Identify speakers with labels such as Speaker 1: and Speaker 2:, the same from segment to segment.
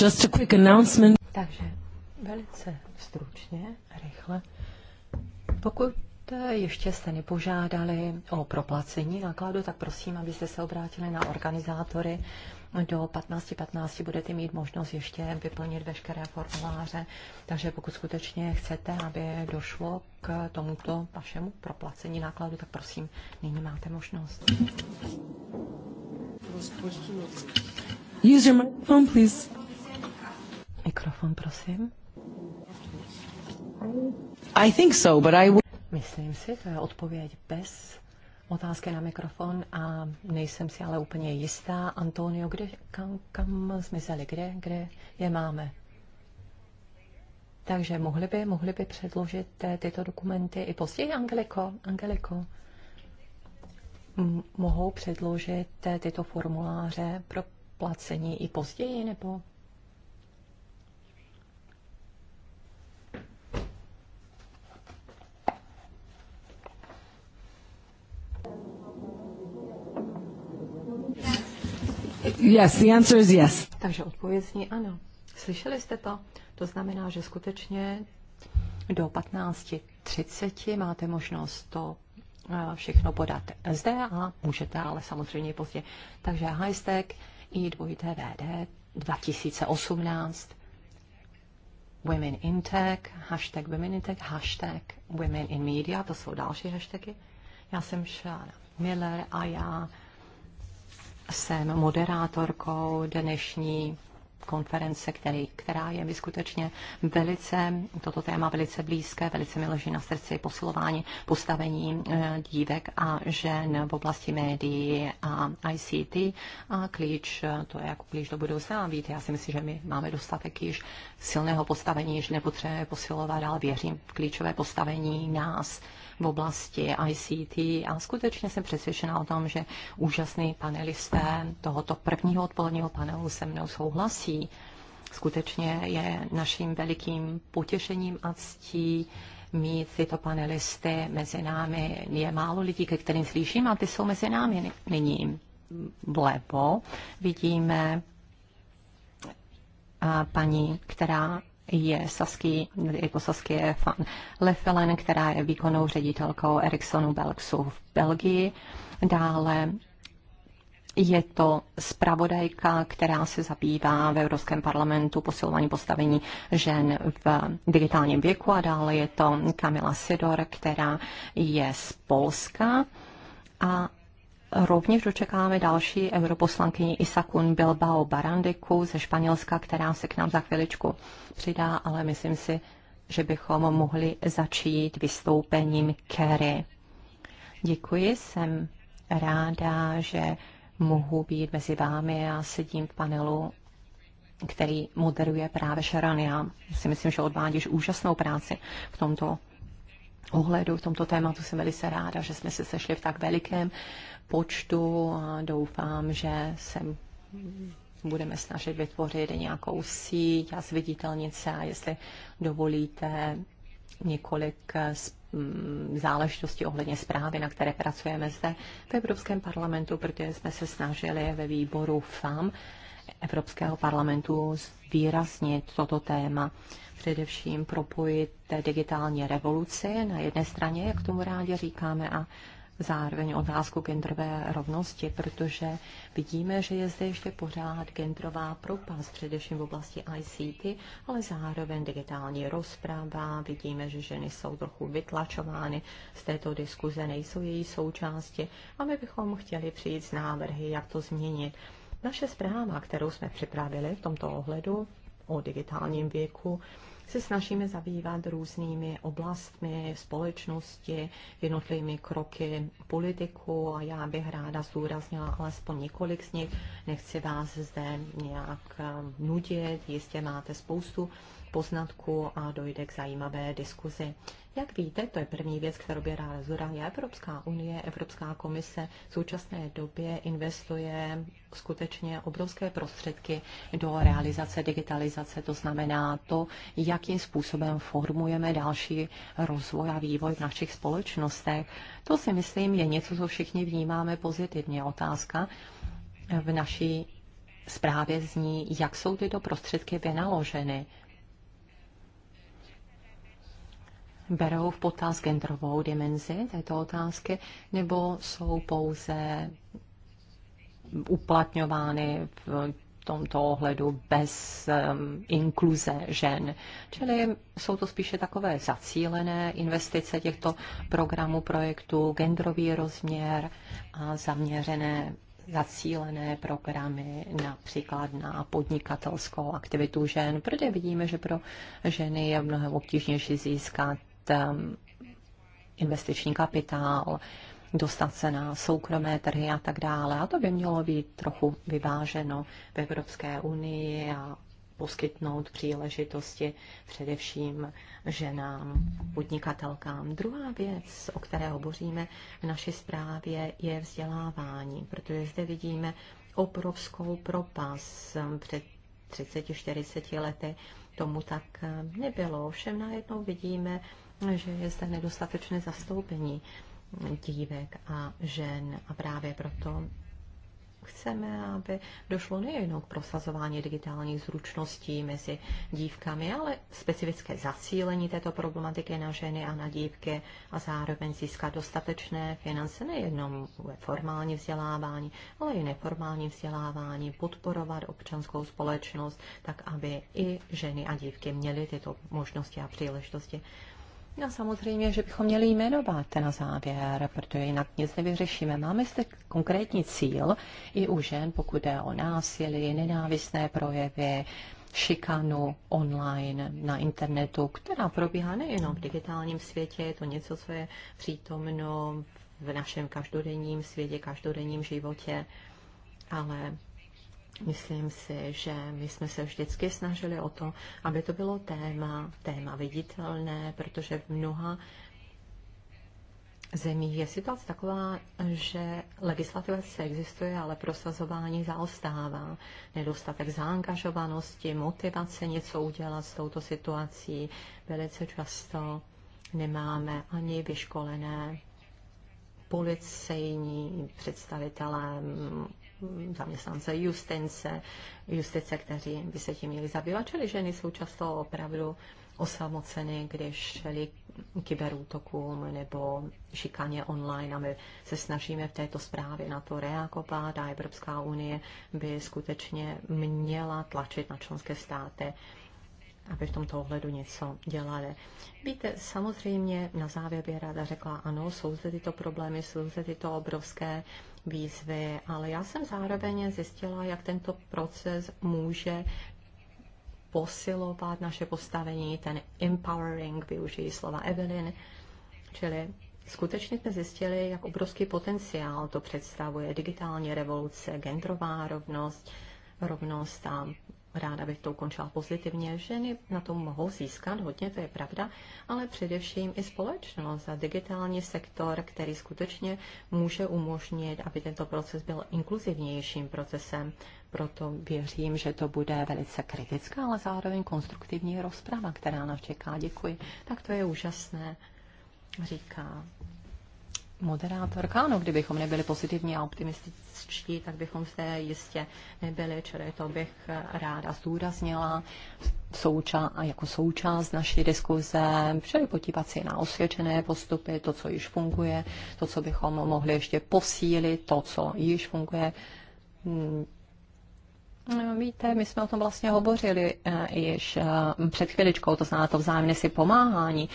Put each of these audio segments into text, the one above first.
Speaker 1: Just a quick announcement.
Speaker 2: Takže velice stručně, rychle. Pokud eh, ještě jste nepožádali o proplacení nákladu, tak prosím, abyste se obrátili na organizátory. Do 15.15 .15 budete mít možnost ještě vyplnit veškeré formuláře, takže pokud skutečně chcete, aby došlo k tomuto vašemu proplacení nákladu, tak prosím, nyní máte možnost.
Speaker 1: Use your microphone, please. Mikrofon, prosím. I think so, but I...
Speaker 2: Myslím si, to je odpověď bez otázky na mikrofon a nejsem si ale úplně jistá. Antonio, kde, kam, kam zmizeli, kde, kde je máme? Takže mohli by, mohli by předložit eh, tyto dokumenty i později, Angeliko? Angeliko? mohou předložit eh, tyto formuláře pro placení i později, nebo? Yes, the answer is yes. Takže odpověď zní ano. Slyšeli jste to? To znamená, že skutečně do 15.30 máte možnost to všechno podat zde a můžete, ale samozřejmě pozdě. Takže hashtag i2VD 2018 Women in Tech, hashtag Women in Tech, hashtag Women in Media, to jsou další hashtagy. Já jsem Šára Miller a já jsem moderátorkou dnešní konference, který, která je mi skutečně velice, toto téma velice blízké, velice mi leží na srdci posilování postavení eh, dívek a žen v oblasti médií a ICT a klíč, to je jako klíč do budoucna. Víte, já si myslím, že my máme dostatek již silného postavení, již nepotřebujeme posilovat, ale věřím v klíčové postavení nás v oblasti ICT a skutečně jsem přesvědčena o tom, že úžasný panelisté tohoto prvního odpoledního panelu se mnou souhlasí. Skutečně je naším velikým potěšením a ctí mít tyto panelisty mezi námi. Je málo lidí, ke kterým slyším, a ty jsou mezi námi nyní. Vlevo vidíme paní, která je Sasky, jako je to Saskie van Leffelen, která je výkonnou ředitelkou Ericssonu Belksu v Belgii. Dále je to zpravodajka, která se zabývá v Evropském parlamentu posilování postavení žen v digitálním věku a dále je to Kamila Sidor, která je z Polska a Rovněž dočekáme další europoslankyni Isakun Bilbao Barandiku ze Španělska, která se k nám za chviličku přidá, ale myslím si, že bychom mohli začít vystoupením Kerry. Děkuji, jsem ráda, že mohu být mezi vámi a sedím v panelu, který moderuje právě Sharon. Já si myslím, že odvádíš úžasnou práci v tomto ohledu, v tomto tématu jsem velice ráda, že jsme se sešli v tak velikém počtu a doufám, že se budeme snažit vytvořit nějakou síť a zviditelnice a jestli dovolíte několik mm, záležitostí ohledně zprávy, na které pracujeme zde v Evropském parlamentu, protože jsme se snažili ve výboru FAM Evropského parlamentu zvýraznit toto téma, především propojit digitální revoluci na jedné straně, jak tomu rádi říkáme, a zároveň otázku genderové rovnosti, protože vidíme, že je zde ještě pořád genderová propast, především v oblasti ICT, ale zároveň digitální rozprava. Vidíme, že ženy jsou trochu vytlačovány z této diskuze, nejsou její součástí a my bychom chtěli přijít s návrhy, jak to změnit. Naše zpráva, kterou jsme připravili v tomto ohledu o digitálním věku, se snažíme zabývat různými oblastmi společnosti, jednotlivými kroky politiku a já bych ráda zdůraznila alespoň několik z nich. Nechci vás zde nějak um, nudit, jistě máte spoustu poznatků a dojde k zajímavé diskuzi. Jak víte, to je první věc, kterou by ráda zdůraznila Evropská unie, Evropská komise v současné době investuje skutečně obrovské prostředky do realizace digitalizace, to znamená to, jakým způsobem formujeme další rozvoj a vývoj v našich společnostech. To si myslím je něco, co všichni vnímáme pozitivně. Otázka v naší zprávě zní, jak jsou tyto prostředky vynaloženy berou v potaz genderovou dimenzi této otázky, nebo jsou pouze uplatňovány v tomto ohledu bez um, inkluze žen. Čili jsou to spíše takové zacílené investice těchto programů, projektů, genderový rozměr a zaměřené zacílené programy například na podnikatelskou aktivitu žen, protože vidíme, že pro ženy je mnohem obtížnější získat investiční kapitál, dostat se na soukromé trhy a tak dále. A to by mělo být trochu vyváženo v Evropské unii a poskytnout příležitosti především ženám, podnikatelkám. Druhá věc, o které hovoříme v naší zprávě, je vzdělávání, protože zde vidíme obrovskou propas před 30-40 lety. Tomu tak nebylo. Všem najednou vidíme že je zde nedostatečné zastoupení dívek a žen a právě proto chceme, aby došlo nejen k prosazování digitálních zručností mezi dívkami, ale specifické zacílení této problematiky na ženy a na dívky a zároveň získat dostatečné finance nejenom ve formální vzdělávání, ale i neformální vzdělávání, podporovat občanskou společnost, tak aby i ženy a dívky měly tyto možnosti a příležitosti. No samozřejmě, že bychom měli jmenovat na závěr, protože jinak nic nevyřešíme. Máme zde konkrétní cíl i u žen, pokud je o násilí, nenávistné projevy, šikanu online, na internetu, která probíhá nejenom v digitálním světě, je to něco, co je přítomno v našem každodenním světě, každodenním životě, ale Myslím si, že my jsme se vždycky snažili o to, aby to bylo téma, téma viditelné, protože v mnoha zemích je situace taková, že legislativa se existuje, ale prosazování zaostává. Nedostatek zaangažovanosti, motivace něco udělat s touto situací. Velice často nemáme ani vyškolené policejní představitelé, zaměstnance Justince, justice, kteří by se tím měli zabývat. Čili ženy jsou často opravdu osamoceny, když čelí kyberútokům nebo šikaně online a my se snažíme v této zprávě na to reagovat a Evropská unie by skutečně měla tlačit na členské státy, aby v tomto ohledu něco dělali. Víte, samozřejmě na závěr by ráda řekla, ano, jsou zde tyto problémy, jsou zde tyto obrovské uh, výzvy, ale já jsem zároveň zjistila, jak tento proces může posilovat naše postavení, ten empowering, využijí slova Evelyn, čili skutečně jsme zjistili, jak obrovský potenciál to představuje digitální revoluce, genderová rovnost, rovnost a ráda bych to ukončila pozitivně. Ženy na tom mohou získat hodně, to je pravda, ale především i společnost a digitální sektor, který skutečně může umožnit, aby tento proces byl inkluzivnějším procesem. Proto věřím, že to bude velice kritická, ale zároveň konstruktivní rozprava, která nás čeká. Děkuji. Tak to je úžasné, říká moderátorka. Ano, kdybychom nebyli pozitivní a optimističtí, tak bychom se jistě nebyli, čili to bych ráda zdůraznila souča- jako součást naší diskuze, čili podívat si na osvědčené postupy, to, co již funguje, to, co bychom mohli ještě posílit, to, co již funguje hmm, Víte, my jsme o tom vlastně hovořili eh, již eh, před chviličkou, to znamená to vzájemné si pomáhání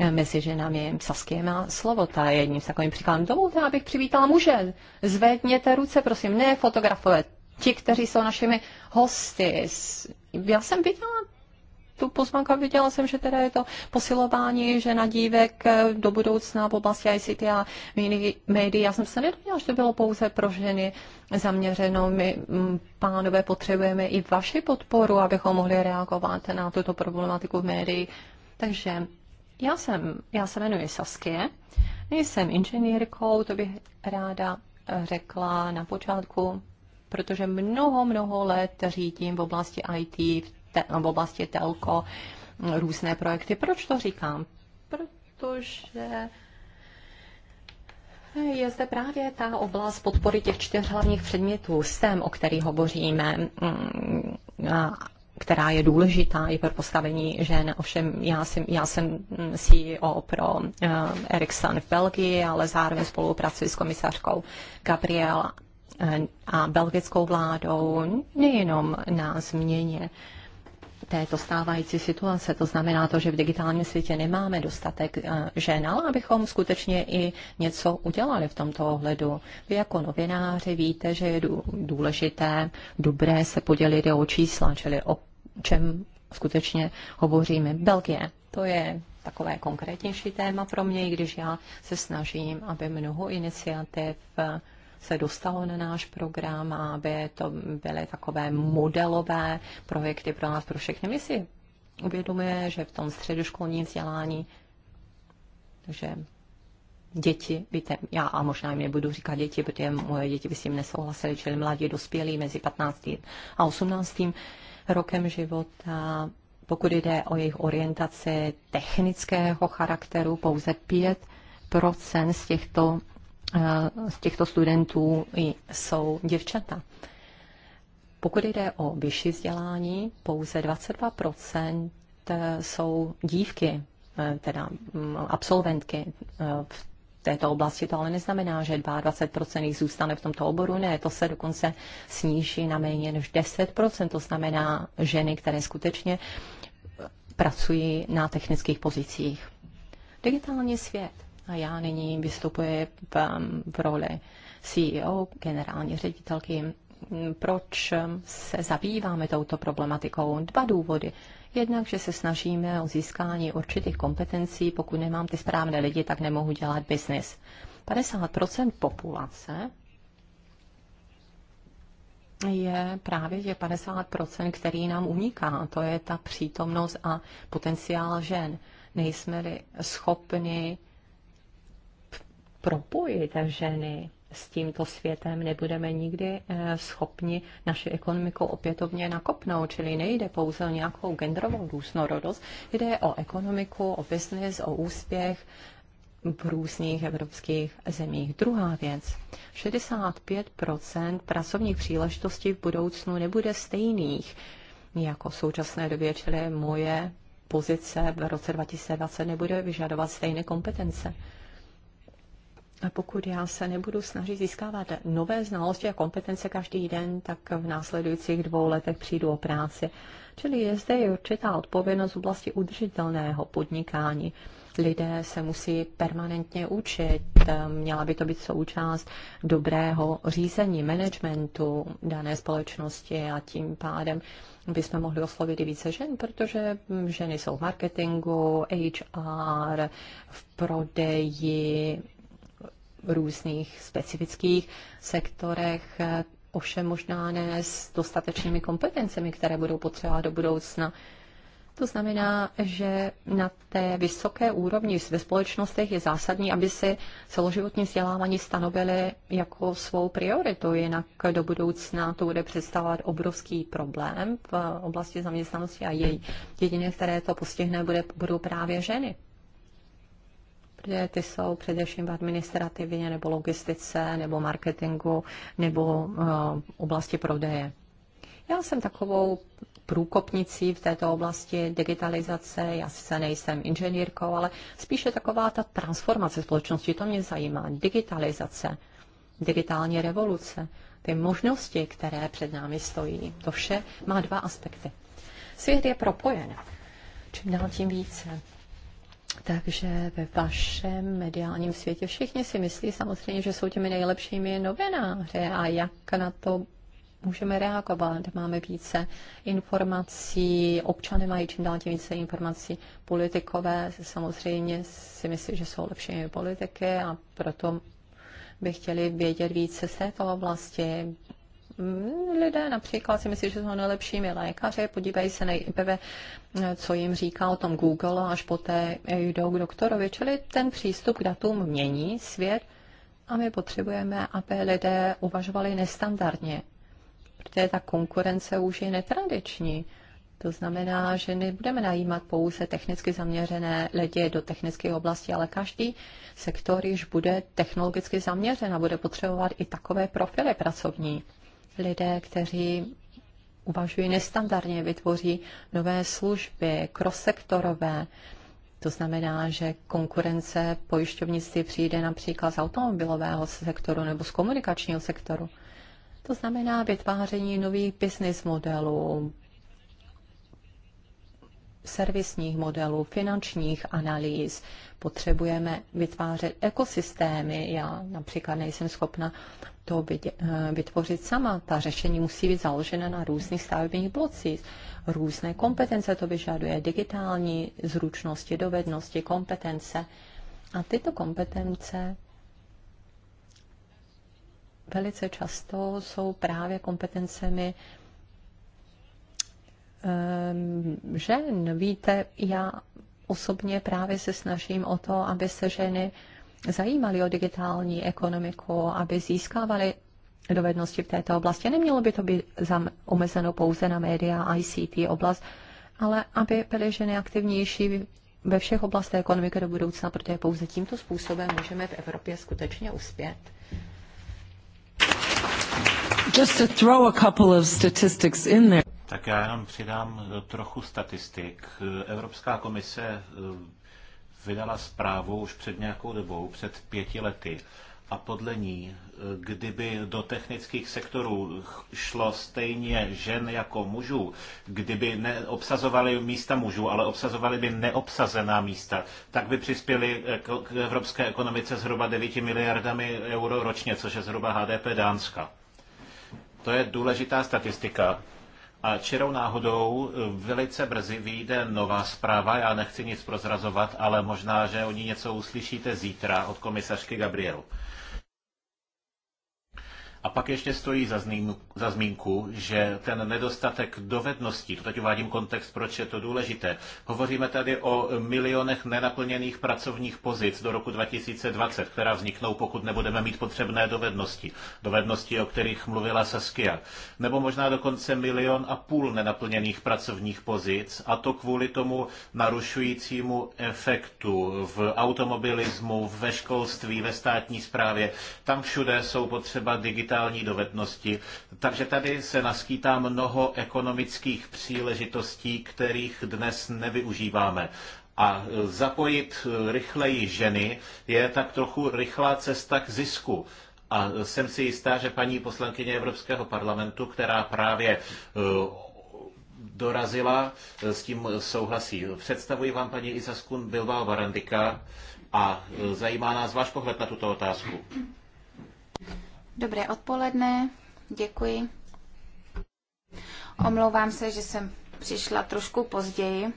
Speaker 2: eh, mezi ženami Saskiem a slovo. Ta je jedním z takovým příkladem. Dovolte, abych přivítala muže. Zvedněte ruce, prosím, ne fotografové. Ti, kteří jsou našimi hosty. Já jsem viděla tu pozvánku viděla jsem, že teda je to posilování, že na dívek eh, do budoucna v oblasti ICT a médií. Já jsem se nedoměla, že to bylo pouze pro ženy zaměřeno. My, mm, pánové, potřebujeme i vaši podporu, abychom mohli reagovat na tuto problematiku v médii. Takže já, jsem, já se jmenuji Saskie, nejsem inženýrkou, to bych ráda eh, řekla na počátku, protože mnoho, mnoho let řídím v oblasti IT v te, v oblasti telko různé projekty. Proč to říkám? Protože je zde právě ta oblast podpory těch čtyř hlavních předmětů, STEM, o kterých hovoříme, mm, která je důležitá i pro postavení žen. Ovšem já jsem, já jsem CEO pro uh, Ericsson v Belgii, ale zároveň spolupracuji s komisařkou Gabriel eh, a belgickou vládou nejenom na změně této stávající situace. To znamená to, že v digitálním světě nemáme dostatek eh, žen, ale abychom skutečně i něco udělali v tomto ohledu. Vy jako novináři víte, že je důležité, dobré se podělit o čísla, čili o čem skutečně hovoříme. Belgie, to je takové konkrétnější téma pro mě, i když já se snažím, aby mnoho iniciativ se dostalo na náš program a aby to byly takové modelové projekty pro nás, pro všechny. My si uvědomuje, že v tom středoškolním vzdělání, takže děti, víte, já a možná jim nebudu říkat děti, protože moje děti by s tím nesouhlasily, čili mladí dospělí mezi 15. a 18. rokem života. Pokud jde o jejich orientaci technického charakteru, pouze 5 z těchto Eh, z těchto studentů jsou děvčata. Pokud jde o vyšší vzdělání, pouze 22 eh, jsou dívky, eh, teda mm, absolventky v této oblasti. To ale neznamená, že 22% jich zůstane v tomto oboru. Ne, to se dokonce sníží na méně než 10%. To znamená ženy, které skutečně pracují na technických pozicích. Digitální svět a já nyní vystupuji v, v roli CEO, generální ředitelky. Proč se zabýváme touto problematikou? Dva důvody. Jednak, že se snažíme o získání určitých kompetencí, pokud nemám ty správné lidi, tak nemohu dělat biznis. 50% populace je právě těch 50%, který nám uniká. To je ta přítomnost a potenciál žen. Nejsme-li schopni propojit ženy s tímto světem, nebudeme nikdy eh, schopni naši ekonomiku opětovně nakopnout. Čili nejde pouze o nějakou genderovou různorodost, jde o ekonomiku, o biznis, o úspěch v různých evropských zemích. Druhá věc. 65 pracovních příležitostí v budoucnu nebude stejných jako v současné době, čili moje pozice v roce 2020 nebude vyžadovat stejné kompetence pokud já se nebudu snažit získávat nové znalosti a kompetence každý den, tak v následujících dvou letech přijdu o práci. Čili je zde i určitá odpovědnost v oblasti udržitelného podnikání. Lidé se musí permanentně učit, měla by to být součást dobrého řízení, managementu dané společnosti a tím pádem bychom mohli oslovit i více žen, protože ženy jsou v marketingu, HR, v prodeji, různých specifických sektorech, eh, ovšem možná ne s dostatečnými kompetencemi, které budou potřeba do budoucna. To znamená, že na té vysoké úrovni ve společnostech je zásadní, aby si celoživotní vzdělávání stanovili jako svou prioritu, jinak do budoucna to bude představovat obrovský problém v oblasti zaměstnanosti a její jediné, které to postihne, bude, budou právě ženy protože ty jsou především v administrativě nebo logistice nebo marketingu nebo uh, oblasti prodeje. Já jsem takovou průkopnicí v této oblasti digitalizace. Já sice nejsem inženýrkou, ale spíše taková ta transformace společnosti, to mě zajímá. Digitalizace, digitální revoluce, ty možnosti, které před námi stojí. To vše má dva aspekty. Svět je propojen. Čím dál tím více. Takže ve vašem mediálním světě všichni si myslí samozřejmě, že jsou těmi nejlepšími novináři a jak na to můžeme reagovat. Máme více informací, občané mají čím dál tím více informací. Politikové samozřejmě si myslí, že jsou lepšími politiky a proto by chtěli vědět více z této oblasti. Mm, lidé například si myslí, že jsou nejlepšími lékaři, Podívej se nejprve, co jim říká o tom Google, až poté jdou k doktorovi. Čili ten přístup k datům mění svět a my potřebujeme, aby lidé uvažovali nestandardně, protože ta konkurence už je netradiční. To znamená, že nebudeme najímat pouze technicky zaměřené lidi do technické oblasti, ale každý sektor již bude technologicky zaměřen a bude potřebovat i takové profily pracovní lidé, kteří uvažují nestandardně, vytvoří nové služby, krosektorové. To znamená, že konkurence pojišťovnictví přijde například z automobilového sektoru nebo z komunikačního sektoru. To znamená vytváření nových business modelů, servisních modelů, finančních analýz. Potřebujeme vytvářet ekosystémy. Já například nejsem schopna to eh, vytvořit sama. Ta řešení musí být založena na různých stavebních blocích. Různé kompetence to vyžaduje, digitální zručnosti, dovednosti, kompetence. A tyto kompetence velice často jsou právě kompetencemi Ehm, žen. No, víte, já osobně právě se snažím o to, aby se ženy zajímaly o digitální ekonomiku, aby získávaly dovednosti v této oblasti. Nemělo by to být omezeno pouze na média, ICT oblast, ale aby byly ženy aktivnější ve všech oblastech ekonomiky do budoucna, protože pouze tímto způsobem můžeme v Evropě skutečně uspět.
Speaker 1: Just to throw a couple of statistics in there.
Speaker 3: Tak já jenom přidám e, trochu statistik. E, Evropská komise e, vydala zprávu už před nějakou dobou, před pěti lety. A podle ní, kdyby do technických sektorů šlo stejně žen jako mužů, kdyby neobsazovali místa mužů, ale obsazovali by neobsazená místa, tak by přispěli k evropské ekonomice zhruba 9 miliardami euro ročně, což je zhruba HDP Dánska. To je důležitá statistika, a čirou náhodou eh, velice brzy vyjde nová zpráva, já nechci nic prozrazovat, ale možná, že o ní něco uslyšíte zítra od komisařky Gabrielu. A pak ještě stojí za, zmín, za zmínku, že ten nedostatek dovedností, to teď uvádím kontext, proč je to důležité. Hovoříme tady o milionech nenaplněných pracovních pozic do roku 2020, která vzniknou, pokud nebudeme mít potřebné dovednosti. Dovednosti, o kterých mluvila Saskia. Nebo možná dokonce milion a půl nenaplněných pracovních pozic, a to kvůli tomu narušujícímu efektu v automobilismu, ve školství, ve státní správě. Tam všude jsou potřeba digitální digitální dovednosti. Takže tady se naskýtá mnoho ekonomických příležitostí, kterých dnes nevyužíváme. A zapojit rychleji ženy je tak trochu rychlá cesta k zisku. A jsem si jistá, že paní poslankyně Evropského parlamentu, která právě e, dorazila, e, s tím souhlasí. Představuji vám paní Izaskun Bilbao varandika a e, zajímá nás váš pohled na tuto otázku.
Speaker 4: Dobré odpoledne, děkuji. Omlouvám se, že jsem přišla trošku později,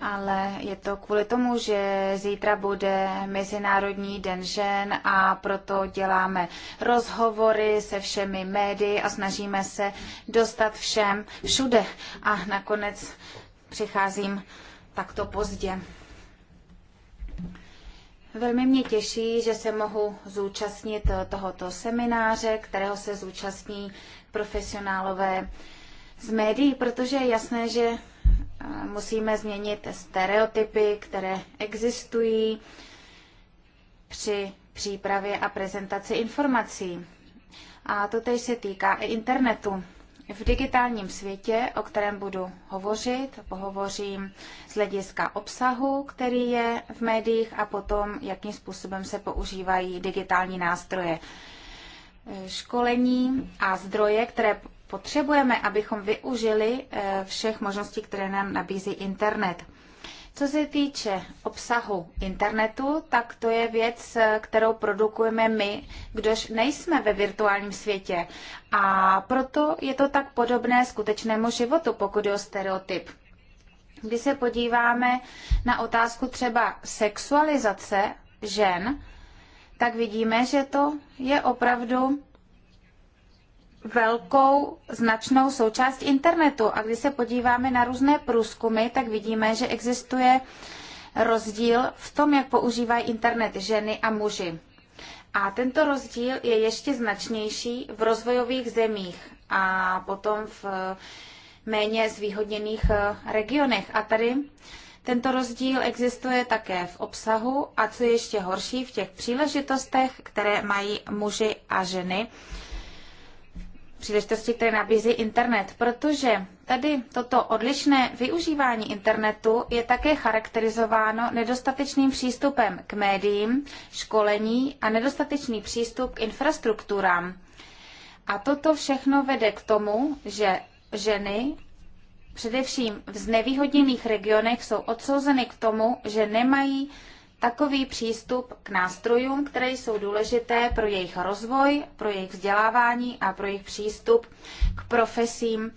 Speaker 4: ale je to kvůli tomu, že zítra bude Mezinárodní den žen a proto děláme rozhovory se všemi médii a snažíme se dostat všem všude. A nakonec přicházím takto pozdě. Velmi mě těší, že se mohu zúčastnit eh, tohoto semináře, kterého se zúčastní profesionálové z médií, protože je jasné, že eh, musíme změnit stereotypy, které existují při přípravě a prezentaci informací. A to tež se týká i internetu. V digitálním světě, o kterém budu hovořit, pohovořím z hlediska obsahu, který je v médiích a potom, jakým způsobem se používají digitální nástroje. Školení a zdroje, které potřebujeme, abychom využili eh, všech možností, které nám nabízí internet. Co se týče obsahu internetu, tak to je věc, eh, kterou produkujeme my, kdož nejsme ve virtuálním světě. A proto je to tak podobné skutečnému životu, pokud je o stereotyp. Když se podíváme na otázku třeba sexualizace žen, tak vidíme, že to je opravdu velkou značnou součást internetu. A když se podíváme na různé průzkumy, tak vidíme, že existuje rozdíl v tom, jak používají internet ženy a muži. A tento rozdíl je ještě značnější v rozvojových zemích a potom v eh, méně zvýhodněných eh, regionech. A tady tento rozdíl existuje také v obsahu a co ještě horší v těch příležitostech, které mají muži a ženy příležitosti, které nabízí internet, protože tady toto odlišné využívání internetu je také charakterizováno nedostatečným přístupem k médiím, školení a nedostatečný přístup k infrastrukturám. A toto všechno vede k tomu, že ženy především v znevýhodněných regionech jsou odsouzeny k tomu, že nemají takový přístup k nástrojům, které jsou důležité pro jejich rozvoj, pro jejich vzdělávání a pro jejich přístup k profesím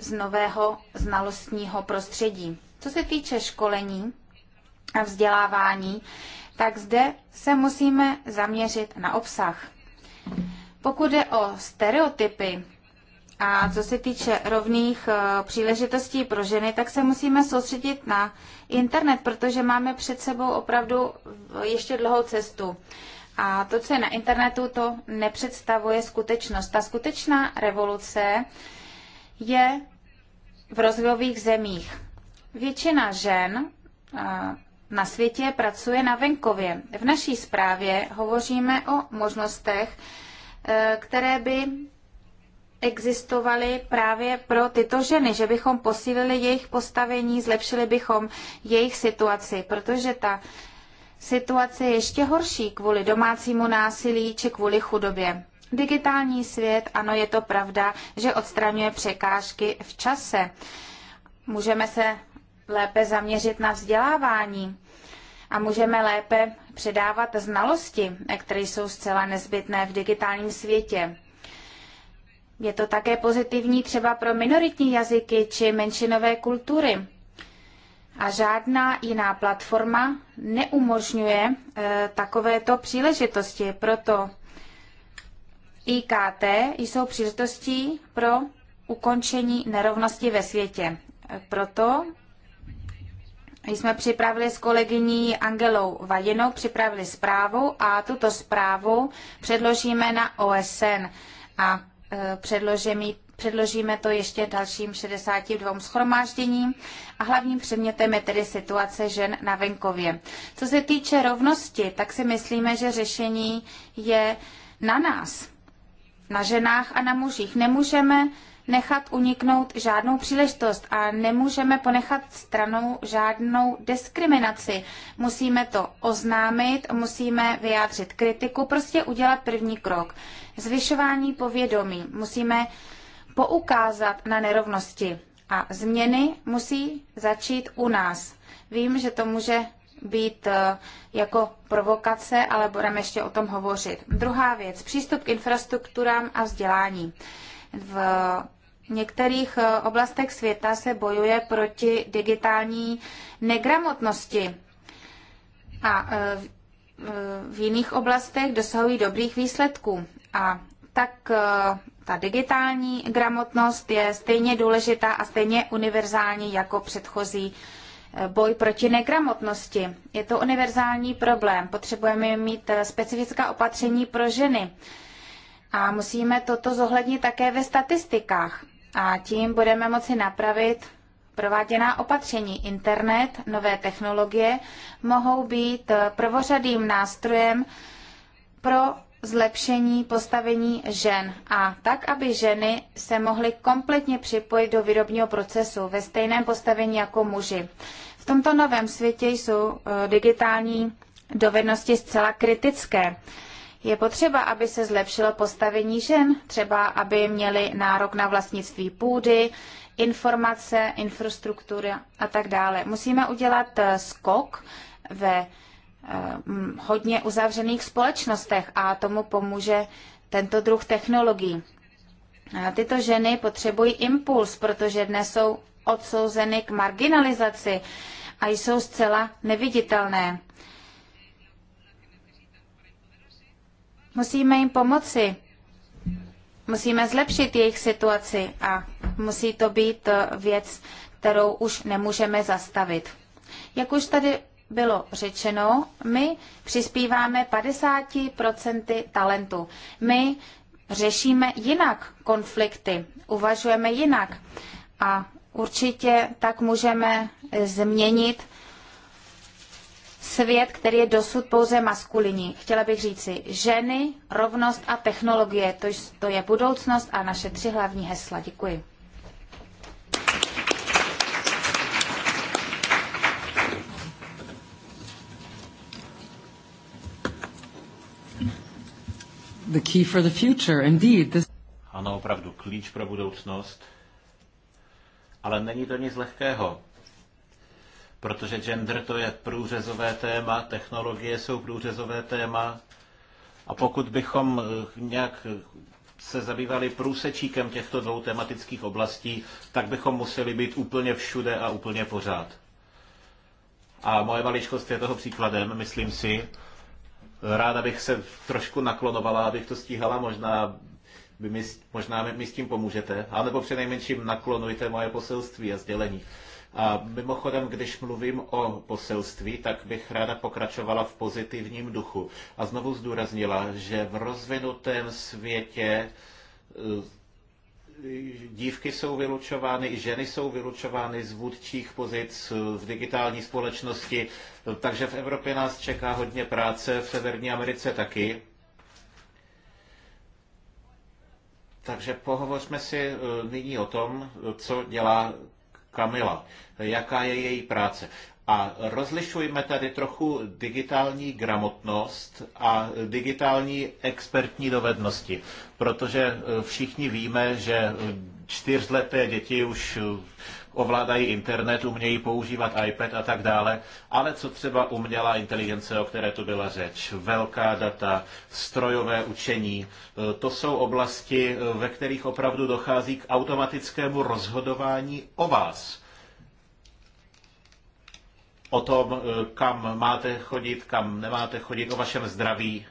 Speaker 4: z nového znalostního prostředí. Co se týče školení a vzdělávání, tak zde se musíme zaměřit na obsah. Pokud jde o stereotypy, a co se týče rovných eh, příležitostí pro ženy, tak se musíme soustředit na internet, protože máme před sebou opravdu ještě dlouhou cestu. A to, co je na internetu, to nepředstavuje skutečnost. Ta skutečná revoluce je v rozvojových zemích. Většina žen eh, na světě pracuje na venkově. V naší zprávě hovoříme o možnostech, eh, které by existovaly právě pro tyto ženy, že bychom posílili jejich postavení, zlepšili bychom jejich situaci, protože ta situace je ještě horší kvůli domácímu násilí či kvůli chudobě. Digitální svět, ano, je to pravda, že odstraňuje překážky v čase. Můžeme se lépe zaměřit na vzdělávání a můžeme lépe předávat znalosti, které jsou zcela nezbytné v digitálním světě. Je to také pozitivní třeba pro minoritní jazyky či menšinové kultury. A žádná jiná platforma neumožňuje e, takovéto příležitosti. Proto IKT jsou příležitostí pro ukončení nerovnosti ve světě. E, proto jsme připravili s kolegyní Angelou Vadinou, připravili zprávu a tuto zprávu předložíme na OSN. A Předložíme to ještě dalším 62 schromážděním a hlavním předmětem je tedy situace žen na venkově. Co se týče rovnosti, tak si myslíme, že řešení je na nás, na ženách a na mužích. Nemůžeme nechat uniknout žádnou příležitost a nemůžeme ponechat stranou žádnou diskriminaci. Musíme to oznámit, musíme vyjádřit kritiku, prostě udělat první krok. Zvyšování povědomí. Musíme poukázat na nerovnosti. A změny musí začít u nás. Vím, že to může být eh, jako provokace, ale budeme ještě o tom hovořit. Druhá věc, přístup k infrastrukturám a vzdělání. V některých eh, oblastech světa se bojuje proti digitální negramotnosti a eh, eh, v jiných oblastech dosahují dobrých výsledků. A tak ta digitální gramotnost je stejně důležitá a stejně univerzální jako předchozí boj proti negramotnosti. Je to univerzální problém. Potřebujeme mít specifická opatření pro ženy. A musíme toto zohlednit také ve statistikách. A tím budeme moci napravit prováděná opatření. Internet, nové technologie mohou být prvořadým nástrojem pro zlepšení postavení žen a tak, aby ženy se mohly kompletně připojit do výrobního procesu ve stejném postavení jako muži. V tomto novém světě jsou eh, digitální dovednosti zcela kritické je potřeba, aby se zlepšilo postavení žen, třeba aby měli nárok na vlastnictví půdy, informace, infrastruktura a tak dále. Musíme udělat eh, skok ve eh, hodně uzavřených společnostech a tomu pomůže tento druh technologií. Tyto ženy potřebují impuls, protože dnes jsou odsouzeny k marginalizaci a jsou zcela neviditelné. Musíme jim pomoci. Musíme zlepšit jejich situaci a musí to být eh, věc, kterou už nemůžeme zastavit. Jak už tady bylo řečeno, my přispíváme 50% talentu. My řešíme jinak konflikty, uvažujeme jinak a určitě tak můžeme změnit svět, který je dosud pouze maskulinní. Chtěla bych říci, ženy, rovnost a technologie, to, to je budoucnost a naše tři hlavní hesla. Děkuji.
Speaker 1: The key for the future, indeed. This...
Speaker 3: Ano, opravdu, klíč pro budoucnost. Ale není to nic lehkého protože gender to je průřezové téma, technologie jsou průřezové téma a pokud bychom eh, nějak se zabývali průsečíkem těchto dvou tematických oblastí, tak bychom museli být úplně všude a úplně pořád. A moje maličkost je toho příkladem, myslím si. Ráda bych se trošku naklonovala, abych to stíhala, možná, by mi, možná mi s tím pomůžete, anebo přinejmenším naklonujte moje poselství a sdělení. A mimochodem, když mluvím o poselství, tak bych ráda pokračovala v pozitivním duchu. A znovu zdůraznila, že v rozvinutém světě eh, dívky jsou vylučovány, i ženy jsou vylučovány z vůdčích pozic eh, v digitální společnosti, takže v Evropě nás čeká hodně práce, v Severní Americe taky. Takže pohovořme si eh, nyní o tom, co dělá Kamila. Jaká je její práce? A rozlišujme tady trochu digitální gramotnost a digitální expertní dovednosti, protože eh, všichni víme, že eh, čtyřleté děti už eh, ovládají internet, umějí používat iPad a tak dále, ale co třeba umělá inteligence, o které tu byla řeč, velká data, strojové učení, e, to jsou oblasti, e, ve kterých opravdu dochází k automatickému rozhodování o vás o tom, e, kam máte chodit, kam nemáte chodit, o vašem zdraví.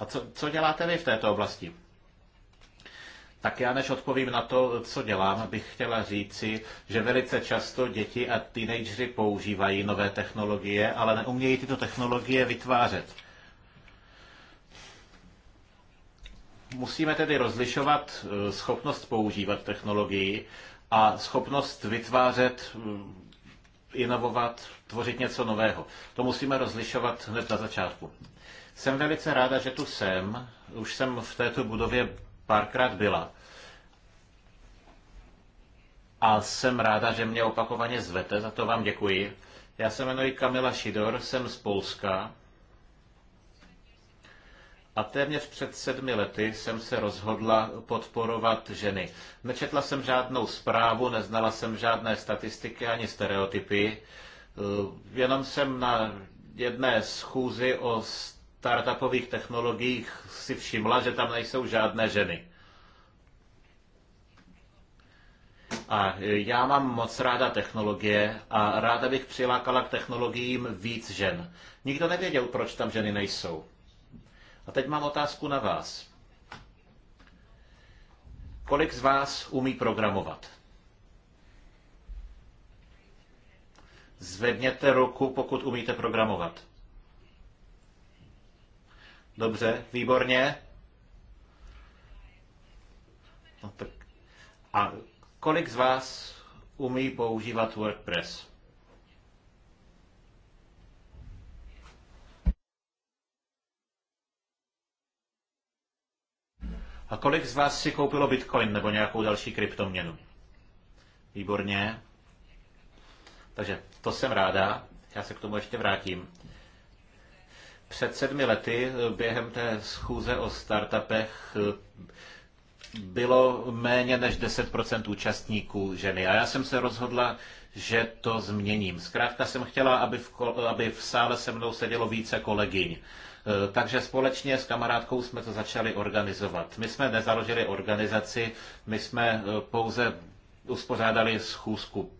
Speaker 3: A co, co děláte vy v této oblasti? Tak já než odpovím na to, co dělám, bych chtěla říci, že velice často děti a teenageři používají nové technologie, ale neumějí tyto technologie vytvářet. Musíme tedy rozlišovat eh, schopnost používat technologii a schopnost vytvářet, eh, inovovat, tvořit něco nového. To musíme rozlišovat hned na začátku. Jsem velice ráda, že tu jsem. Už jsem v této budově párkrát byla. A jsem ráda, že mě opakovaně zvete, za to vám děkuji. Já se jmenuji Kamila Šidor, jsem z Polska. A téměř před sedmi lety jsem se rozhodla podporovat ženy. Nečetla jsem žádnou zprávu, neznala jsem žádné statistiky ani stereotypy. Jenom jsem na jedné schůzi o startupových technologiích si všimla, že tam nejsou žádné ženy. A já mám moc ráda technologie a ráda bych přilákala k technologiím víc žen. Nikdo nevěděl, proč tam ženy nejsou. A teď mám otázku na vás. Kolik z vás umí programovat? Zvedněte ruku, pokud umíte programovat. Dobře, výborně. No tak. A kolik z vás umí používat WordPress? A kolik z vás si koupilo Bitcoin nebo nějakou další kryptoměnu? Výborně. Takže to jsem ráda. Já se k tomu ještě vrátím. Před sedmi lety eh, během té schůze o startupech eh, bylo méně než 10% účastníků ženy. A já jsem se rozhodla, že to změním. Zkrátka jsem chtěla, aby v, aby v sále se mnou sedělo více kolegyň. Eh, takže společně s kamarádkou jsme to začali organizovat. My jsme nezaložili organizaci, my jsme pouze uspořádali schůzku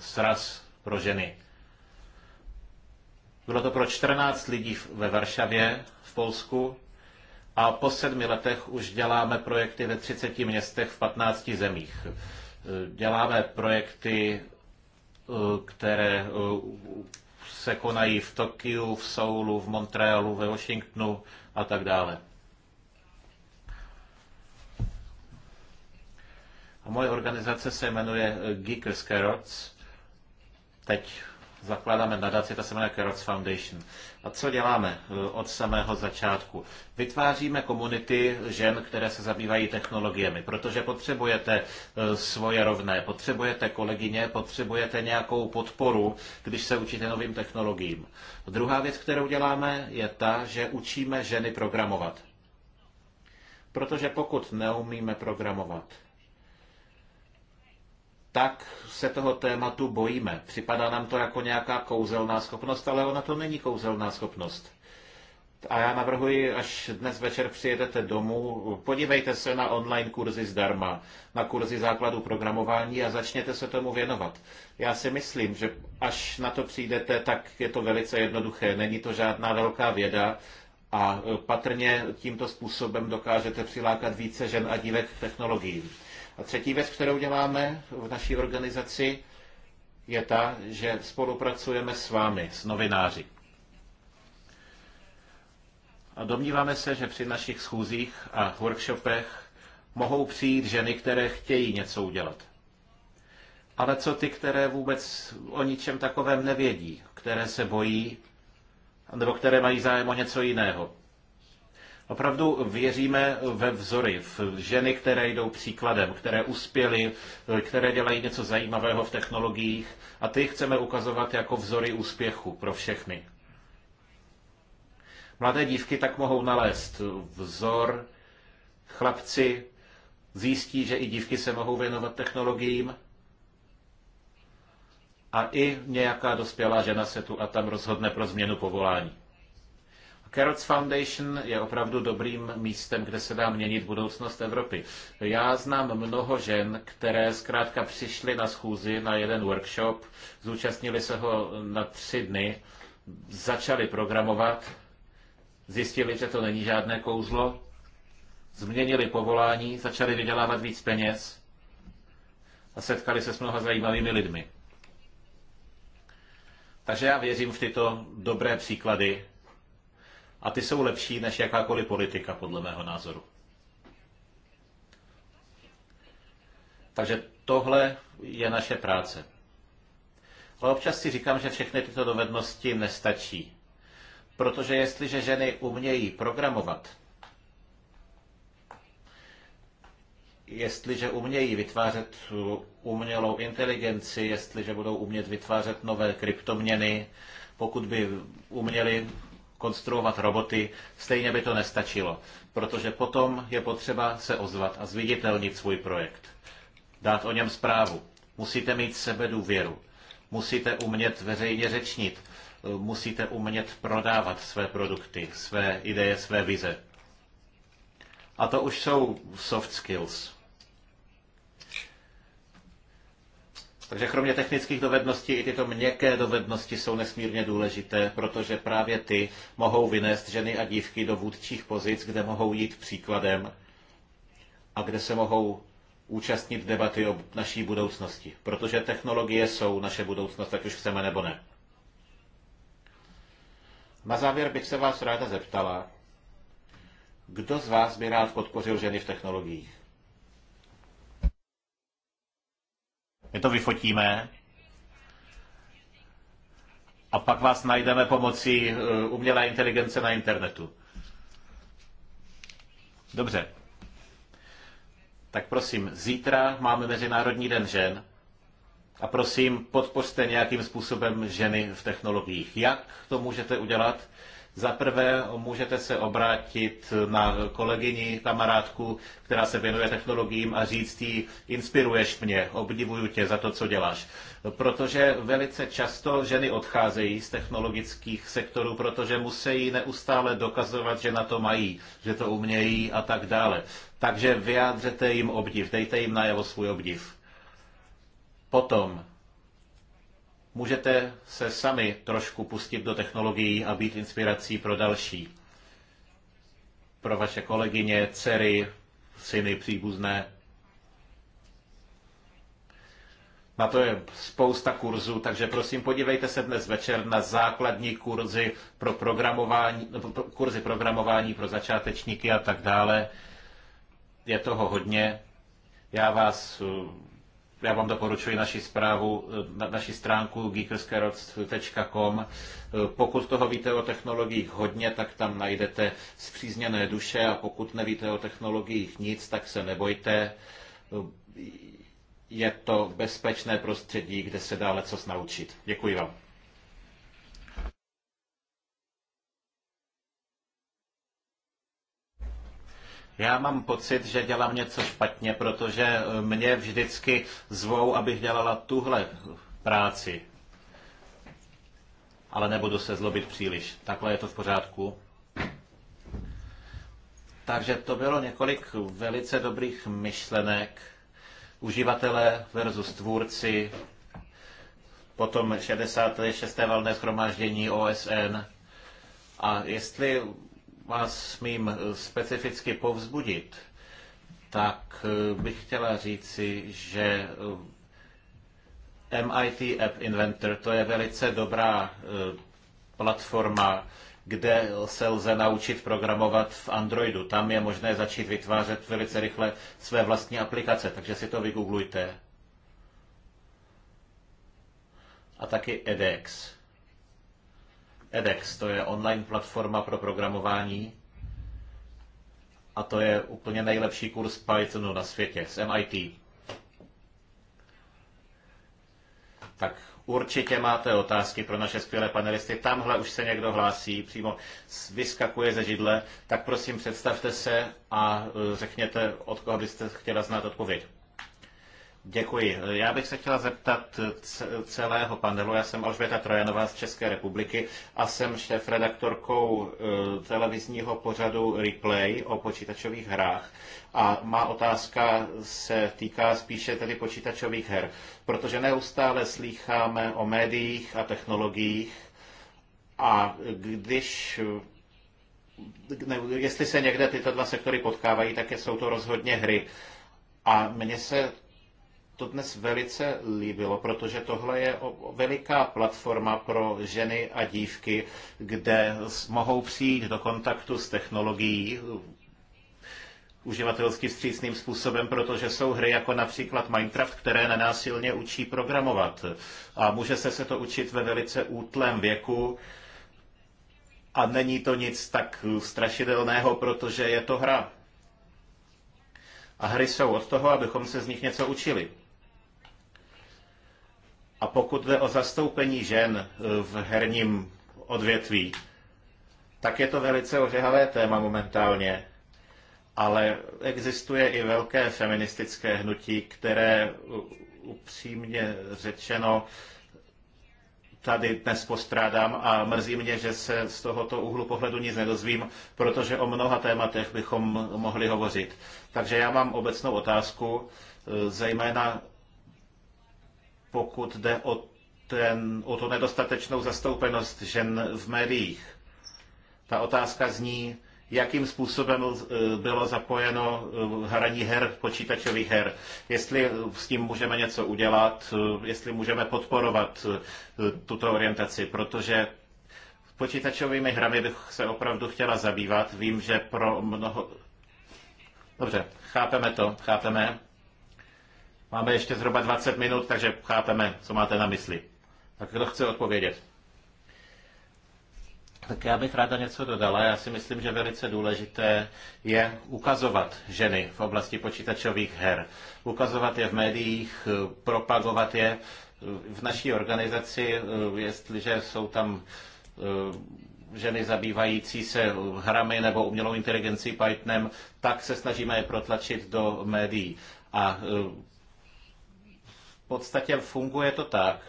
Speaker 3: sraz pro ženy. Bylo to pro 14 lidí ve Varšavě v Polsku a po sedmi letech už děláme projekty ve 30 městech v 15 zemích. E, děláme projekty, e, které e, se konají v Tokiu, v Soulu, v Montrealu, ve Washingtonu a tak dále. A moje organizace se jmenuje Geekers Carrots. Teď zakládáme nadaci, ta se jmenuje Carrots Foundation. A co děláme e, od samého začátku? Vytváříme komunity žen, které se zabývají technologiemi, protože potřebujete e, svoje rovné, potřebujete kolegyně, potřebujete nějakou podporu, když se učíte novým technologiím. Druhá věc, kterou děláme, je ta, že učíme ženy programovat. Protože pokud neumíme programovat, tak se toho tématu bojíme. Připadá nám to jako nějaká kouzelná schopnost, ale ona to není kouzelná schopnost. A já navrhuji, až dnes večer přijedete domů, podívejte se na online kurzy zdarma, na kurzy základu programování a začněte se tomu věnovat. Já si myslím, že až na to přijdete, tak je to velice jednoduché. Není to žádná velká věda a patrně tímto způsobem dokážete přilákat více žen a dívek k technologiím. A třetí věc, kterou děláme v naší organizaci, je ta, že spolupracujeme s vámi, s novináři. A domníváme se, že při našich schůzích a workshopech mohou přijít ženy, které chtějí něco udělat. Ale co ty, které vůbec o ničem takovém nevědí, které se bojí, nebo které mají zájem o něco jiného? Opravdu věříme ve vzory, v ženy, které jdou příkladem, které uspěly, eh, které dělají něco zajímavého v technologiích a ty chceme ukazovat jako vzory úspěchu pro všechny. Mladé dívky tak mohou nalézt vzor, chlapci zjistí, že i dívky se mohou věnovat technologiím a i nějaká dospělá žena se tu a tam rozhodne pro změnu povolání. Carrots Foundation je opravdu dobrým místem, kde se dá měnit budoucnost Evropy. Já znám mnoho žen, které zkrátka přišly na schůzi na jeden workshop, zúčastnili se ho na tři dny, začali programovat, zjistili, že to není žádné kouzlo, změnili povolání, začali vydělávat víc peněz a setkali se s mnoha zajímavými lidmi. Takže já věřím v tyto dobré příklady a ty jsou lepší než jakákoliv politika, podle mého názoru. Takže tohle je naše práce. Ale občas si říkám, že všechny tyto dovednosti nestačí. Protože jestliže ženy umějí programovat, jestliže umějí vytvářet umělou inteligenci, jestliže budou umět vytvářet nové kryptoměny, pokud by uměli konstruovat roboty, stejně by to nestačilo, protože potom je potřeba se ozvat a zviditelnit svůj projekt. Dát o něm zprávu. Musíte mít sebe důvěru. Musíte umět veřejně řečnit. Musíte umět prodávat své produkty, své ideje, své vize. A to už jsou soft skills. Takže kromě technických dovedností i tyto měkké dovednosti jsou nesmírně důležité, protože právě ty mohou vynést ženy a dívky do vůdčích pozic, kde mohou jít příkladem a kde se mohou účastnit debaty o naší budoucnosti. Protože technologie jsou naše budoucnost, ať už chceme nebo ne. Na závěr bych se vás ráda zeptala, kdo z vás by rád podpořil ženy v technologiích? My to vyfotíme a pak vás najdeme pomocí eh, umělé inteligence na internetu. Dobře. Tak prosím, zítra máme Mezinárodní den žen a prosím, podpořte nějakým způsobem ženy v technologiích. Jak to můžete udělat? Za prvé můžete se obrátit na kolegyni, kamarádku, která se věnuje technologiím a říct jí, inspiruješ mě, obdivuju tě za to, co děláš. Protože velice často ženy odcházejí z technologických sektorů, protože musí neustále dokazovat, že na to mají, že to umějí a tak dále. Takže vyjádřete jim obdiv, dejte jim najevo svůj obdiv. Potom můžete se sami trošku pustit do technologií a být inspirací pro další. Pro vaše kolegyně, dcery, syny, příbuzné. Na to je spousta kurzů, takže prosím podívejte se dnes večer na základní kurzy pro programování, kurzy programování pro začátečníky a tak dále. Je toho hodně. Já vás eh, já vám doporučuji naši zprávu, na, naši stránku geekerskerodstv.com. Pokud toho víte o technologiích hodně, tak tam najdete zpřízněné duše a pokud nevíte o technologiích nic, tak se nebojte. Je to bezpečné prostředí, kde se dá lecos naučit. Děkuji vám. Já mám pocit, že dělám něco špatně, protože eh, mě vždycky zvou, abych dělala tuhle práci. Ale nebudu se zlobit příliš. Takhle je to v pořádku. Takže to bylo několik velice dobrých myšlenek. Uživatelé versus tvůrci, potom 66. valné schromáždění OSN. A jestli vás smím eh, specificky povzbudit, tak eh, bych chtěla říci, že eh, MIT App Inventor to je velice dobrá platforma, kde se lze naučit programovat v Androidu. Tam je možné začít vytvářet velice rychle své vlastní aplikace, takže si to vygooglujte. A taky edX edX, to je online platforma pro programování a to je úplně nejlepší kurz Pythonu na světě z MIT. Tak určitě máte otázky pro naše skvělé panelisty. Tamhle už se někdo hlásí, přímo vyskakuje ze židle, tak prosím představte se a e, řekněte, od koho byste chtěla znát odpověď. Děkuji. Já bych se chtěla zeptat celého panelu. Já jsem Alžběta Trojanová z České republiky a jsem šéf-redaktorkou e, televizního pořadu Replay o počítačových hrách. A má otázka se týká spíše tedy počítačových her, protože neustále slýcháme o médiích a technologiích a když ne, jestli se někde tyto dva sektory potkávají, tak jsou to rozhodně hry. A mně se to dnes velice líbilo, protože tohle je veliká platforma pro ženy a dívky, kde mohou přijít do kontaktu s technologií, uh, uživatelsky vstřícným způsobem, protože jsou hry jako například Minecraft, které na učí programovat. A může se se to učit ve velice útlém věku a není to nic tak strašidelného, protože je to hra. A hry jsou od toho, abychom se z nich něco učili. A pokud jde o zastoupení žen eh, v herním odvětví, tak je to velice ožehavé téma momentálně. Ale existuje i velké feministické hnutí, které upřímně řečeno tady dnes postrádám a mrzí mě, že se z tohoto úhlu pohledu nic nedozvím, protože o mnoha tématech bychom mohli hovořit. Takže já mám obecnou otázku, eh, zejména pokud jde o, ten, o tu nedostatečnou zastoupenost žen v médiích. Ta otázka zní, jakým způsobem e, bylo zapojeno e, hraní her, počítačových her. Jestli s tím můžeme něco udělat, e, jestli můžeme podporovat tuto orientaci, protože počítačovými hrami bych se opravdu chtěla zabývat. Vím, že pro mnoho... Dobře, chápeme to, chápeme. Máme ještě zhruba 20 minut, takže chápeme, co máte na mysli. Tak kdo chce odpovědět? Tak já bych ráda něco dodala. Já si myslím, že velice důležité je ukazovat ženy v oblasti počítačových her. Ukazovat je v médiích, propagovat je. V naší organizaci, jestliže jsou tam eh, ženy zabývající se hrami nebo umělou inteligencí Pythonem, tak se snažíme je protlačit do médií. A eh, podstatě funguje to tak,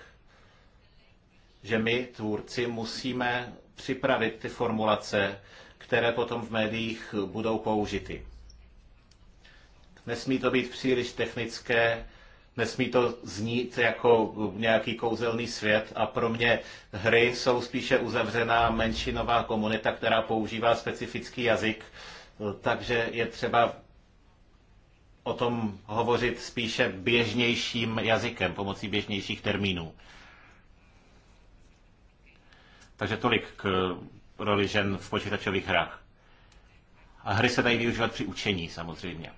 Speaker 3: že my, tvůrci, musíme připravit ty formulace, které potom v médiích budou použity. Nesmí to být příliš technické, nesmí to znít jako nějaký kouzelný svět a pro mě hry jsou spíše uzavřená menšinová komunita, která používá specifický jazyk, takže je třeba o tom hovořit spíše běžnějším jazykem, pomocí běžnějších termínů. Takže tolik k roli žen v počítačových hrách. A hry se dají využívat při učení samozřejmě.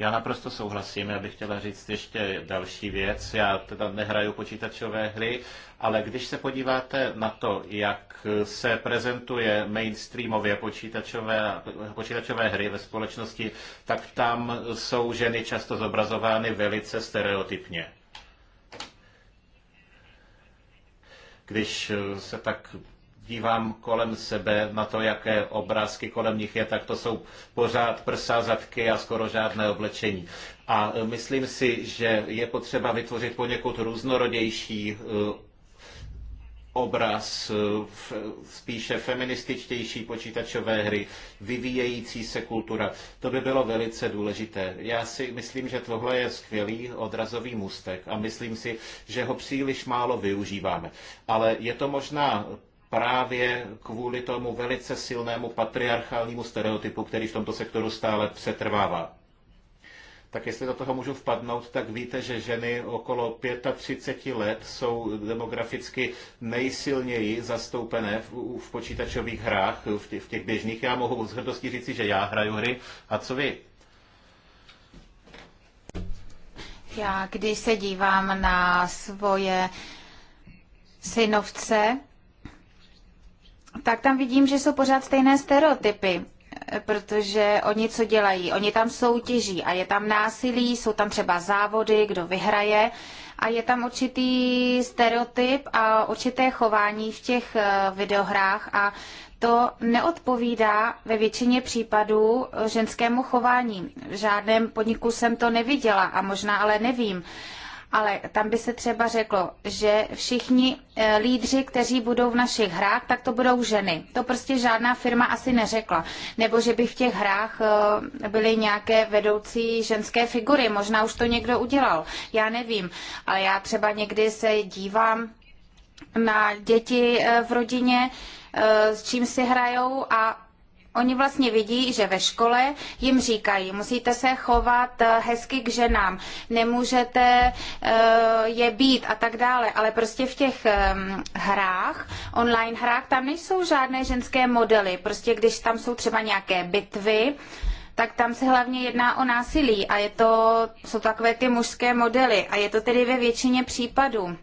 Speaker 3: Já naprosto souhlasím, já bych chtěla říct ještě další věc. Já teda nehraju počítačové hry, ale když se podíváte na to, jak se prezentuje mainstreamově počítačové, počítačové hry ve společnosti, tak tam jsou ženy často zobrazovány velice stereotypně. Když se tak dívám kolem sebe na to, jaké obrázky kolem nich je, tak to jsou pořád prsa, zadky a skoro žádné oblečení. A e, myslím si, že je potřeba vytvořit poněkud různorodější e, obraz e, spíše feminističtější počítačové hry, vyvíjející se kultura. To by bylo velice důležité. Já si myslím, že tohle je skvělý odrazový můstek a myslím si, že ho příliš málo využíváme. Ale je to možná právě kvůli tomu velice silnému patriarchálnímu stereotypu, který v tomto sektoru stále přetrvává. Tak jestli do toho můžu vpadnout, tak víte, že ženy okolo 35 let jsou demograficky nejsilněji zastoupené v, v počítačových hrách, v těch, v těch běžných. Já mohu s hrdostí říci, že já hraju hry. A co vy?
Speaker 4: Já, když se dívám na svoje synovce, tak tam vidím, že jsou pořád stejné stereotypy protože oni co dělají? Oni tam soutěží a je tam násilí, jsou tam třeba závody, kdo vyhraje a je tam určitý stereotyp a určité chování v těch eh, videohrách a to neodpovídá ve většině případů eh, ženskému chování. V žádném podniku jsem to neviděla a možná ale nevím ale tam by se třeba řeklo, že všichni eh, lídři, kteří budou v našich hrách, tak to budou ženy. To prostě žádná firma asi neřekla. Nebo že by v těch hrách eh, byly nějaké vedoucí ženské figury. Možná už to někdo udělal. Já nevím. Ale já třeba někdy se dívám na děti eh, v rodině, s čím si hrajou a Oni vlastně vidí, že ve škole jim říkají, musíte se chovat eh, hezky k ženám, nemůžete eh, je být a tak dále, ale prostě v těch ehm, hrách, online hrách, tam nejsou žádné ženské modely. Prostě když tam jsou třeba nějaké bitvy, tak tam se hlavně jedná o násilí a je to, jsou takové ty mužské modely a je to tedy ve většině případů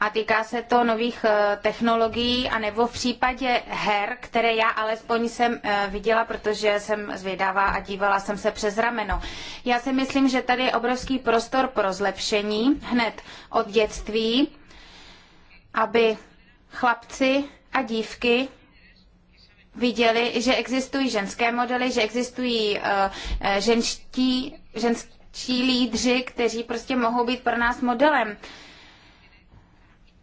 Speaker 4: a týká se to nových eh, technologií, anebo v případě her, které já alespoň jsem eh, viděla, protože jsem zvědavá a dívala jsem se přes rameno. Já si myslím, že tady je obrovský prostor pro zlepšení hned od dětství, aby chlapci a dívky viděli, že existují ženské modely, že existují eh, ženští, ženští lídři, kteří prostě mohou být pro nás modelem.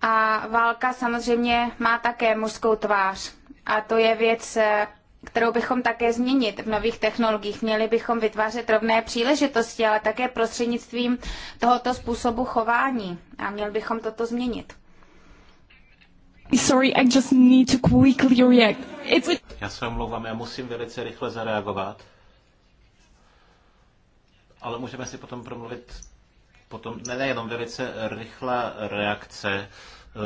Speaker 4: A válka samozřejmě má také mužskou tvář. A to je věc, eh, kterou bychom také změnit v nových technologiích. Měli bychom vytvářet rovné příležitosti, ale také prostřednictvím tohoto způsobu chování. A měli bychom toto změnit.
Speaker 1: Sorry, I just need to quickly
Speaker 4: react. It's...
Speaker 3: Já se omlouvám, já musím velice rychle zareagovat. Ale můžeme si potom promluvit potom nejenom velice rychlá reakce.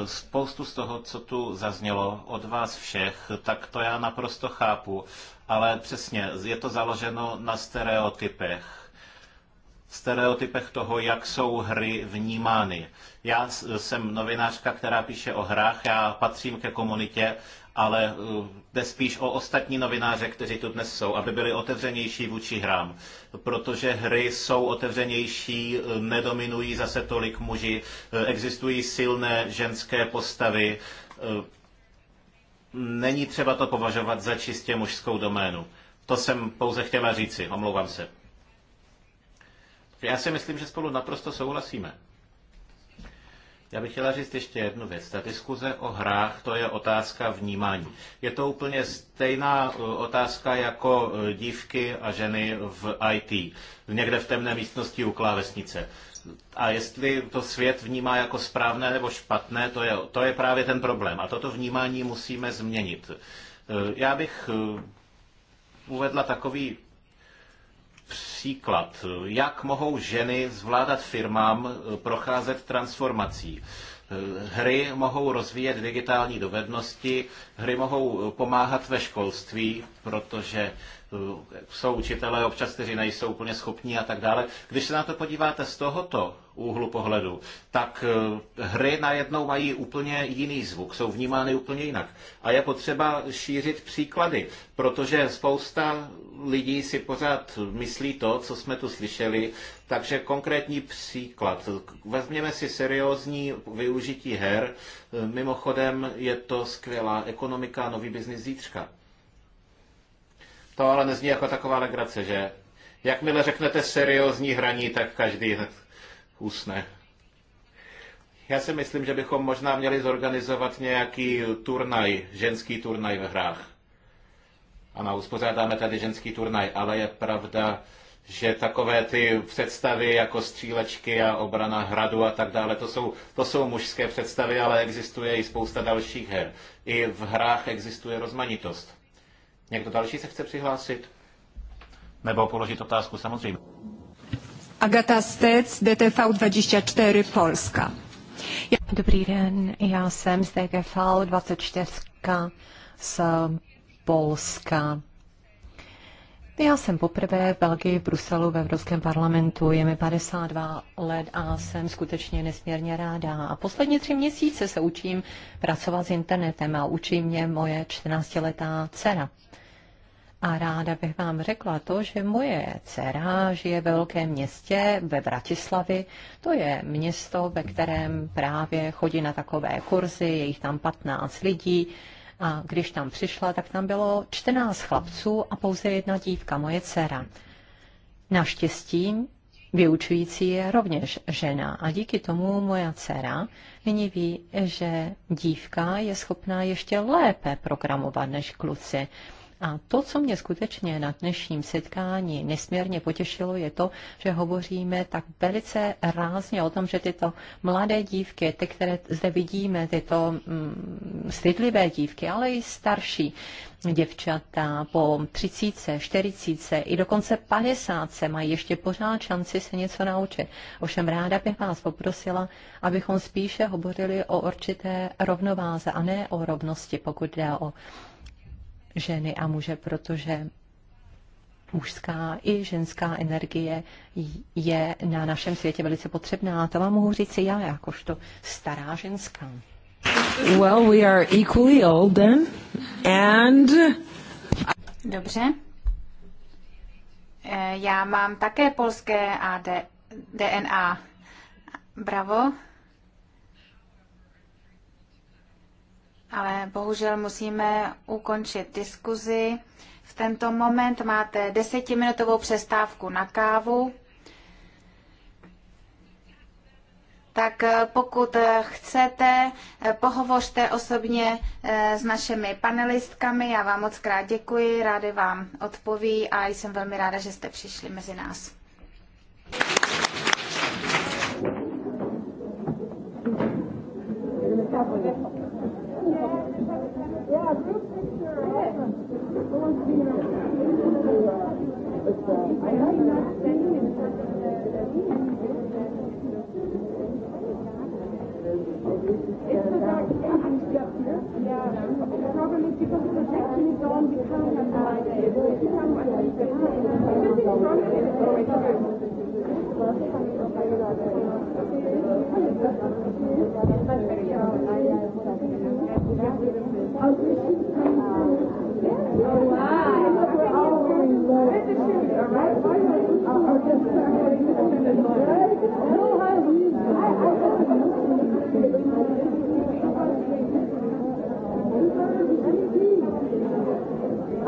Speaker 3: Spoustu z toho, co tu zaznělo od vás všech, tak to já naprosto chápu. Ale přesně, je to založeno na stereotypech stereotypech toho, jak jsou hry vnímány. Já jsem novinářka, která píše o hrách, já patřím ke komunitě, ale eh, jde spíš o ostatní novináře, kteří tu dnes jsou, aby byli otevřenější vůči hrám. Protože hry jsou otevřenější, eh, nedominují zase tolik muži, eh, existují silné ženské postavy. Není třeba to považovat za čistě mužskou doménu. To jsem pouze chtěla říci, omlouvám se. Já si myslím, že spolu naprosto souhlasíme. Já bych chtěla říct ještě jednu věc. Ta diskuze o hrách, to je otázka vnímání. Je to úplně stejná uh, otázka jako uh, dívky a ženy v IT, někde v temné místnosti u klávesnice. A jestli to svět vnímá jako správné nebo špatné, to je, to je právě ten problém. A toto vnímání musíme změnit. Uh, já bych uvedla takový příklad, jak mohou ženy zvládat firmám eh, procházet transformací. Eh, hry mohou rozvíjet digitální dovednosti, hry mohou eh, pomáhat ve školství, protože jsou učitelé občas, kteří nejsou úplně schopní a tak dále. Když se na to podíváte z tohoto úhlu pohledu, tak hry najednou mají úplně jiný zvuk, jsou vnímány úplně jinak. A je potřeba šířit příklady, protože spousta lidí si pořád myslí to, co jsme tu slyšeli. Takže konkrétní příklad. Vezměme si seriózní využití her. Mimochodem je to skvělá ekonomika, nový biznis zítřka. To ale nezní jako taková legrace, že? Jakmile řeknete seriózní hraní, tak každý usne. Já si myslím, že bychom možná měli zorganizovat nějaký turnaj, ženský turnaj v hrách. Ano, uspořádáme tady ženský turnaj, ale je pravda, že takové ty představy jako střílečky a obrana hradu a tak dále, to jsou, to jsou mužské představy, ale existuje i spousta dalších her. I v hrách existuje rozmanitost. Někdo další se chce přihlásit? Nebo položit otázku samozřejmě.
Speaker 2: Agata Stec, DTV24 Polska. Dobrý den, já jsem z DGV24 z Polska. Já jsem poprvé v Belgii, v Bruselu, v Evropském parlamentu, je mi 52 let a jsem skutečně nesmírně ráda. A poslední tři měsíce se učím pracovat s internetem a učí mě moje 14-letá dcera. A ráda bych vám řekla to, že moje dcera žije ve velkém městě, ve Bratislavi. To je město, ve kterém právě chodí na takové kurzy, je jich tam 15 lidí a když tam přišla, tak tam bylo 14 chlapců a pouze jedna dívka, moje dcera. Naštěstí vyučující je rovněž žena a díky tomu moja dcera nyní ví, že dívka je schopná ještě lépe programovat než kluci. A to, co mě skutečně na dnešním setkání nesmírně potěšilo, je to, že hovoříme tak velice rázně o tom, že tyto mladé dívky, ty, které zde vidíme, tyto mm, stydlivé dívky, ale i starší děvčata po 30, 40 i dokonce 50 mají ještě pořád šanci se něco naučit. Ovšem ráda bych vás poprosila, abychom spíše hovořili o určité rovnováze a ne o rovnosti, pokud jde o ženy a muže, protože mužská i ženská energie je na našem světě velice potřebná. A to vám mohu říct si já, jakožto stará ženská.
Speaker 1: Well, we are equally old then.
Speaker 4: And... Dobře. Eh, já mám také polské AD, DNA. Bravo. ale bohužel musíme ukončit diskuzi. V tento moment máte desetiminutovou přestávku na kávu. Tak eh, pokud eh, chcete, eh, pohovořte osobně s našimi panelistkami. Já vám moc krát děkuji, rádi vám odpoví a jsem velmi ráda, že jste přišli mezi nás. Thank you.
Speaker 1: Yeah, group picture. Yeah. But, Yeah. The problem is because protection is on, we Uh,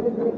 Speaker 1: Thank you.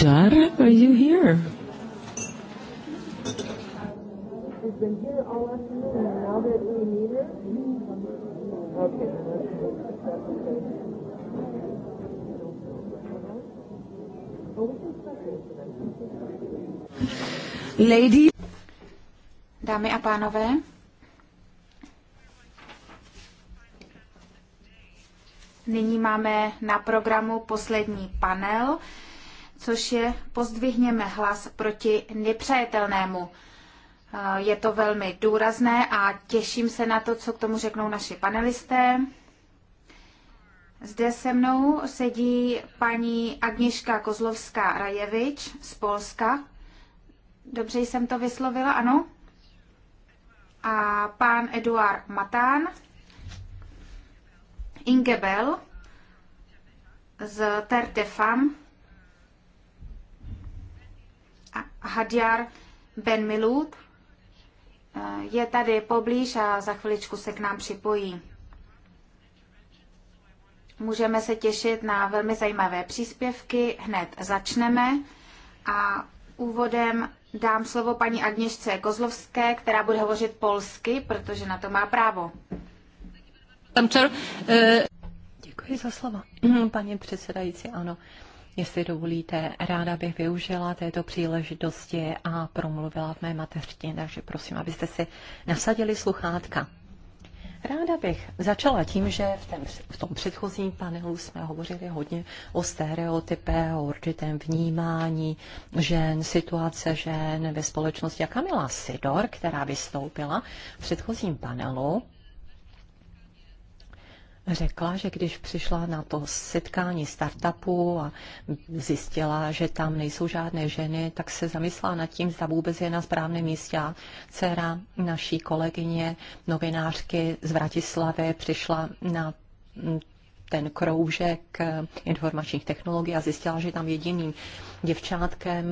Speaker 1: Jar, are you here? She's been here all afternoon, and now that we need her. okay.
Speaker 4: Lady. Dámy a pánové, nyní máme na programu poslední panel což je pozdvihněme hlas proti nepřejetelnému. Eh, je to velmi důrazné a těším se na to, co k tomu řeknou naši panelisté. Zde se mnou sedí paní Agniška Kozlovská Rajevič z Polska. Dobře jsem to vyslovila, ano? A pán Eduard Matán, Ingebel z Tertefam Hadjar Ben Milut eh, je tady poblíž a za chviličku se k nám připojí. Můžeme se těšit na velmi zajímavé příspěvky, hned začneme a úvodem dám slovo paní Agněšce Kozlovské, která bude hovořit polsky, protože na to má právo.
Speaker 2: Eh, Děkuji za slovo, paní předsedající, ano. Jestli dovolíte, ráda bych využila této příležitosti a promluvila v mé mateřtině, takže prosím, abyste si nasadili sluchátka. Ráda bych začala tím, že v, ten, v tom předchozím panelu jsme hovořili hodně o stereotypech, o určitém vnímání žen, situace žen ve společnosti. A Kamila Sidor, která vystoupila v předchozím panelu, řekla, že když přišla na to setkání startupu a zjistila, že tam nejsou žádné ženy, tak se zamyslela nad tím, zda vůbec je na správném místě. A dcera naší kolegyně, novinářky z Vratislavy, přišla na ten kroužek informačních technologií a zjistila, že tam jediným děvčátkem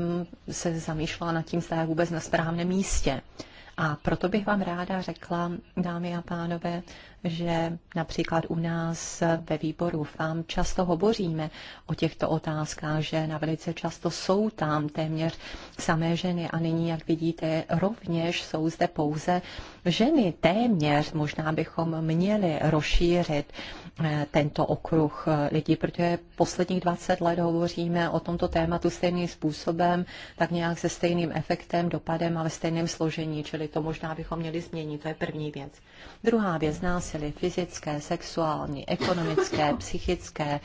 Speaker 2: se zamýšlela nad tím, zda je vůbec na správném místě. A proto bych vám ráda řekla, dámy a pánové, že například u nás ve výboru FAM často hovoříme o těchto otázkách, že na velice často jsou tam téměř samé ženy a nyní, jak vidíte, rovněž jsou zde pouze ženy. Téměř možná bychom měli rozšířit eh, tento okruh eh, lidí, protože posledních 20 let hovoříme o tomto tématu stejným způsobem, tak nějak se stejným efektem, dopadem a ve stejném složení, čili to možná bychom měli změnit. To je první věc. Druhá věc nás násilí fyzické, sexuální, ekonomické, psychické,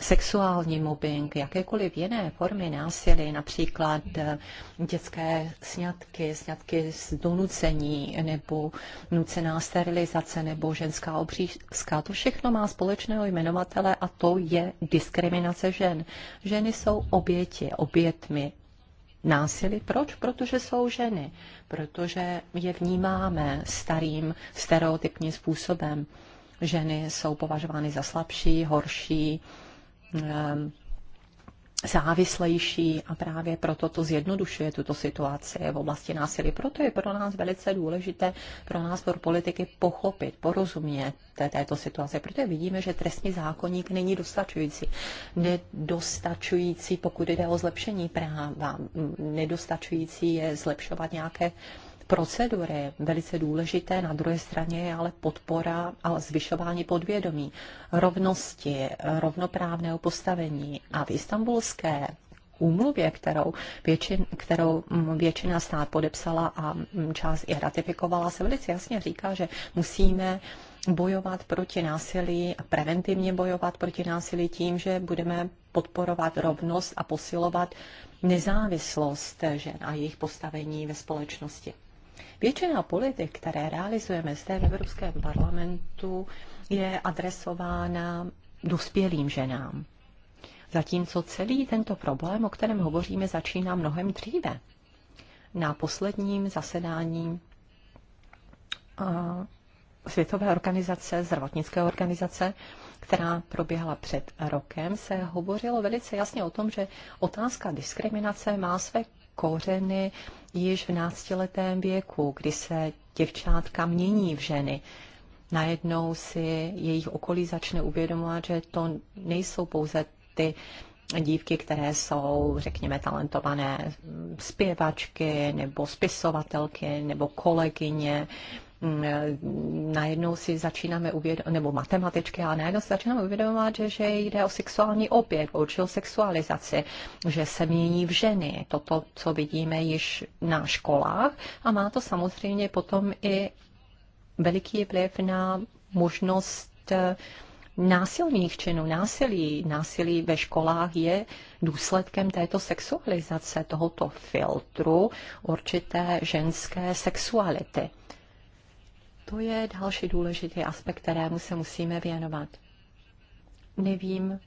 Speaker 2: sexuální mobbing, jakékoliv jiné formy násilí, například eh, dětské sňatky, sňatky z donucení nebo nucená sterilizace nebo ženská obřízka. To všechno má společného jmenovatele a to je diskriminace žen. Ženy jsou oběti, obětmi násilí. Proč? Protože jsou ženy, protože je vnímáme starým stereotypním způsobem. Ženy jsou považovány za slabší, horší, ehm, závislejší a právě proto to zjednodušuje tuto situaci v oblasti násilí. Proto je pro nás velice důležité, pro nás, pro politiky, pochopit, porozumět té, této situace. Proto vidíme, že trestní zákonník není dostačující. Nedostačující, pokud jde o zlepšení práva, nedostačující je zlepšovat nějaké uh, procedury velice důležité, na druhé straně je ale podpora a zvyšování podvědomí, rovnosti, rovnoprávného postavení. A v istambulské úmluvě, kterou, většin, kterou mm, většina stát podepsala a mm, část i ratifikovala, se velice jasně říká, že musíme bojovat proti násilí a preventivně bojovat proti násilí tím, že budeme podporovat rovnost a posilovat nezávislost žen a jejich postavení ve společnosti. Většina politik, které realizujeme zde v Evropském parlamentu, je adresována dospělým ženám. Zatímco celý tento problém, o kterém hovoříme, začíná mnohem dříve. Na posledním zasedání Světové organizace, zdravotnické organizace, která proběhla před rokem, se hovořilo velice jasně o tom, že otázka diskriminace má své kořeny již v náctiletém věku, kdy se děvčátka mění v ženy. Najednou si jejich okolí začne uvědomovat, že to nejsou pouze ty dívky, které jsou, řekněme, talentované zpěvačky nebo spisovatelky nebo kolegyně Mm, najednou si začínáme uvědomovat, nebo matematicky, ale najednou si začínáme uvědomovat, že, že jde o sexuální objekt, o určitou sexualizaci, že se mění v ženy. Toto, co vidíme již na školách a má to samozřejmě potom i veliký vliv na možnost eh, násilných činů, násilí. Násilí ve školách je důsledkem této sexualizace, tohoto filtru určité ženské sexuality. To je další důležitý aspekt, kterému se musíme věnovat. Nevím,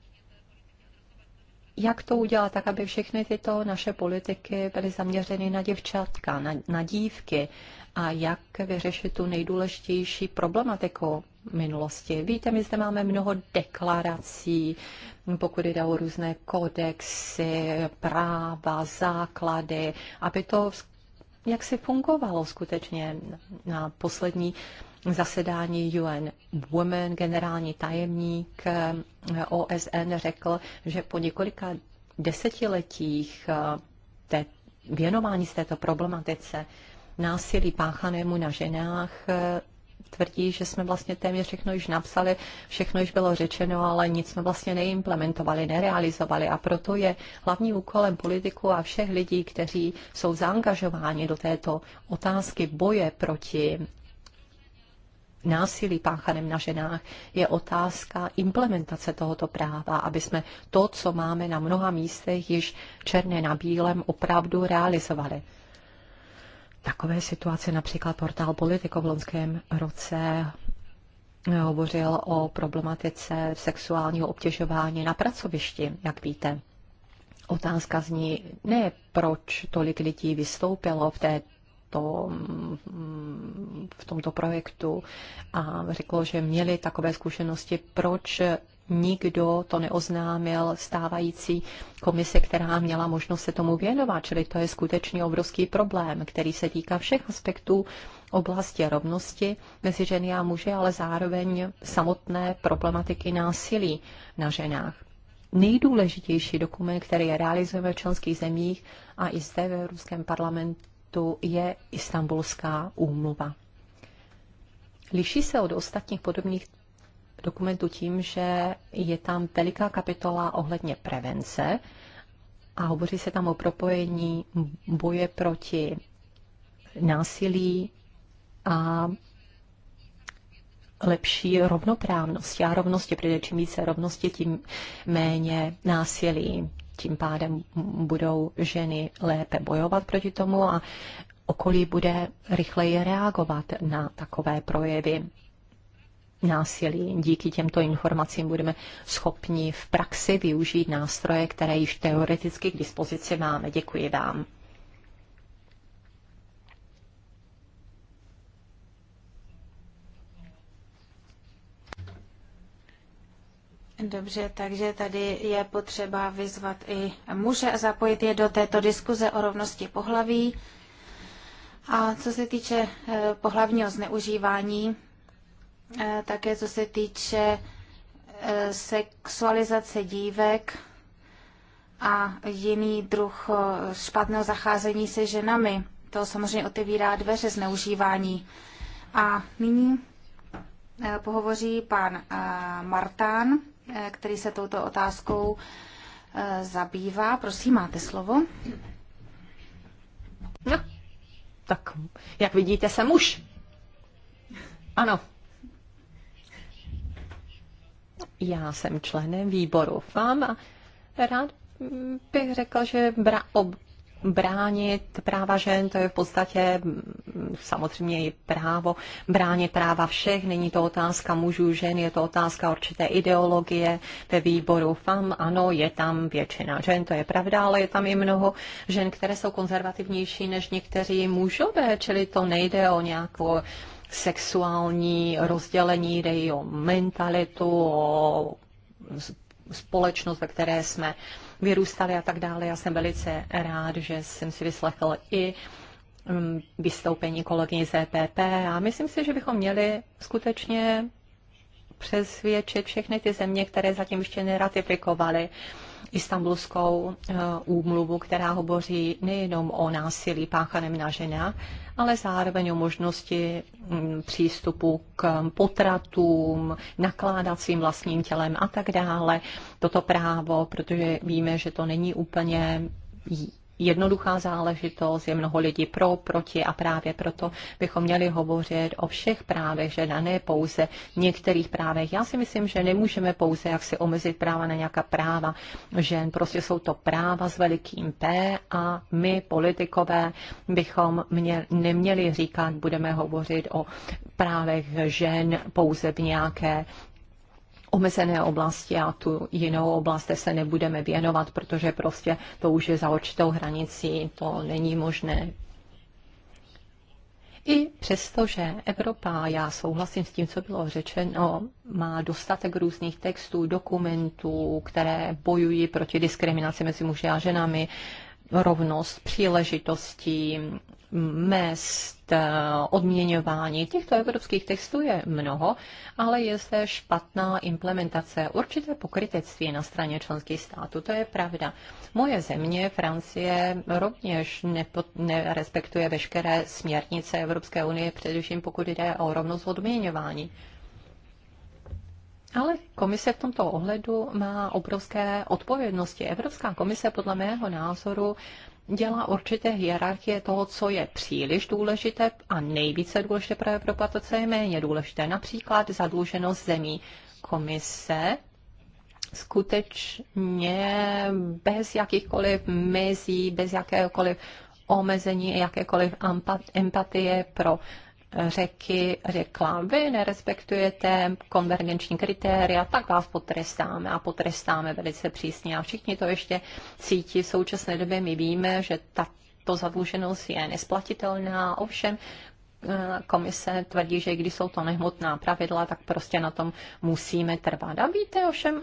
Speaker 2: jak to udělat tak, aby všechny tyto naše politiky byly zaměřeny na děvčatka, na, na dívky a jak vyřešit tu nejdůležitější problematiku minulosti. Víte, my zde máme mnoho deklarací, pokud jde o různé kodexy, práva, základy, aby to jak se fungovalo skutečně na poslední zasedání UN Women, generální tajemník eh, OSN řekl, že po několika desetiletích eh, té, věnování z této problematice násilí páchanému na ženách eh, tvrdí, že jsme vlastně téměř všechno již napsali, všechno již bylo řečeno, ale nic jsme vlastně neimplementovali, nerealizovali. A proto je hlavní úkolem politiků a všech lidí, kteří jsou zaangažováni do této otázky boje proti násilí páchaném na ženách je otázka implementace tohoto práva, aby jsme to, co máme na mnoha místech již černé na bílém, opravdu realizovali takové situace, například portál Politico v loňském roce eh, hovořil o problematice sexuálního obtěžování na pracovišti, jak víte. Otázka zní ne, proč tolik lidí vystoupilo v té to, mm, v tomto projektu a řeklo, že měli takové zkušenosti, proč nikdo to neoznámil stávající komise, která měla možnost se tomu věnovat. Čili to je skutečně obrovský problém, který se týká všech aspektů oblasti rovnosti mezi ženy a muži, ale zároveň samotné problematiky násilí na ženách. Nejdůležitější dokument, který realizujeme v členských zemích a i zde ve Ruském parlamentu, je Istanbulská úmluva. Liší se od ostatních podobných dokumentu tím, že je tam veliká kapitola ohledně prevence a hovoří se tam o propojení boje proti násilí a lepší rovnoprávnosti a rovnosti, protože čím více rovnosti, tím méně násilí. Tím pádem budou ženy lépe bojovat proti tomu a okolí bude rychleji reagovat na takové projevy násilí. Díky těmto informacím budeme schopni v praxi využít nástroje, které již teoreticky k dispozici máme. Děkuji vám.
Speaker 4: Dobře, takže tady je potřeba vyzvat i muže a zapojit je do této diskuze o rovnosti pohlaví. A co se týče eh, pohlavního zneužívání, Eh, také co se týče eh, sexualizace dívek a jiný druh eh, špatného zacházení se ženami. To samozřejmě otevírá dveře zneužívání. A nyní pohovoří pan Martán, který se touto otázkou zabývá. Prosím, máte slovo. No, tak jak vidíte, jsem muž. Ano,
Speaker 2: Já jsem členem výboru FAM a rád bych řekl, že bra, ob, bránit práva žen, to je v podstatě mm, samozřejmě i právo, bránit práva všech, není to otázka mužů, žen, je to otázka určité ideologie ve výboru FAM, ano, je tam většina žen, to je pravda, ale je tam i mnoho žen, které jsou konzervativnější než někteří mužové, čili to nejde o nějakou sexuální rozdělení, jde o mentalitu, o společnost, ve které jsme vyrůstali a tak dále. Já jsem velice rád, že jsem si vyslechl i mm, vystoupení kolegyně z EPP a myslím si, že bychom měli skutečně přesvědčit všechny ty země, které zatím ještě neratifikovaly istambulskou eh, úmluvu, která hovoří nejenom o násilí páchaném na ženách, ale zároveň o možnosti mm, přístupu k potratům, svým vlastním tělem a tak dále. Toto právo, protože víme, že to není úplně jednoduchá záležitost, je mnoho lidí pro, proti a právě proto bychom měli hovořit o všech právech žen a ne pouze některých právech. Já si myslím, že nemůžeme pouze jak si omezit práva na nějaká práva žen. Prostě jsou to práva s velikým P a my, politikové, bychom mě, neměli říkat, budeme hovořit o právech žen pouze v nějaké omezené oblasti a tu jinou oblast se nebudeme věnovat, protože prostě to už je za určitou hranicí, to není možné. I přesto, že Evropa, já souhlasím s tím, co bylo řečeno, má dostatek různých textů, dokumentů, které bojují proti diskriminaci mezi muži a ženami, rovnost příležitostí, mest, eh, odměňování. Těchto evropských textů je mnoho, ale je zde špatná implementace, určité pokrytectví na straně členských států. To je pravda. Moje země, Francie, rovněž nepo, nerespektuje veškeré směrnice Evropské unie, především pokud jde o rovnost odměňování. Ale komise v tomto ohledu má obrovské odpovědnosti. Evropská komise podle mého názoru dělá určité hierarchie toho, co je příliš důležité a nejvíce důležité pro Evropa, to, co je méně důležité. Například zadluženost zemí komise skutečně bez jakýchkoliv mezí, bez jakéhokoliv omezení, jakékoliv empatie pro řeky, řekla, vy nerespektujete konvergenční kritéria, tak vás potrestáme a potrestáme velice přísně. A všichni to ještě cítí. V současné době my víme, že ta to zadluženost je nesplatitelná, ovšem komise tvrdí, že když jsou to nehmotná pravidla, tak prostě na tom musíme trvat. A víte, ovšem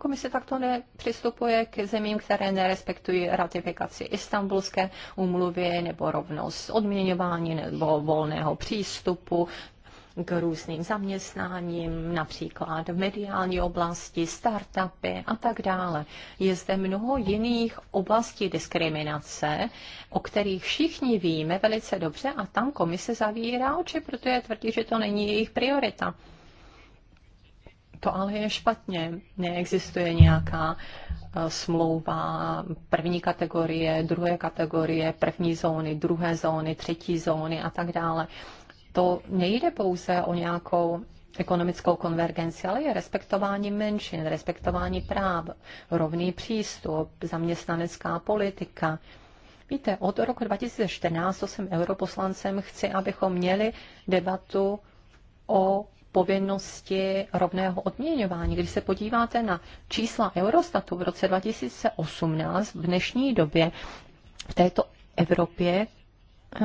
Speaker 2: komise takto nepřistupuje k zemím, které nerespektují ratifikaci istambulské úmluvy nebo rovnost odměňování nebo volného přístupu k různým zaměstnáním, například v mediální oblasti, startupy a tak dále. Je zde mnoho jiných oblastí diskriminace, o kterých všichni víme velice dobře a tam komise zavírá oči, protože tvrdí, že to není jejich priorita. To ale je špatně. Neexistuje nějaká eh, smlouva první kategorie, druhé kategorie, první zóny, druhé zóny, třetí zóny a tak dále to nejde pouze o nějakou ekonomickou konvergenci, ale je respektování menšin, respektování práv, rovný přístup, zaměstnanecká politika. Víte, od roku 2014, co jsem europoslancem, chci, abychom měli debatu o povinnosti rovného odměňování. Když se podíváte na čísla Eurostatu v roce 2018, v dnešní době v této Evropě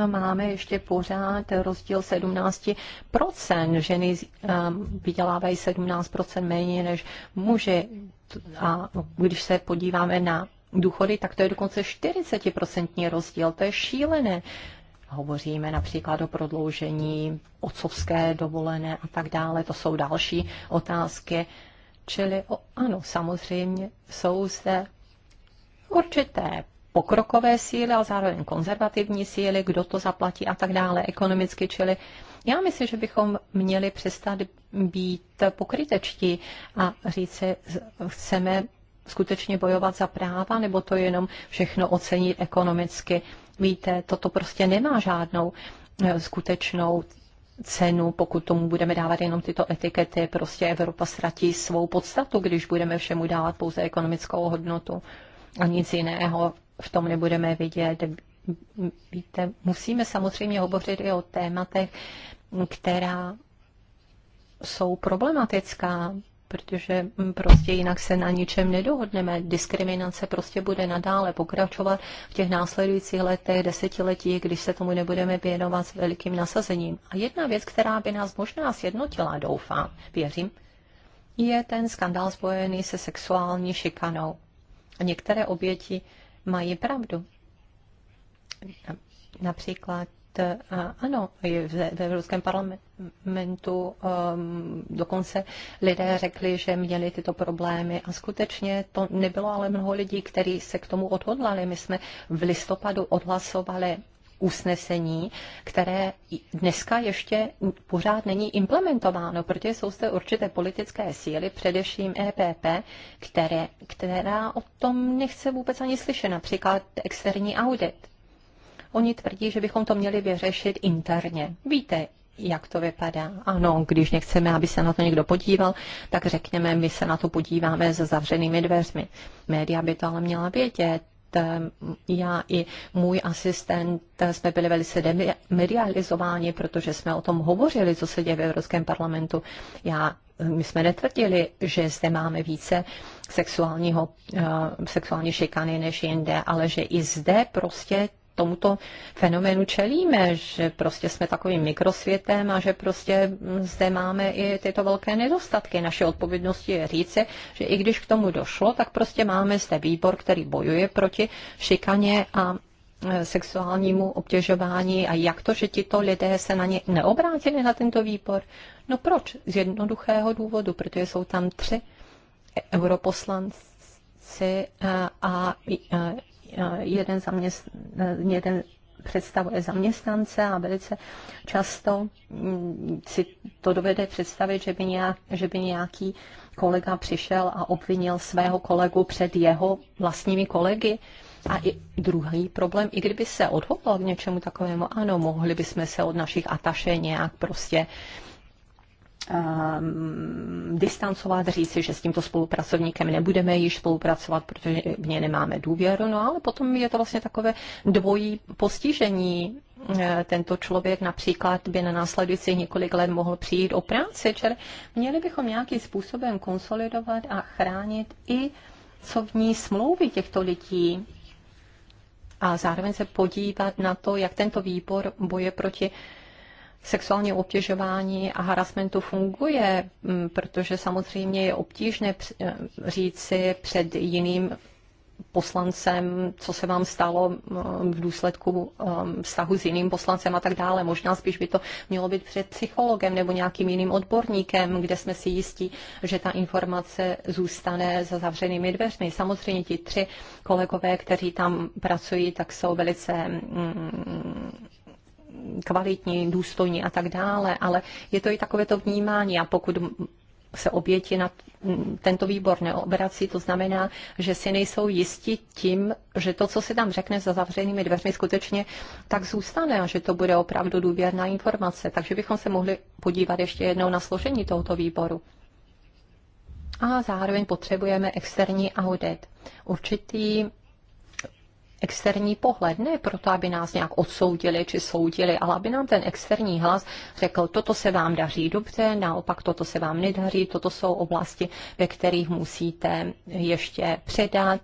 Speaker 2: máme ještě pořád rozdíl 17%. Ženy eh, vydělávají 17% méně než muži. A když se podíváme na důchody, tak to je dokonce 40% rozdíl. To je šílené. Hovoříme například o prodloužení otcovské dovolené a tak dále. To jsou další otázky. Čili o, ano, samozřejmě jsou zde určité pokrokové síly, ale zároveň konzervativní síly, kdo to zaplatí a tak dále ekonomicky, čili já myslím, že bychom měli přestat být pokrytečtí a říct si, chceme skutečně bojovat za práva, nebo to jenom všechno ocenit ekonomicky. Víte, toto prostě nemá žádnou e, skutečnou cenu, pokud tomu budeme dávat jenom tyto etikety. Prostě Evropa ztratí svou podstatu, když budeme všemu dávat pouze ekonomickou hodnotu a nic jiného v tom nebudeme vidět. Víte, musíme samozřejmě hovořit i o tématech, která jsou problematická, protože prostě jinak se na ničem nedohodneme. Diskriminace prostě bude nadále pokračovat v těch následujících letech, desetiletí, když se tomu nebudeme věnovat s velikým nasazením. A jedna věc, která by nás možná sjednotila, doufám, věřím, je ten skandál spojený se sexuální šikanou. A některé oběti mají pravdu. Například ano, v Evropském parlamentu um, dokonce lidé řekli, že měli tyto problémy a skutečně to nebylo ale mnoho lidí, kteří se k tomu odhodlali. My jsme v listopadu odhlasovali usnesení, které dneska ještě pořád není implementováno, protože jsou zde určité politické síly, především EPP, které, která o tom nechce vůbec ani slyšet, například externí audit. Oni tvrdí, že bychom to měli vyřešit interně. Víte, jak to vypadá. Ano, když nechceme, aby se na to někdo podíval, tak řekněme, my se na to podíváme za zavřenými dveřmi. Média by to ale měla vědět, Eh, já i můj asistent eh, jsme byli velice medializováni, protože jsme o tom hovořili, co se děje v Evropském parlamentu. Já, eh, my jsme netvrdili, že zde máme více sexuálního, sexuální šikany než jinde, ale že i zde prostě tomuto fenoménu čelíme, že prostě jsme takovým mikrosvětem a že prostě zde máme i tyto velké nedostatky. Naše odpovědnosti je říci, že i když k tomu došlo, tak prostě máme zde výbor, který bojuje proti šikaně a e, sexuálnímu obtěžování a jak to, že tito lidé se na ně neobrátili na tento výbor. No proč? Z jednoduchého důvodu, protože jsou tam tři europoslanci e, a, a e, jeden, zaměst, eh, jeden představuje zaměstnance a velice často mm, si to dovede představit, že by, nějak, že by nějaký kolega přišel a obvinil svého kolegu před jeho vlastními kolegy. A i druhý problém, i kdyby se odhodlal k něčemu takovému, ano, mohli bychom se od našich ataše nějak prostě uh, Ehm, distancovat, říci, že s tímto spolupracovníkem nebudeme již spolupracovat, protože v ně nemáme důvěru, no ale potom je to vlastně takové dvojí postižení. Ehm, tento člověk například by na následujících několik let mohl přijít o práci, čili měli bychom nějakým způsobem konsolidovat a chránit i pracovní smlouvy těchto lidí a zároveň se podívat na to, jak tento výbor boje proti sexuální obtěžování a harasmentu funguje, mm, protože samozřejmě je obtížné eh, říci před jiným poslancem, co se vám stalo mm, v důsledku mm, vztahu s jiným poslancem a tak dále. Možná spíš by to mělo být před psychologem nebo nějakým jiným odborníkem, kde jsme si jistí, že ta informace zůstane za zavřenými dveřmi. Samozřejmě ti tři kolegové, kteří tam pracují, tak jsou velice kvalitní, důstojní a tak dále, ale je to i takové to vnímání a pokud se oběti na tento výbor neobrací, to znamená, že si nejsou jisti tím, že to, co se tam řekne za zavřenými dveřmi, skutečně tak zůstane a že to bude opravdu důvěrná informace. Takže bychom se mohli podívat ještě jednou na složení tohoto výboru. A zároveň potřebujeme externí audit. Určitý externí pohled. Ne proto, aby nás nějak odsoudili či soudili, ale aby nám ten externí hlas řekl, toto se vám daří dobře, naopak toto se vám nedaří, toto jsou oblasti, ve kterých musíte ještě předat.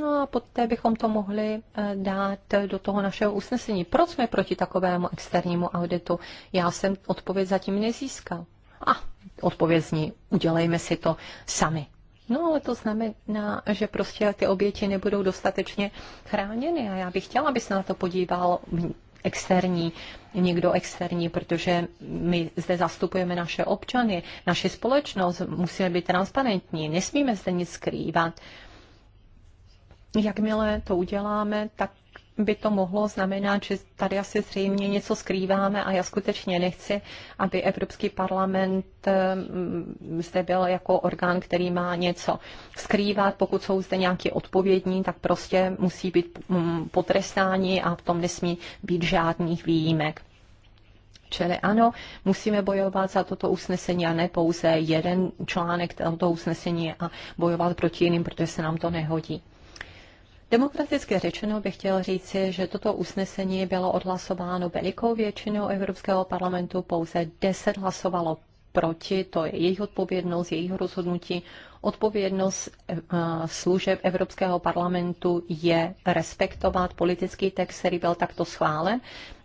Speaker 2: No a poté bychom to mohli eh, dát do toho našeho usnesení. Proč jsme proti takovému externímu auditu? Já jsem odpověď zatím nezískal. A odpověď zní, udělejme si to sami. No ale to znamená, že prostě ty oběti nebudou dostatečně chráněny a já bych chtěla, aby se na to podíval externí, někdo externí, protože my zde zastupujeme naše občany, naše společnost, musíme být transparentní, nesmíme zde nic skrývat. Jakmile to uděláme, tak by to mohlo znamenat, že tady asi zřejmě něco skrýváme a já skutečně nechci, aby Evropský parlament mm, zde byl jako orgán, který má něco skrývat. Pokud jsou zde nějaké odpovědní, tak prostě musí být mm, potrestáni a v tom nesmí být žádných výjimek. Čili ano, musíme bojovat za toto usnesení a ne pouze jeden článek tohoto usnesení a bojovat proti jiným, protože se nám to nehodí. Demokraticky řečeno bych chtěl říci, že toto usnesení bylo odhlasováno velikou většinou Evropského parlamentu, pouze 10 hlasovalo proti, to je jejich odpovědnost, jejich rozhodnutí. Odpovědnost eh, služeb Evropského parlamentu je respektovat politický text, který byl takto schválen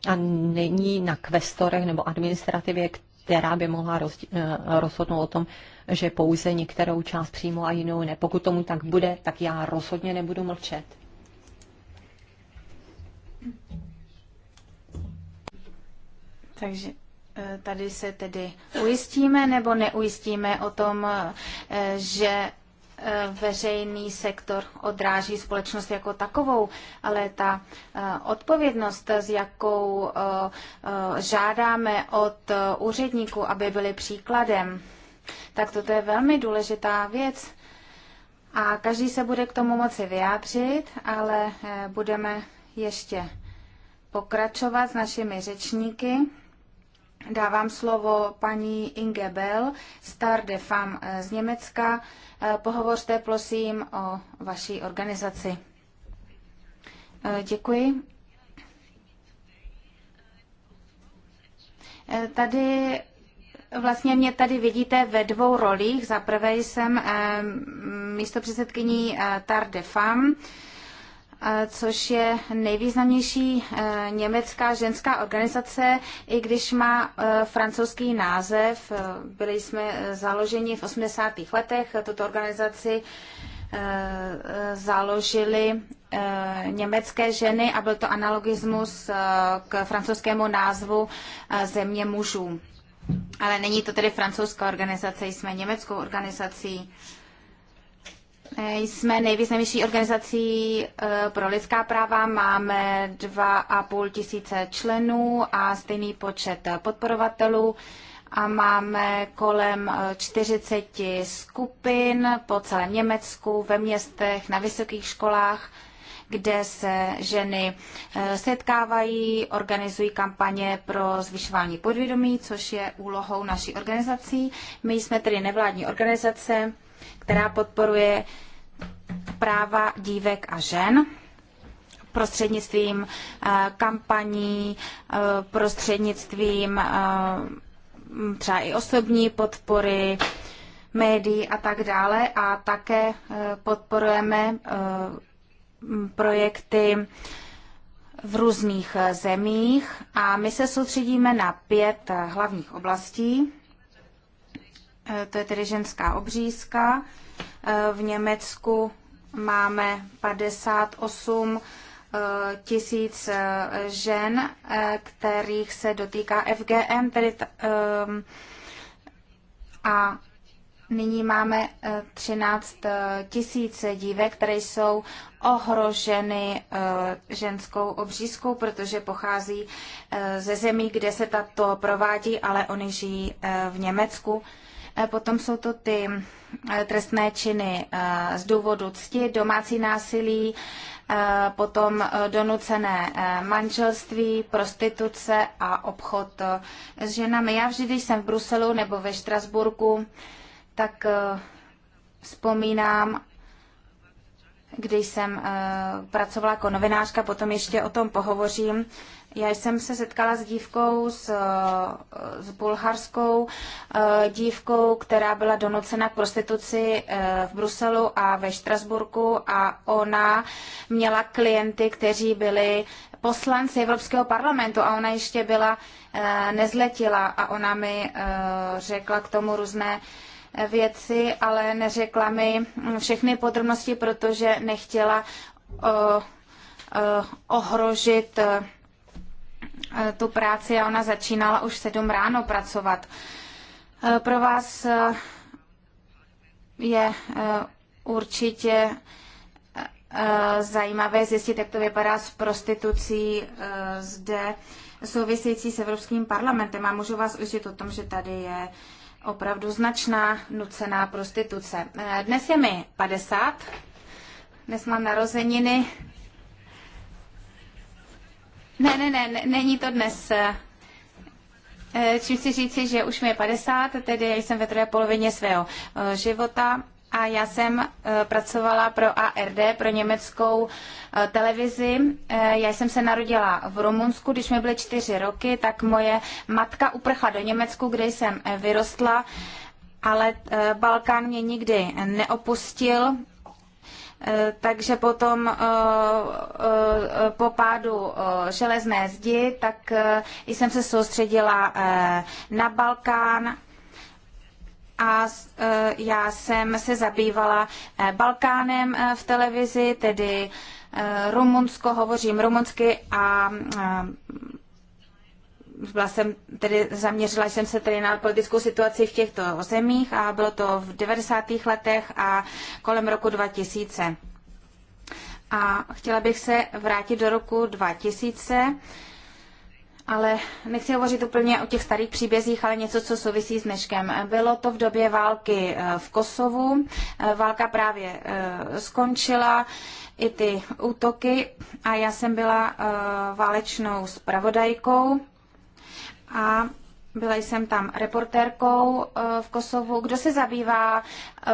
Speaker 2: a není na kvestorech nebo administrativě, která by mohla roz, eh, rozhodnout o tom, že pouze některou část přímo a jinou ne. Pokud tomu tak bude, tak já rozhodně nebudu mlčet.
Speaker 4: Takže eh, tady se tedy ujistíme nebo neujistíme o tom, eh, že Eh, veřejný sektor odráží společnost jako takovou, ale ta eh, odpovědnost, s jakou eh, žádáme od úředníků, aby byli příkladem, tak toto je velmi důležitá věc. A každý se bude k tomu moci vyjádřit, ale budeme ještě pokračovat s našimi řečníky dávám slovo paní Inge Bell, star de fam eh, z Německa. Eh, pohovořte prosím o vaší organizaci. Eh, děkuji. Tady Vlastně mě tady vidíte ve dvou rolích. Za prvé jsem místo předsedkyní TAR de FAM, což je nejvýznamnější eh, německá ženská organizace, i když má eh, francouzský název. Eh, byli jsme založeni v 80. letech. Tuto organizaci založili německé ženy a byl to analogismus k francouzskému názvu Země mužů. Ale není to tedy francouzská organizace, jsme německou organizací. Jsme nejvýznamnější organizací eh, pro lidská práva, máme 2,5 tisíce členů a stejný počet podporovatelů a máme kolem 40 eh, skupin po celém Německu, ve městech, na vysokých školách, kde se ženy eh, setkávají, organizují kampaně pro zvyšování podvědomí, což je úlohou naší organizací. My jsme tedy nevládní organizace, která podporuje práva dívek a žen prostřednictvím eh, kampaní, eh, prostřednictvím eh, třeba i osobní podpory, médií a tak dále. A také podporujeme projekty v různých zemích a my se soustředíme na pět hlavních oblastí. To je tedy ženská obřízka, v Německu máme 58 eh, tisíc eh, žen, eh, kterých se dotýká FGM, tedy ehm, a nyní máme 13 tisíc dívek, které jsou ohroženy ženskou obřízkou, protože pochází ze zemí, kde se tato provádí, ale oni žijí v Německu Eh, potom jsou to ty eh, trestné činy eh, z důvodu cti, domácí násilí, potom donucené manželství, prostituce a obchod s ženami. Já vždy, když jsem v Bruselu nebo ve Štrasburku, tak vzpomínám, když jsem pracovala jako novinářka, potom ještě o tom pohovořím, já jsem se setkala s dívkou, s, s eh, bulharskou eh, dívkou, která byla donocena k prostituci eh, v Bruselu a ve Štrasburku a ona měla klienty, kteří byli poslanci Evropského parlamentu a ona ještě byla nezletila a ona mi řekla k tomu různé věci, ale neřekla mi mm, všechny podrobnosti, protože nechtěla ohrožit Eh, tu práci a ona začínala už sedm ráno pracovat. Eh, pro vás eh, je určitě zajímavé zjistit, jak to vypadá s prostitucí zde související s Evropským parlamentem. A můžu vás ujistit o tom, že tady je opravdu značná nucená prostituce. Dnes je mi 50, dnes mám narozeniny ne, ne, ne, není to dnes. Eh, čím si říci, že už mi je 50, tedy jsem ve druhé polovině svého eh, života a já jsem eh, pracovala pro ARD, pro německou televizi. Já jsem se narodila v Rumunsku, když mi byly čtyři roky, tak moje matka uprchla do Německu, kde jsem vyrostla, ale Balkán mě nikdy neopustil Eh, takže potom eh, eh, po pádu železné zdi, tak jsem se soustředila na Balkán a já jsem se zabývala Balkánem v televizi, tedy Rumunsko, hovořím rumunsky a byla jsem tedy, zaměřila jsem se tedy na politickou situaci v těchto zemích a bylo to v 90. letech a kolem roku 2000. A chtěla bych se vrátit do roku 2000, ale nechci hovořit úplně o těch starých příbězích, ale něco, co souvisí s dneškem. Bylo to v době války eh, v Kosovu. Eh, válka právě eh, skončila, i ty útoky a já jsem byla válečnou spravodajkou a byla jsem tam reportérkou eh, v Kosovu. Kdo se zabývá eh,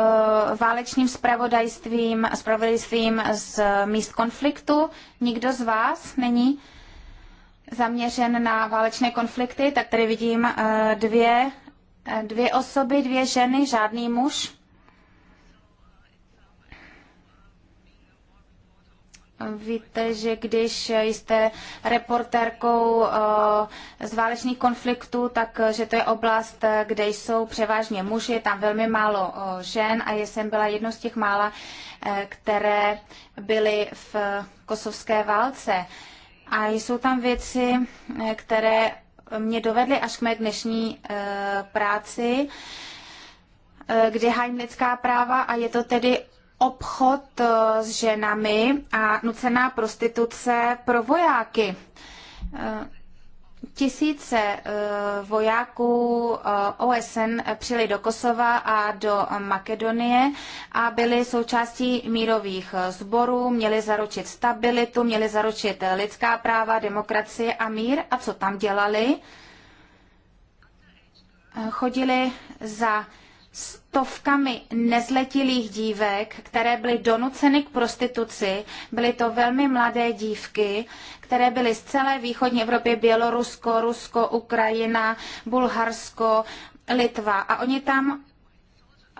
Speaker 4: válečným spravodajstvím, spravodajstvím z míst konfliktu? Nikdo z vás není zaměřen na válečné konflikty, tak tady vidím eh, dvě, dvě osoby, dvě ženy, žádný muž. Víte, že když jste reportérkou eh, z válečných konfliktů, tak eh, že to je oblast, eh, kde jsou převážně muži, tam velmi málo žen a já jsem byla jednou z těch mála, které byly v kosovské válce. A jsou tam věci, které mě dovedly až k mé dnešní práci kde hájím lidská práva a je to tedy obchod eh, s ženami a nucená prostituce pro vojáky. Eh, tisíce eh, vojáků OSN přijeli do Kosova a do Makedonie a byli součástí mírových sborů, měli zaručit stabilitu, měli zaručit lidská práva, demokracie a mír. A co tam dělali? Chodili za stovkami nezletilých dívek, které byly donuceny k prostituci. Byly to velmi mladé dívky, které byly z celé východní Evropy, Bělorusko, Rusko, Ukrajina, Bulharsko, Litva. A oni tam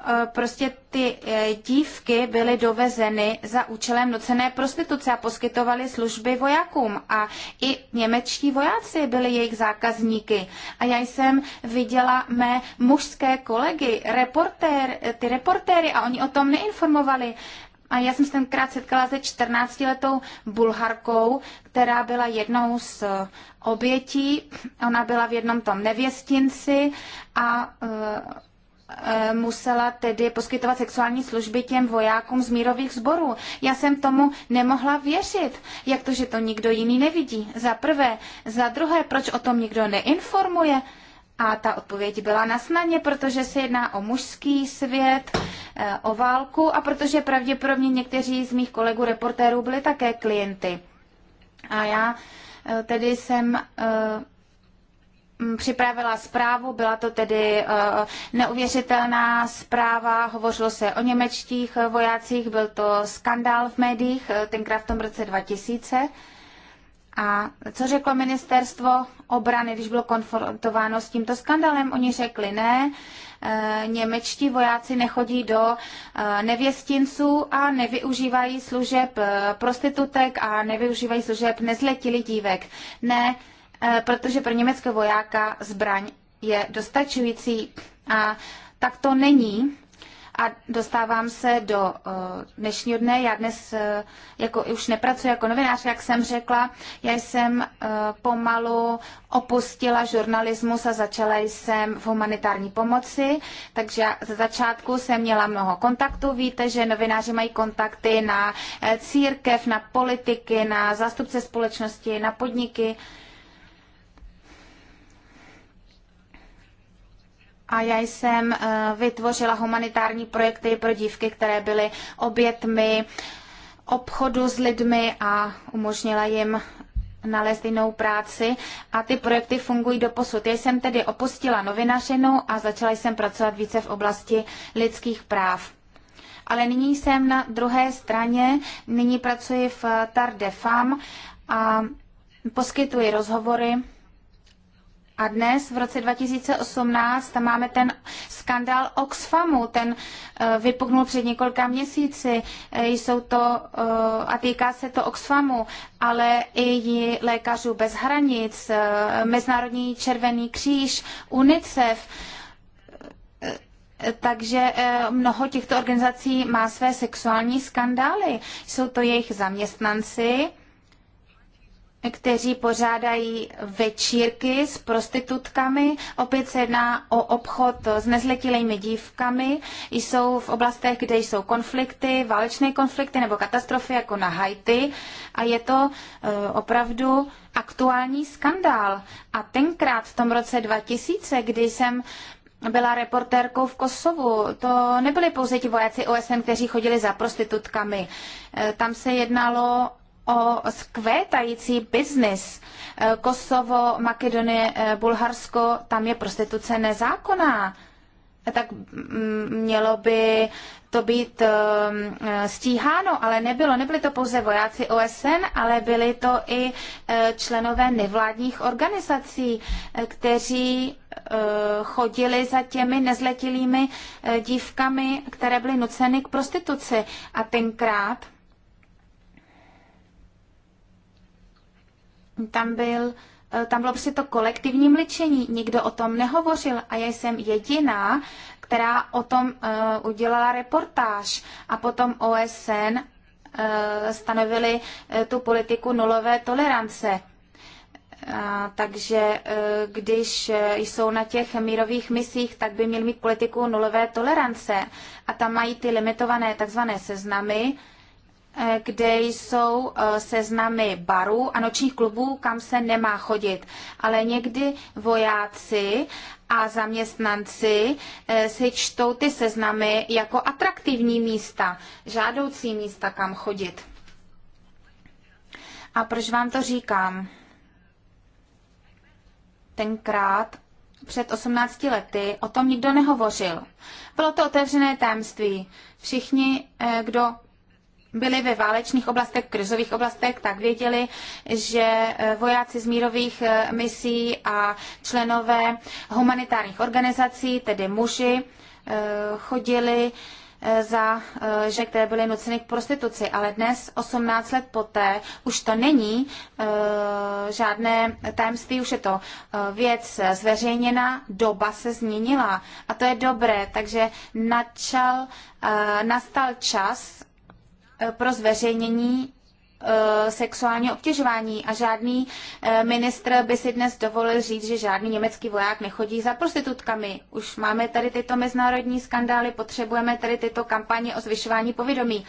Speaker 4: Eh, prostě ty eh, dívky byly dovezeny za účelem nocené prostituce a poskytovaly služby vojákům. A i němečtí vojáci byli jejich zákazníky. A já jsem viděla mé mužské kolegy, reportér, eh, ty reportéry, a oni o tom neinformovali. A já jsem se tenkrát setkala se 14-letou bulharkou, která byla jednou z obětí. Ona byla v jednom tom nevěstinci a Eh, musela tedy poskytovat sexuální služby těm vojákům z mírových sborů. Já jsem tomu nemohla věřit. Jak to, že to nikdo jiný nevidí? Za prvé. Za druhé, proč o tom nikdo neinformuje? A ta odpověď byla na snaně, protože se jedná o mužský svět, eh, o válku a protože pravděpodobně někteří z mých kolegů reportérů byli také klienty. A já eh, tedy jsem Mm, připravila zprávu, byla to tedy eh, neuvěřitelná zpráva, hovořilo se o němečtích vojácích, byl to skandál v médiích, eh, tenkrát v tom roce 2000. A co řeklo ministerstvo obrany, když bylo konfrontováno s tímto skandalem? Oni řekli ne, eh, němečtí vojáci nechodí do nevěstinců a nevyužívají služeb prostitutek a nevyužívají služeb nezletilých dívek. Ne, Eh, protože pro německého vojáka zbraň je dostačující a tak to není. A dostávám se do eh, dnešního dne. Já dnes eh, jako, už nepracuji jako novinář, jak jsem řekla. Já jsem pomalu opustila žurnalismus a začala jsem v humanitární pomoci. Takže ze začátku jsem měla mnoho kontaktů. Víte, že novináři mají kontakty na církev, na politiky, na zástupce společnosti, na podniky. a já jsem eh, vytvořila humanitární projekty pro dívky, které byly obětmi obchodu s lidmi a umožnila jim nalézt jinou práci a ty projekty fungují do posud. Já jsem tedy opustila novinařinu a začala jsem pracovat více v oblasti lidských práv. Ale nyní jsem na druhé straně, nyní pracuji v Tardefam Fam a poskytuji rozhovory a dnes v roce 2018 tam máme ten skandál Oxfamu, ten eh, vypuknul před několika měsíci, eh, jsou to, eh, a týká se to Oxfamu, ale i lékařů bez hranic, Mezinárodní červený kříž, UNICEF, takže mnoho těchto organizací má své sexuální skandály. Jsou to jejich zaměstnanci, kteří pořádají večírky s prostitutkami. Opět se jedná o obchod s nezletilými dívkami. Jsou v oblastech, kde jsou konflikty, válečné konflikty nebo katastrofy jako na Haiti. A je to eh, opravdu aktuální skandál. A tenkrát v tom roce 2000, kdy jsem byla reportérkou v Kosovu. To nebyli pouze ti vojáci OSN, kteří chodili za prostitutkami. Eh, tam se jednalo o skvétající biznis. E, Kosovo, Makedonie, e, Bulharsko, tam je prostituce nezákonná. E, tak mm, mělo by to být stíháno, ale nebylo. Nebyli to pouze vojáci OSN, ale byli to i členové nevládních organizací, kteří chodili za těmi nezletilými dívkami, které byly nuceny k prostituci. A tenkrát tam byl eh, tam bylo prostě to kolektivní mlčení, nikdo o tom nehovořil a já jsem jediná, která o tom uh, udělala reportáž. A potom OSN uh, eh, stanovili uh, tu politiku nulové tolerance. A, takže když jsou na těch mírových misích, tak by měl mít politiku nulové tolerance. A tam mají ty limitované takzvané seznamy, Eh, kde jsou eh, seznamy barů a nočních klubů, kam se nemá chodit. Ale někdy vojáci a zaměstnanci eh, si čtou ty seznamy jako atraktivní místa, žádoucí místa, kam chodit. A proč vám to říkám? Tenkrát před 18 lety o tom nikdo nehovořil. Bylo to otevřené tajemství. Všichni, kdo byli ve válečných oblastech, krizových oblastech, tak věděli, že eh, vojáci z mírových eh, misí a členové humanitárních organizací, tedy muži, eh, chodili za, že které byly nuceny k prostituci. Ale dnes, 18 let poté, už to není žádné tajemství, už je to věc zveřejněna, doba se změnila. A to je dobré, takže načal, nastal čas Eh, pro zveřejnění eh, sexuální obtěžování a žádný eh, ministr by si dnes dovolil říct, že žádný německý voják nechodí za prostitutkami. Už máme tady tyto mezinárodní skandály, potřebujeme tady tyto kampaně o zvyšování povědomí.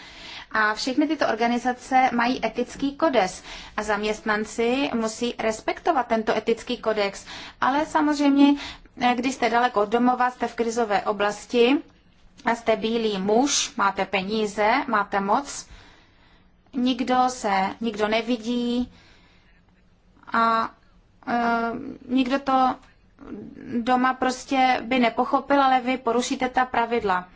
Speaker 4: A všechny tyto organizace mají etický kodex a zaměstnanci musí respektovat tento etický kodex. Ale samozřejmě, když jste daleko od domova, jste v krizové oblasti, jste bílý muž, máte peníze, máte moc, nikdo se, nikdo nevidí a e, nikdo to doma prostě by nepochopil, ale vy porušíte ta pravidla.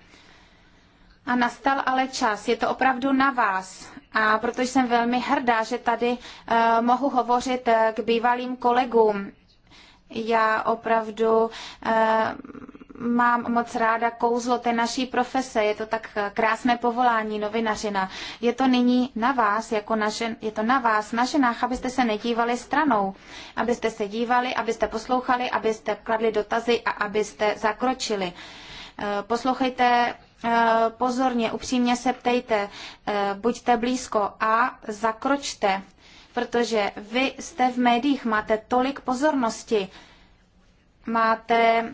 Speaker 4: A nastal ale čas, je to opravdu na vás. A protože jsem velmi hrdá, že tady e, mohu hovořit e, k bývalým kolegům, já opravdu e, mám moc ráda kouzlo té naší profese. Je to tak krásné povolání novinařina. Je to nyní na vás, jako na žen, je to na vás, na ženách, abyste se nedívali stranou. Abyste se dívali, abyste poslouchali, abyste kladli dotazy a abyste zakročili. Eh, poslouchejte eh, pozorně, upřímně se ptejte, eh, buďte blízko a zakročte, protože vy jste v médiích, máte tolik pozornosti, máte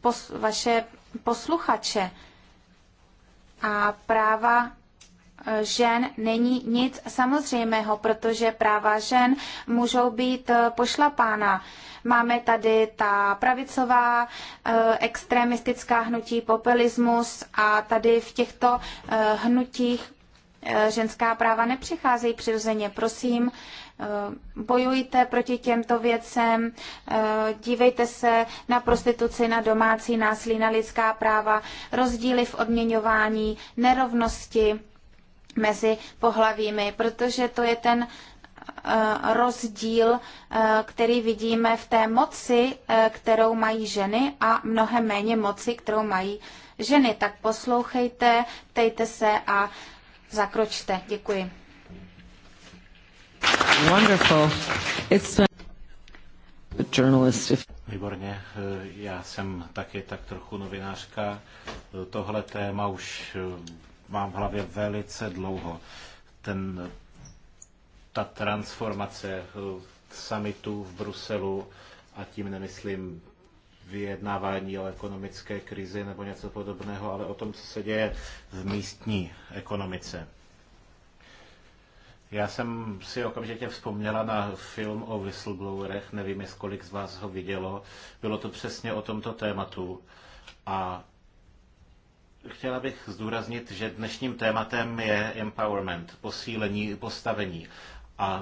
Speaker 4: pos, vaše posluchače. A práva e, žen není nic samozřejmého, protože práva žen můžou být e, pošlapána. Máme tady ta pravicová e, extremistická hnutí, populismus a tady v těchto hnutích ženská práva nepřicházejí přirozeně. Prosím, Eh, bojujte proti těmto věcem, eh, dívejte se na prostituci, na domácí násilí, na lidská práva, rozdíly v odměňování, nerovnosti mezi pohlavími, protože to je ten eh, rozdíl, který vidíme v té moci, kterou mají ženy a mnohem méně moci, kterou mají ženy. Tak poslouchejte, ptejte se a zakročte. Děkuji.
Speaker 1: Wonderful. It's
Speaker 3: journalist. Výborně, já jsem taky tak trochu novinářka. Tohle téma už eh, mám v hlavě velice dlouho. Ten, ta transformace eh, summitu v Bruselu, a tím nemyslím vyjednávání o ekonomické krizi nebo něco podobného, ale o tom, co se děje v místní ekonomice. Já jsem si okamžitě vzpomněla na film o whistleblowerech, nevím, jestli kolik z vás ho vidělo. Bylo to přesně o tomto tématu. A chtěla bych zdůraznit, že dnešním tématem je empowerment, posílení, postavení. A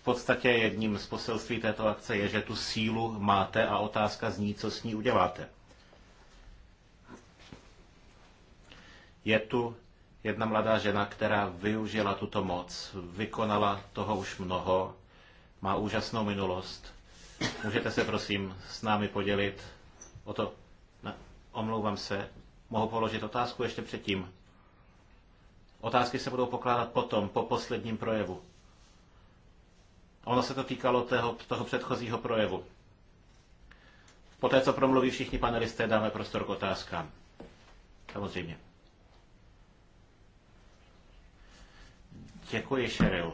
Speaker 3: v podstatě jedním z poselství této akce je, že tu sílu máte a otázka zní, co s ní uděláte. Je tu Jedna mladá žena, která využila tuto moc, vykonala toho už mnoho, má úžasnou minulost. Můžete se prosím s námi podělit o to? Ne, omlouvám se, mohu položit otázku ještě předtím. Otázky se budou pokládat potom, po posledním projevu. Ono se to týkalo tého, toho předchozího projevu. Poté, co promluví všichni panelisté, dáme prostor k otázkám. Samozřejmě. Děkuji, Sheryl.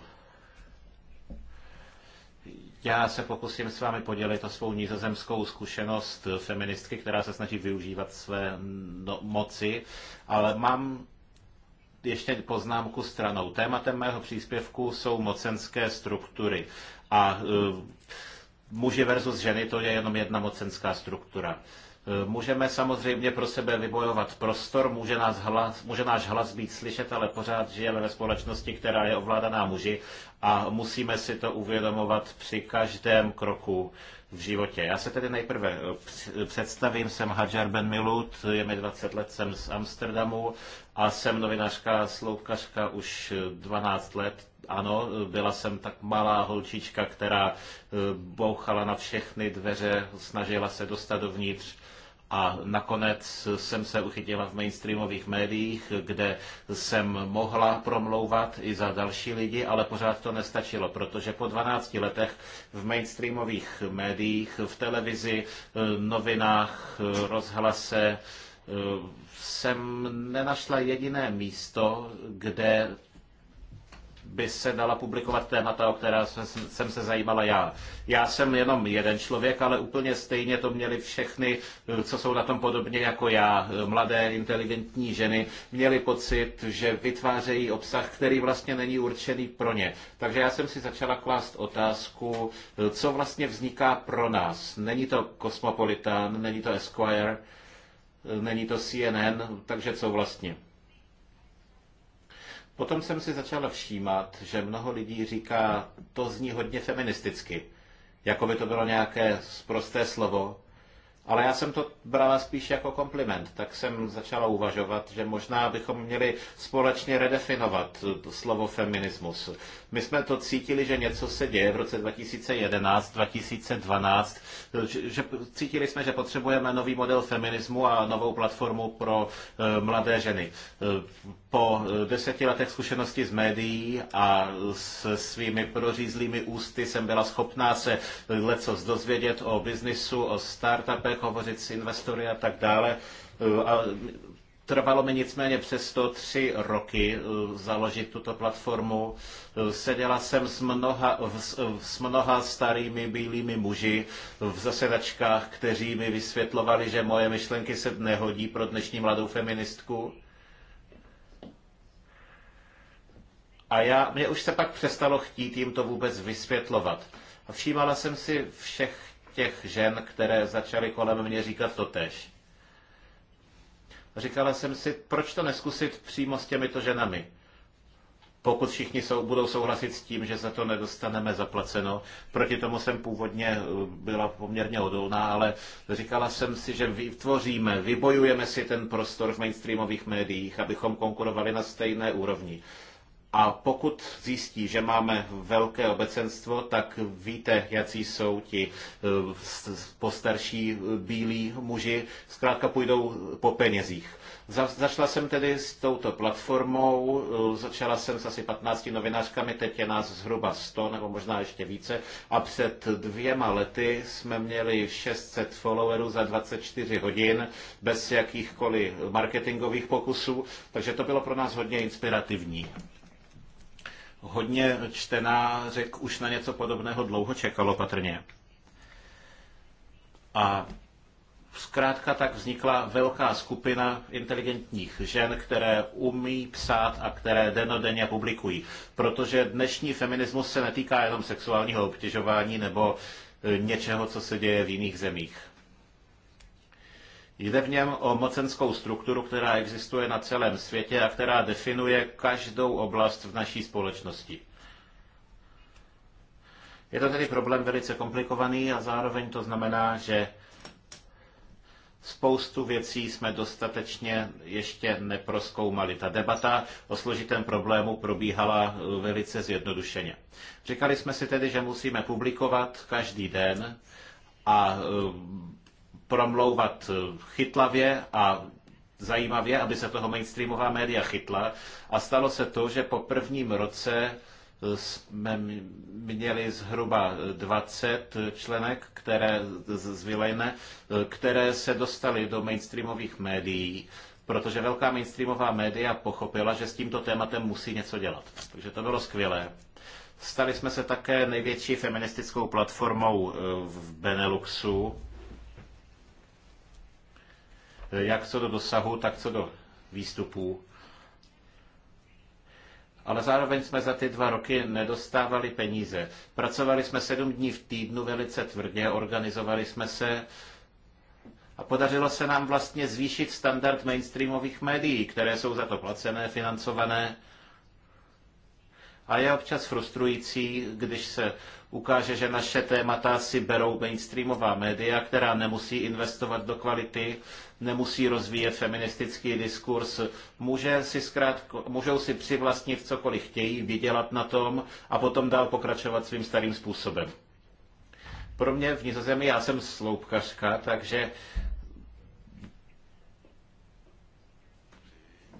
Speaker 3: Já se pokusím s vámi podělit o svou nizozemskou zkušenost feministky, která se snaží využívat své mm, no- moci, ale mám ještě poznámku stranou. Tématem mého příspěvku jsou mocenské struktury. A uh, muži versus ženy, to je jenom jedna mocenská struktura. Uh, Můžeme samozřejmě pro sebe vybojovat prostor, může, nás hlas, může náš hlas být slyšet, ale pořád žijeme ve společnosti, která je ovládaná muži a musíme si to uvědomovat při každém kroku v životě. Já se tedy nejprve představím, jsem Hajar Ben Milut, je mi 20 let, jsem z Amsterdamu a jsem novinářka, sloupkařka už 12 let. Ano, byla jsem tak malá holčička, která eh, bouchala na všechny dveře, snažila se dostat dovnitř a nakonec jsem se uchytila v mainstreamových médiích, kde jsem mohla promlouvat i za další lidi, ale pořád to nestačilo, protože po 12 letech v mainstreamových médiích, v televizi, eh, novinách, eh, rozhlase, eh, jsem nenašla jediné místo, kde by se dala publikovat témata, o která jsem se zajímala já. Já jsem jenom jeden člověk, ale úplně stejně to měli všechny, co jsou na tom podobně jako já, mladé, inteligentní ženy, měli pocit, že vytvářejí obsah, který vlastně není určený pro ně. Takže já jsem si začala klást otázku, co vlastně vzniká pro nás. Není to Cosmopolitan, není to Esquire, není to CNN, takže co vlastně? Potom jsem si začala všímat, že mnoho lidí říká, to zní hodně feministicky, jako by to bylo nějaké prosté slovo, ale já jsem to brala spíš jako kompliment, tak jsem začala uvažovat, že možná bychom měli společně redefinovat slovo feminismus. My jsme to cítili, že něco se děje v roce 2011, 2012, že cítili jsme, že potřebujeme nový model feminismu a novou platformu pro eh, mladé ženy. Eh, po eh, deseti letech zkušenosti z médií a s svými prořízlými ústy jsem byla schopná se leco dozvědět o biznisu, o startupech, hovořit s investory a tak dále. A Trvalo mi nicméně přesto tři roky eh, založit tuto platformu. Eh, seděla jsem s mnoha, eh, s mnoha starými bílými muži v zasedačkách, kteří mi vysvětlovali, že moje myšlenky se nehodí pro dnešní mladou feministku. A já, mě už se pak přestalo chtít jim to vůbec vysvětlovat. A všímala jsem si všech těch žen, které začaly kolem mě říkat to tež. Říkala jsem si, proč to neskusit přímo s těmito ženami? Pokud všichni jsou, budou souhlasit s tím, že za to nedostaneme zaplaceno. Proti tomu jsem původně eh, byla poměrně odolná, ale říkala jsem si, že vytvoříme, vybojujeme si ten prostor v mainstreamových médiích, abychom konkurovali na stejné úrovni. A pokud zjistí, že máme velké obecenstvo, tak víte, jaký jsou ti eh, postarší eh, bílí muži, zkrátka půjdou po penězích. Zašla začala jsem tedy s touto platformou, eh, začala jsem s asi 15 novinářkami, teď je nás zhruba 100 nebo možná ještě více a před dvěma lety jsme měli 600 followerů za 24 hodin bez jakýchkoliv marketingových pokusů, takže to bylo pro nás hodně inspirativní hodně čtenářek už na něco podobného dlouho čekalo patrně. A zkrátka tak vznikla velká skupina inteligentních žen, které umí psát a které denodenně publikují. Protože dnešní feminismus se netýká jenom sexuálního obtěžování nebo e, něčeho, co se děje v jiných zemích. Jde v něm o mocenskou strukturu, která existuje na celém světě a která definuje každou oblast v naší společnosti. Je to tedy problém velice komplikovaný a zároveň to znamená, že spoustu věcí jsme dostatečně ještě neproskoumali. Ta debata o složitém problému probíhala uh, velice zjednodušeně. Říkali jsme si tedy, že musíme publikovat každý den a uh, promlouvat eh, chytlavě a zajímavě, aby se toho mainstreamová média chytla. A stalo se to, že po prvním roce eh, jsme měli zhruba 20 eh, členek, které z Vilejne, které se dostaly do mainstreamových médií, protože velká mainstreamová média pochopila, že s tímto tématem musí něco dělat. Takže to bylo skvělé. Stali jsme se také největší feministickou platformou v Beneluxu, jak co do dosahu, tak co do výstupů. Ale zároveň jsme za ty dva roky nedostávali peníze. Pracovali jsme sedm dní v týdnu velice tvrdě, organizovali jsme se a podařilo se nám vlastně zvýšit standard mainstreamových médií, které jsou za to placené, financované. A je občas frustrující, když se ukáže, že naše témata si berou mainstreamová média, která nemusí investovat do kvality, nemusí rozvíjet feministický diskurs, může si zkrátka, můžou si přivlastnit cokoliv chtějí, vydělat na tom a potom dál pokračovat svým starým způsobem. Pro mě v Nizozemí, já jsem sloupkařka, takže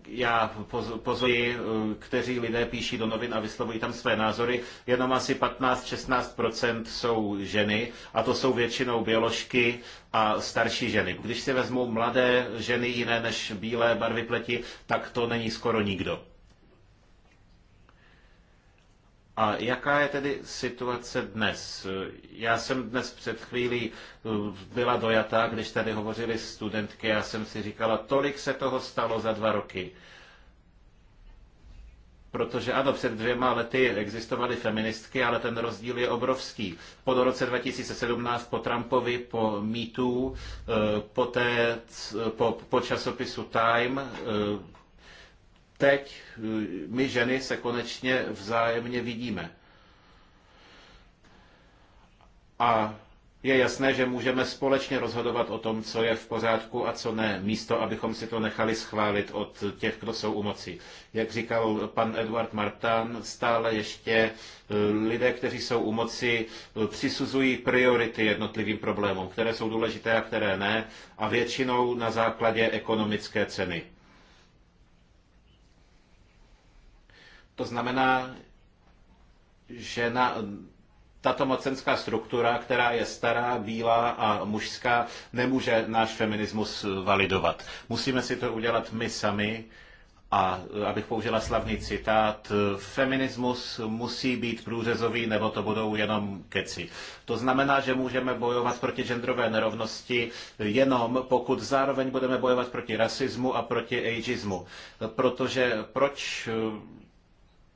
Speaker 3: já pozoji, eh, kteří lidé píší do novin a vyslovují tam své názory. Jenom asi 15-16% jsou ženy a to jsou většinou běložky a starší ženy. Když si vezmu mladé ženy jiné než bílé barvy pleti, tak to není skoro nikdo. A jaká je tedy situace dnes? Já jsem dnes před chvílí eh, byla dojatá, když tady hovořili studentky, já jsem si říkala, tolik se toho stalo za dva roky. Protože ano, před dvěma lety existovaly feministky, ale ten rozdíl je obrovský. Po roce 2017, po Trumpovi, po MeToo, eh, po, té, eh, po, po časopisu Time, teď eh, my ženy se konečně vzájemně vidíme. A je jasné, že můžeme společně rozhodovat o tom, co je v pořádku a co ne, místo abychom si to nechali schválit od těch, kdo jsou u moci. Jak říkal pan Eduard Martán, stále ještě eh, lidé, kteří jsou u moci, eh, přisuzují priority jednotlivým problémům, které jsou důležité a které ne, a většinou na základě ekonomické ceny. To znamená, že na, tato mocenská struktura, která je stará, bílá a mužská, nemůže náš feminismus validovat. Musíme si to udělat my sami a abych použila slavný citát, feminismus musí být průřezový, nebo to budou jenom keci. To znamená, že můžeme bojovat proti genderové nerovnosti jenom pokud zároveň budeme bojovat proti rasismu a proti ageismu. Protože proč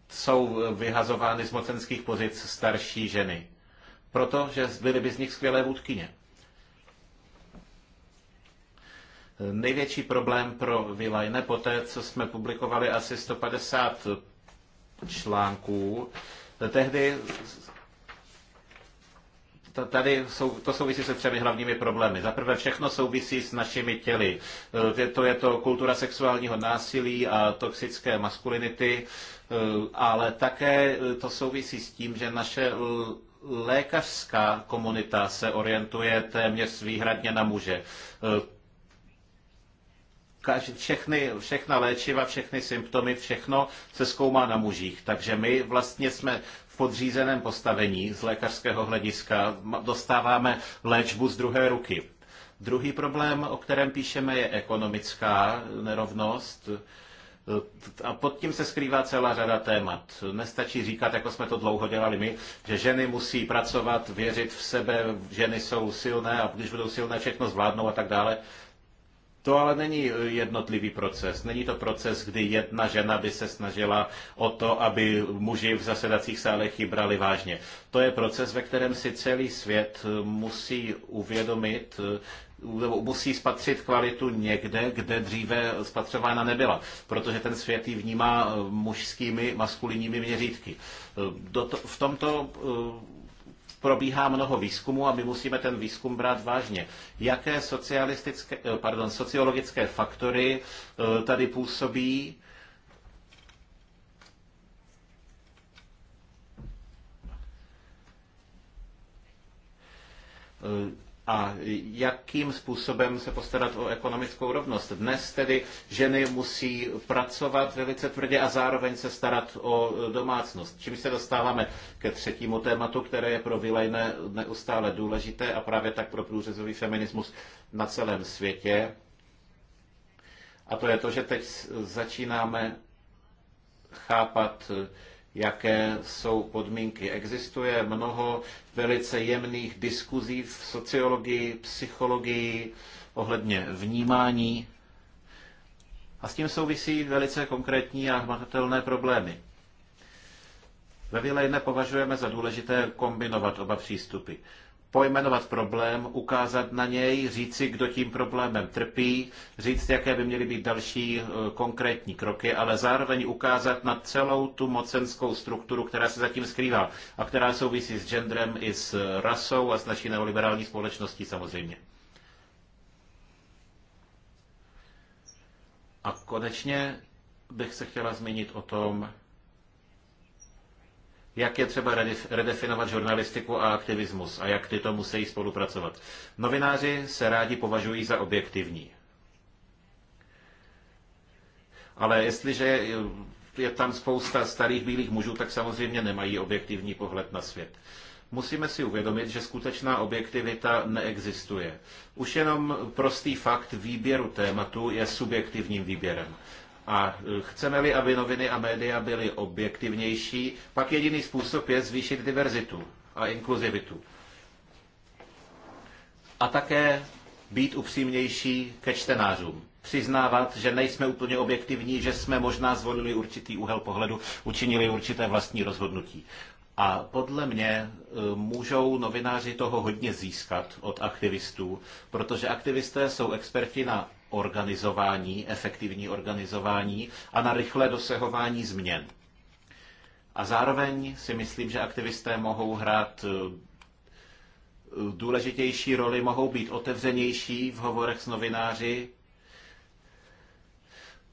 Speaker 3: jsou vyhazovány z mocenských pozic starší ženy. Protože byly by z nich skvělé vůdkyně. Největší problém pro Vilajne, poté co jsme publikovali asi 150 článků, tehdy tady jsou, to souvisí se třemi hlavními problémy. Za prvé, všechno souvisí s našimi těly. E, to je to kultura sexuálního násilí a toxické maskulinity. Eh, ale také eh, to souvisí s tím, že naše lékařská komunita se orientuje téměř výhradně na muže eh, všechny, všechna léčiva, všechny symptomy, všechno se zkoumá na mužích. Takže my vlastně jsme v podřízeném postavení z lékařského hlediska, dostáváme léčbu z druhé ruky. Druhý problém, o kterém píšeme, je ekonomická nerovnost. Eh, a pod tím se skrývá celá řada témat. Nestačí říkat, jako jsme to dlouho dělali my, že ženy musí pracovat, věřit v sebe, ženy jsou silné a když budou silné, všechno zvládnou a tak dále. To ale není eh, jednotlivý proces. Není to proces, kdy jedna žena by se snažila o to, aby muži v zasedacích sálech ji brali vážně. To je proces, ve kterém si celý svět eh, musí uvědomit, nebo musí spatřit kvalitu někde, kde dříve spatřována nebyla, protože ten svět ji vnímá eh, mužskými, maskulinními měřítky. Eh, v tomto eh, probíhá mnoho výzkumu a my musíme ten výzkum brát vážně. Jaké socialistické, pardon, sociologické faktory tady působí? Uh, a jakým způsobem se postarat o ekonomickou rovnost. Dnes tedy ženy musí pracovat velice tvrdě a zároveň se starat o domácnost. Čím se dostáváme ke třetímu tématu, které je pro Vilejné neustále důležité a právě tak pro průřezový feminismus na celém světě. A to je to, že teď začínáme chápat jaké jsou podmínky. Existuje mnoho velice jemných diskuzí v sociologii, psychologii ohledně vnímání a s tím souvisí velice konkrétní a hmatatelné problémy. Ve Vilejne považujeme za důležité kombinovat oba přístupy pojmenovat problém, ukázat na něj, říci, kdo tím problémem trpí, říct, jaké by měly být další e, konkrétní kroky, ale zároveň ukázat na celou tu mocenskou strukturu, která se zatím skrývá a která souvisí s genderem i s rasou a s naší neoliberální společností samozřejmě. A konečně bych se chtěla zmínit o tom, jak je třeba redefinovat žurnalistiku a aktivismus a jak tyto musí spolupracovat. Novináři se rádi považují za objektivní. Ale jestliže je tam spousta starých bílých mužů, tak samozřejmě nemají objektivní pohled na svět. Musíme si uvědomit, že skutečná objektivita neexistuje. Už jenom prostý fakt výběru tématu je subjektivním výběrem. A e, chceme-li, aby noviny a média byly objektivnější, pak jediný způsob je zvýšit diverzitu a inkluzivitu. A také být upřímnější ke čtenářům. Přiznávat, že nejsme úplně objektivní, že jsme možná zvolili určitý úhel pohledu, učinili určité vlastní rozhodnutí. A podle mě e, můžou novináři toho hodně získat od aktivistů, protože aktivisté jsou experti na organizování, efektivní organizování a na rychlé dosahování změn. A zároveň si myslím, že aktivisté mohou hrát eh, důležitější roli, mohou být otevřenější v hovorech s novináři,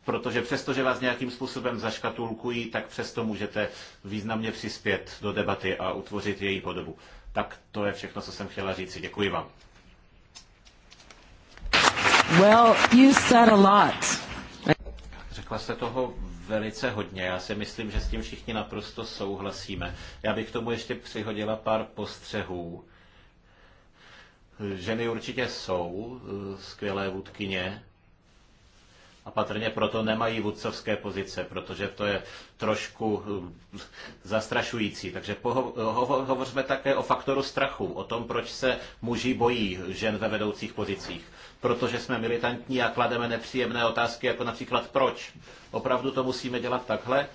Speaker 3: protože že vás nějakým způsobem zaškatulkují, tak přesto můžete významně přispět do debaty a utvořit její podobu. Tak to je všechno, co jsem chtěla říci. Děkuji vám.
Speaker 1: Well, you said a lot.
Speaker 3: Řekla jste toho velice hodně. Já si myslím, že s tím všichni naprosto souhlasíme. Já bych k tomu ještě přihodila pár postřehů. Ženy určitě jsou eh, skvělé vůdkyně a patrně proto nemají vůdcovské pozice, protože to je trošku eh, zastrašující. Takže poho- hovořme také o faktoru strachu, o tom, proč se muži bojí žen ve vedoucích pozicích protože jsme militantní a klademe nepříjemné otázky, jako například proč. Opravdu to musíme dělat takhle?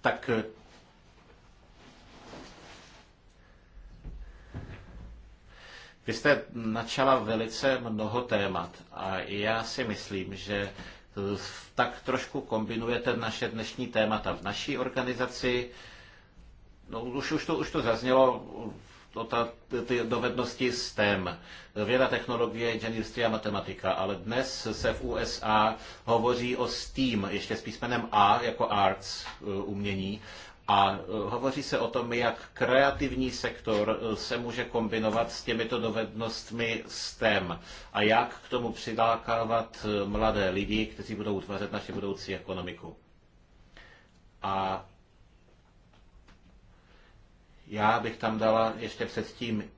Speaker 3: Tak Vy jste načala velice mnoho témat a já si myslím, že eh, tak trošku kombinujete naše dnešní témata v naší organizaci. No, už, už, to, už to zaznělo ta, ty dovednosti STEM, věda, technologie, inženýrství a matematika, ale dnes se v USA hovoří o STEAM, ještě s písmenem A jako arts, eh, umění, a eh, hovoří se o tom, jak kreativní sektor eh, se může kombinovat s těmito dovednostmi STEM a jak k tomu přilákávat mladé lidi, kteří budou utvářet naši budoucí ekonomiku. A já bych tam dala ještě předtím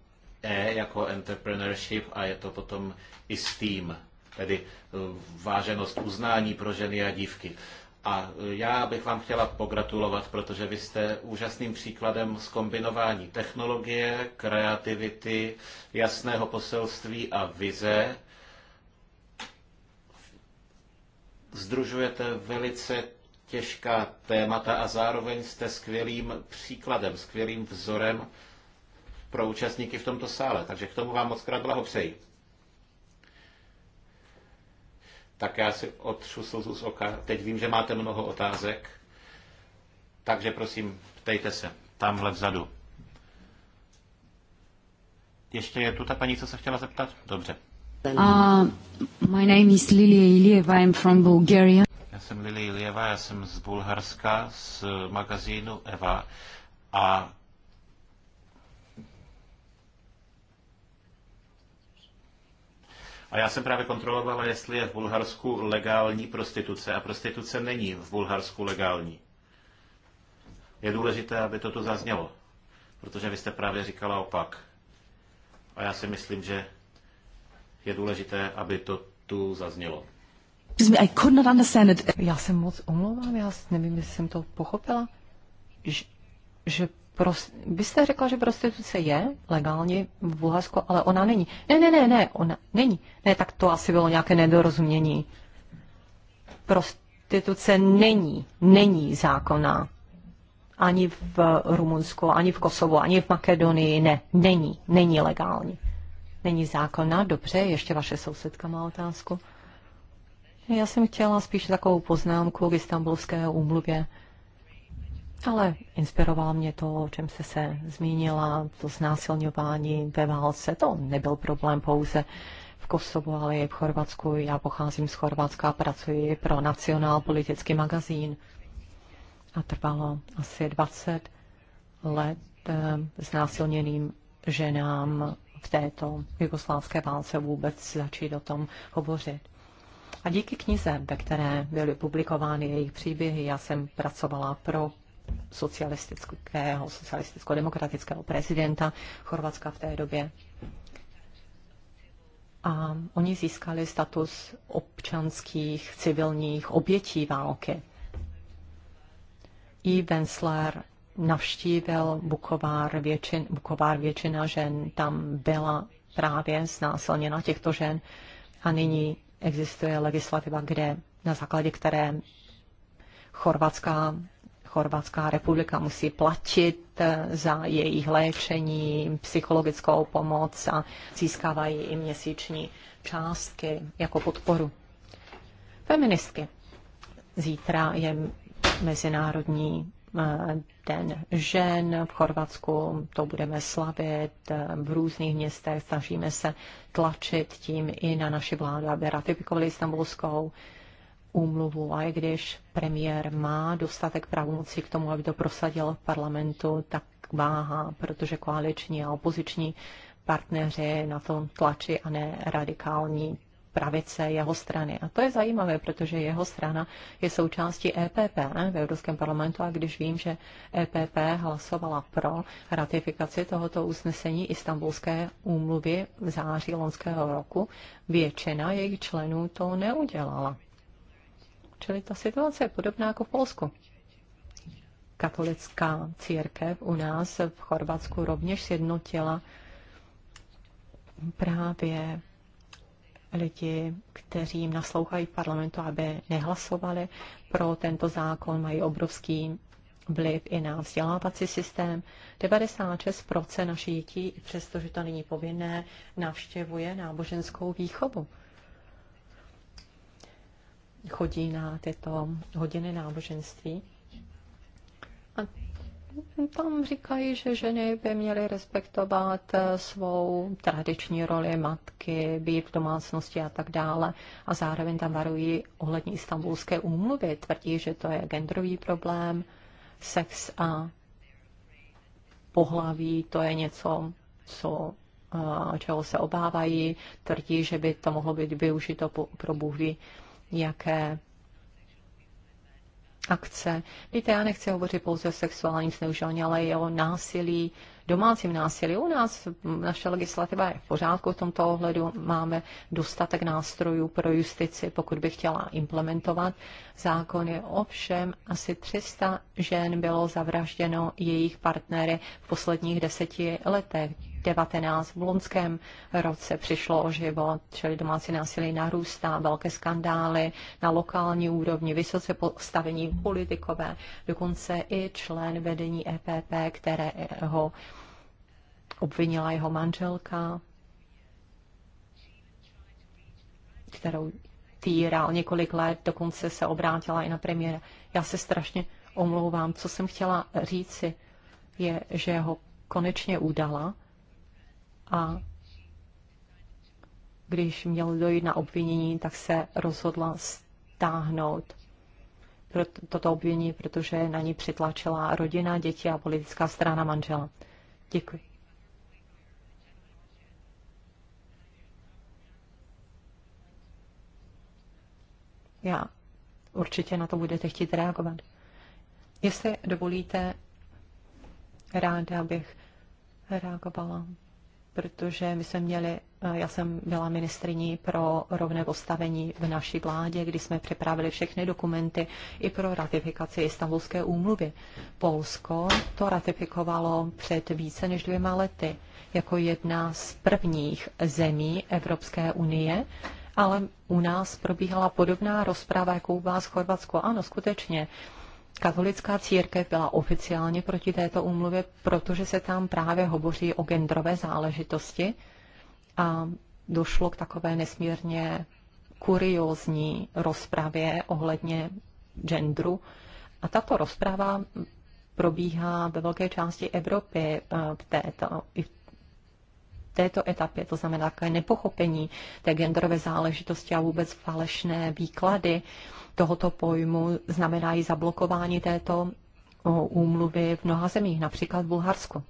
Speaker 3: E jako entrepreneurship a je to potom i STEAM, tedy eh, váženost uznání pro ženy a dívky. A eh, já bych vám chtěla pogratulovat, protože vy jste úžasným příkladem zkombinování technologie, kreativity, jasného poselství a vize. Združujete velice těžká témata a zároveň jste skvělým příkladem, skvělým vzorem pro účastníky v tomto sále. Takže k tomu vám moc krát blahopřeji. Tak já si otřu slzu z oka. Teď vím, že máte mnoho otázek, takže prosím, ptejte se. Tamhle vzadu. Ještě je tu ta paní, co se chtěla zeptat? Dobře. Uh,
Speaker 4: my name is Lilia Ilieva, I'm from Bulgaria
Speaker 3: jsem Lili Ilieva, já jsem z Bulharska, z magazínu Eva a A já jsem právě kontrolovala, jestli je v Bulharsku legální prostituce. A prostituce není v Bulharsku legální. Je důležité, aby to zaznělo. Protože vy jste právě říkala opak. A já si myslím, že je důležité, aby to tu zaznělo.
Speaker 1: I could not understand it. Já se
Speaker 2: moc omlouvám, já nevím, jestli jsem to pochopila, že, že pros, byste řekla, že prostituce je legálně v Bulharsku, ale ona není. Ne, ne, ne, ne, ona není. Ne, tak to asi bylo nějaké nedorozumění. Prostituce není, není zákona, Ani v Rumunsku, ani v Kosovu, ani v Makedonii, ne, není, není legální. Není zákona. dobře, ještě vaše sousedka má otázku. Já jsem chtěla spíš takovou poznámku k istambulské úmluvě. Ale inspirovalo mě to, o čem se se zmínila, to znásilňování ve válce. To nebyl problém pouze v Kosovu, ale i v Chorvatsku. Já pocházím z Chorvatska a pracuji pro nacionál politický magazín. A trvalo asi 20 let eh, znásilněným ženám v této jugoslávské válce vůbec začít o tom hovořit. A díky knize, ve které byly publikovány jejich příběhy, já jsem pracovala pro socialistického, socialisticko-demokratického prezidenta Chorvatska v té době. A oni získali status občanských civilních obětí války. I. Wensler navštívil Bukovár, většin, Bukovár většina žen tam byla právě znásilněna těchto žen a nyní existuje legislativa, kde na základě které Chorvatská, Chorvatská republika musí platit eh, za jejich léčení, psychologickou pomoc a získávají i měsíční částky jako podporu. Feministky. Zítra je Mezinárodní Den eh, žen v Chorvatsku, to budeme slavit eh, v různých městech, snažíme se tlačit tím i na naši vládu, aby ratifikovali Istanbulskou úmluvu a i když premiér má dostatek pravomocí k tomu, aby to prosadil v parlamentu, tak váha, protože koaliční a opoziční partneři na to tlačí a ne radikální pravice jeho strany. A to je zajímavé, protože jeho strana je součástí EPP ne, v Evropském parlamentu a když vím, že EPP hlasovala pro ratifikaci tohoto usnesení Istanbulské úmluvy v září loňského roku, většina jejich členů to neudělala. Čili ta situace je podobná jako v Polsku katolická církev u nás v Chorvatsku rovněž sjednotila právě lidi, kteří jim naslouchají v parlamentu, aby nehlasovali pro tento zákon, mají obrovský vliv i na vzdělávací systém. 96% našich dětí, přestože to není povinné, navštěvuje náboženskou výchovu. Chodí na tyto hodiny náboženství. A tam říkají, že ženy by měly respektovat eh, svou tradiční roli matky, být v domácnosti a tak dále. A zároveň tam varují ohledně istambulské úmluvy. Tvrdí, že to je genderový problém, sex a pohlaví, to je něco, co eh, čeho se obávají, tvrdí, že by to mohlo být využito pro bůhví jaké akce. Víte, já nechci hovořit pouze o sexuálním zneužívání, ale i o násilí, domácím násilí. U nás naše legislativa je v pořádku v tomto ohledu. Máme dostatek nástrojů pro justici, pokud by chtěla implementovat zákony. Ovšem asi 300 žen bylo zavražděno jejich partnery v posledních deseti letech. 19 v loňském roce přišlo o život, čili domácí násilí narůstá, velké skandály na lokální úrovni, vysoce postavení politikové, dokonce i člen vedení EPP, kterého obvinila jeho manželka, kterou týral několik let, dokonce se obrátila i na premiéra. Já se strašně omlouvám, co jsem chtěla říci, je, že ho konečně udala, a když měl dojít na obvinění, tak se rozhodla stáhnout toto obvinění, protože na ní přitlačila rodina, děti a politická strana manžela. Děkuji. Já určitě na to budete chtít reagovat. Jestli dovolíte, ráda bych reagovala protože my jsme měli, eh, já jsem byla ministriní pro rovné postavení v naší vládě, kdy jsme připravili všechny dokumenty i pro ratifikaci Istanbulské úmluvy. Polsko to ratifikovalo před více než dvěma lety jako jedna z prvních zemí Evropské unie, ale u nás probíhala podobná rozprava jako u vás v Chorvatsku. Ano, skutečně, Katolická církev byla oficiálně proti této úmluvě, protože se tam právě hovoří o genderové záležitosti a došlo k takové nesmírně kuriózní rozpravě ohledně genderu. A tato rozprava probíhá ve velké části Evropy eh, v této, i v této etapě, to znamená takové nepochopení té genderové záležitosti a vůbec falešné výklady tohoto pojmu znamená i zablokování této úmluvy v mnoha zemích, například v Bulharsku.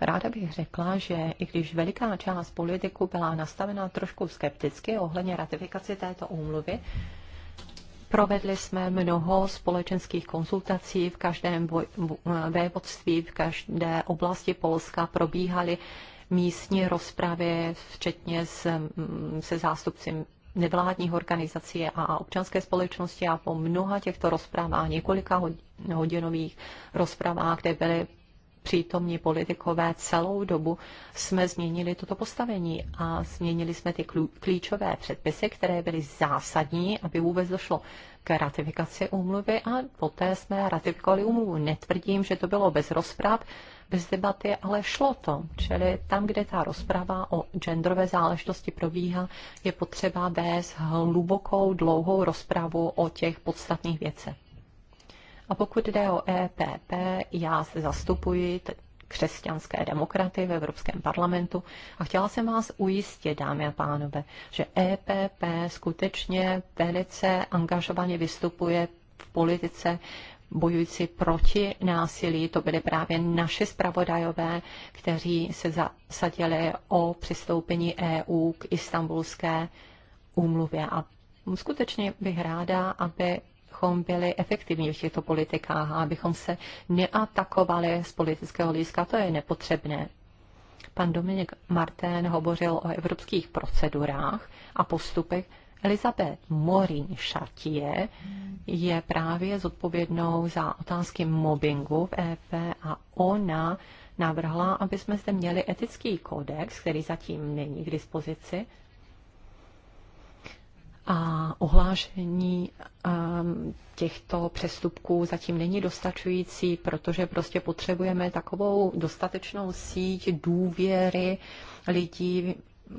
Speaker 2: Ráda bych řekla, že i když veliká část politiků byla nastavena trošku skepticky ohledně ratifikace této úmluvy, Provedli jsme mnoho společenských konzultací v každém vévodství, v každé oblasti Polska probíhaly místní rozpravy, včetně se, se zástupci nevládních organizací a občanské společnosti a po mnoha těchto rozprávách, několika hodinových rozprávách, kde byly přítomní politikové celou dobu jsme změnili toto postavení a změnili jsme ty klíčové předpisy, které byly zásadní, aby vůbec došlo k ratifikaci úmluvy a poté jsme ratifikovali úmluvu. Netvrdím, že to bylo bez rozpráv, bez debaty, ale šlo to. Čili tam, kde ta rozprava o genderové záležitosti probíhá, je potřeba vést hlubokou, dlouhou rozpravu o těch podstatných věcech. A pokud jde o EPP, já se zastupuji křesťanské demokraty v Evropském parlamentu a chtěla jsem vás ujistit, dámy a pánové, že EPP skutečně velice angažovaně vystupuje v politice bojující proti násilí. To byly právě naše zpravodajové, kteří se zasadili o přistoupení EU k istambulské úmluvě. A skutečně bych ráda, aby abychom byli efektivní v těchto politikách a abychom se neatakovali z politického líska. To je nepotřebné. Pan Dominik Martén hovořil o evropských procedurách a postupech, Elizabeth Morin Chartier je právě zodpovědnou za otázky mobbingu v EP a ona navrhla, aby jsme zde měli etický kodex, který zatím není k dispozici, a ohlášení ehm, těchto přestupků zatím není dostačující, protože prostě potřebujeme takovou dostatečnou síť důvěry lidí,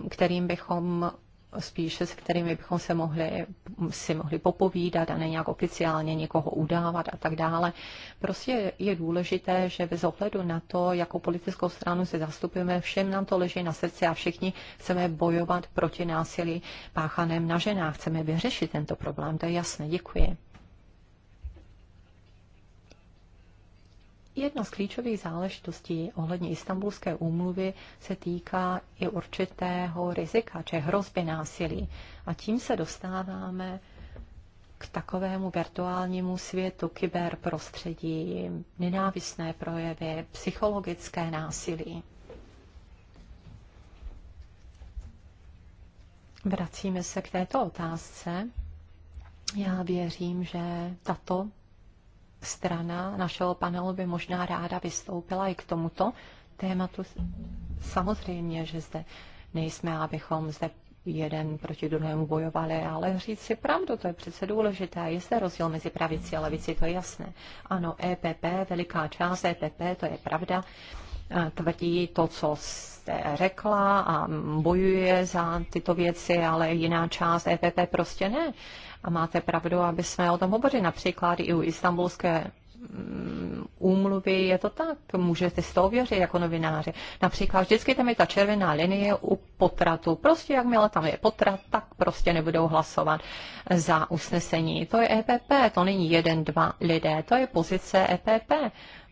Speaker 2: kterým bychom spíše s kterými bychom se mohli, si mohli popovídat a ne nějak oficiálně někoho udávat a tak dále. Prostě je důležité, že bez ohledu na to, jakou politickou stranu se zastupujeme, všem nám to leží na srdci a všichni chceme bojovat proti násilí páchaném na ženách. Chceme vyřešit tento problém, to je jasné. Děkuji. Jedna z klíčových záležitostí ohledně istambulské úmluvy se týká i určitého rizika, či hrozby násilí. A tím se dostáváme k takovému virtuálnímu světu, kyberprostředí, nenávistné projevy, psychologické násilí. Vracíme se k této otázce. Já věřím, že tato strana našeho panelu by možná ráda vystoupila i k tomuto tématu. Samozřejmě, že zde nejsme, abychom zde jeden proti druhému bojovali, ale říct si pravdu, to je přece důležité. Je zde rozdíl mezi pravici a levici, to je jasné. Ano, EPP, veliká část EPP, to je pravda, tvrdí to, co jste řekla a bojuje za tyto věci, ale jiná část EPP prostě ne. A máte pravdu, aby jsme o tom hovořili. Například i u istambulské mm, úmluvy, je to tak, můžete si to ověřit jako novináři. Například vždycky tam je ta červená linie u potratu. Prostě jakmile tam je potrat, tak prostě nebudou hlasovat za usnesení. To je EPP, to není jeden, dva lidé, to je pozice EPP.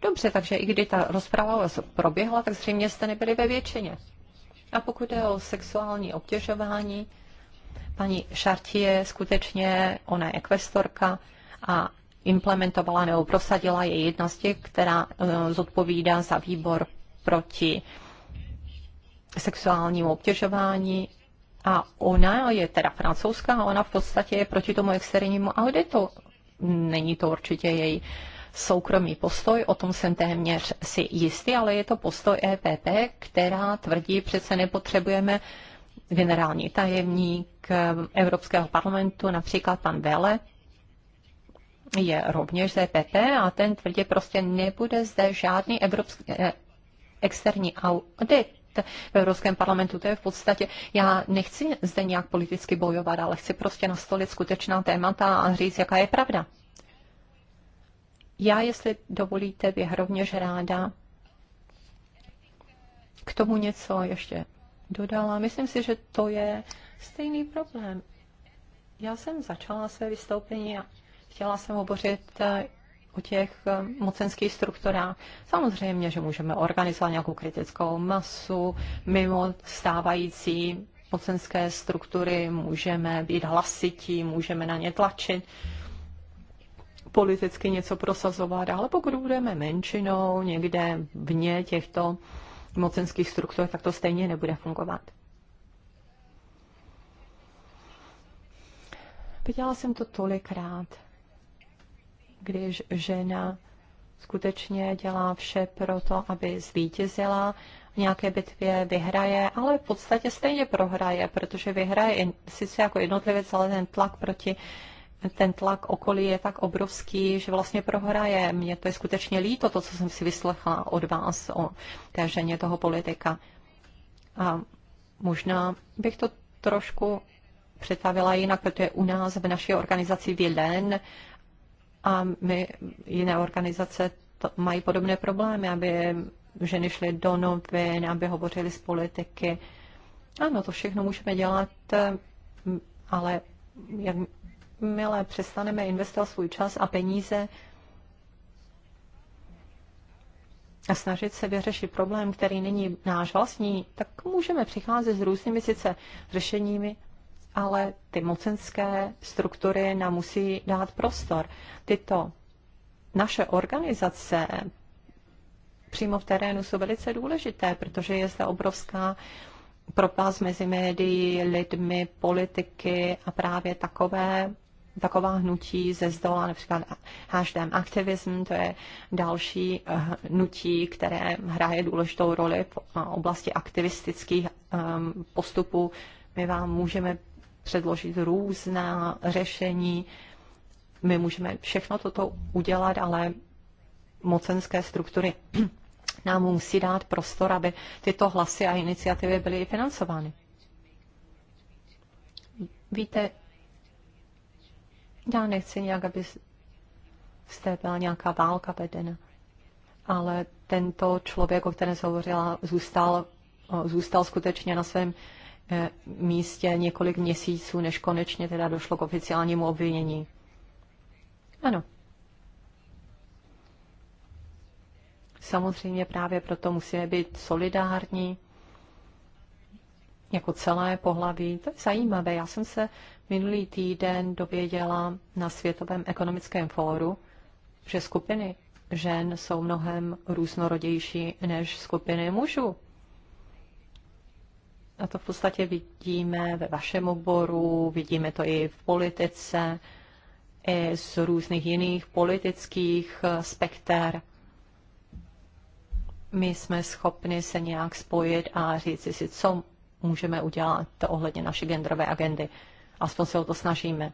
Speaker 2: Dobře, takže i kdy ta rozprava proběhla, tak zřejmě jste nebyli ve většině. A pokud je o sexuální obtěžování, Paní Chartier skutečně, ona je kvestorka a implementovala nebo prosadila je jedna z těch, která eh, zodpovídá za výbor proti sexuálnímu obtěžování a ona je teda francouzská ona v podstatě je proti tomu externímu auditu. Není to určitě její soukromý postoj, o tom jsem téměř si jistý, ale je to postoj EPP, která tvrdí, přece nepotřebujeme generální tajemník Evropského parlamentu, například pan Vele, je rovněž z EPP a ten tvrdě prostě nebude zde žádný evropský, eh, externí audit v Evropském parlamentu. To je v podstatě, já nechci zde nějak politicky bojovat, ale chci prostě nastolit skutečná témata a říct, jaká je pravda. Já, jestli dovolíte, bych rovněž ráda k tomu něco ještě dodala. Myslím si, že to je stejný problém. Já jsem začala své vystoupení a chtěla jsem hovořit eh, o těch eh, mocenských strukturách. Samozřejmě, že můžeme organizovat nějakou kritickou masu mimo stávající mocenské struktury, můžeme být hlasití, můžeme na ně tlačit, politicky něco prosazovat, ale pokud budeme menšinou někde vně těchto mocenských struktur, tak to stejně nebude fungovat. Viděla jsem to tolikrát, když žena skutečně dělá vše pro to, aby zvítězila v nějaké bitvě, vyhraje, ale v podstatě stejně prohraje, protože vyhraje sice jako jednotlivec, celý ten tlak proti ten tlak okolí je tak obrovský, že vlastně prohraje. Mně to je skutečně líto, to, co jsem si vyslechla od vás o té ženě toho politika. A možná bych to trošku přetavila jinak, protože u nás v naší organizaci Vilen a my jiné organizace mají podobné problémy, aby ženy šly do novin, aby hovořily z politiky. Ano, to všechno můžeme dělat, ale jak jakmile přestaneme investovat svůj čas a peníze a snažit se vyřešit problém, který není náš vlastní, tak můžeme přicházet s různými sice řešeními, ale ty mocenské struktury nám musí dát prostor. Tyto naše organizace přímo v terénu jsou velice důležité, protože je zde obrovská propast mezi médií, lidmi, politiky a právě takové taková hnutí ze zdola, například hashtag aktivism, to je další eh, hnutí, které hraje důležitou roli v eh, oblasti aktivistických ehm, postupů. My vám můžeme předložit různá řešení, my můžeme všechno toto udělat, ale mocenské struktury nám musí dát prostor, aby tyto hlasy a iniciativy byly financovány. Víte, já nechci nějak, aby té byla nějaká válka vedena, ale tento člověk, o kterém se hovořila, zůstal, zůstal skutečně na svém eh, místě několik měsíců, než konečně teda došlo k oficiálnímu obvinění. Ano. Samozřejmě právě proto musíme být solidární jako celé pohlaví. To je zajímavé. Já jsem se minulý týden dověděla na Světovém ekonomickém fóru, že skupiny žen jsou mnohem různorodější než skupiny mužů. A to v podstatě vidíme ve vašem oboru, vidíme to i v politice, i z různých jiných politických eh, spekter. My jsme schopni se nějak spojit a říci si, co můžeme udělat ohledně naší genderové agendy. Aspoň se o to snažíme.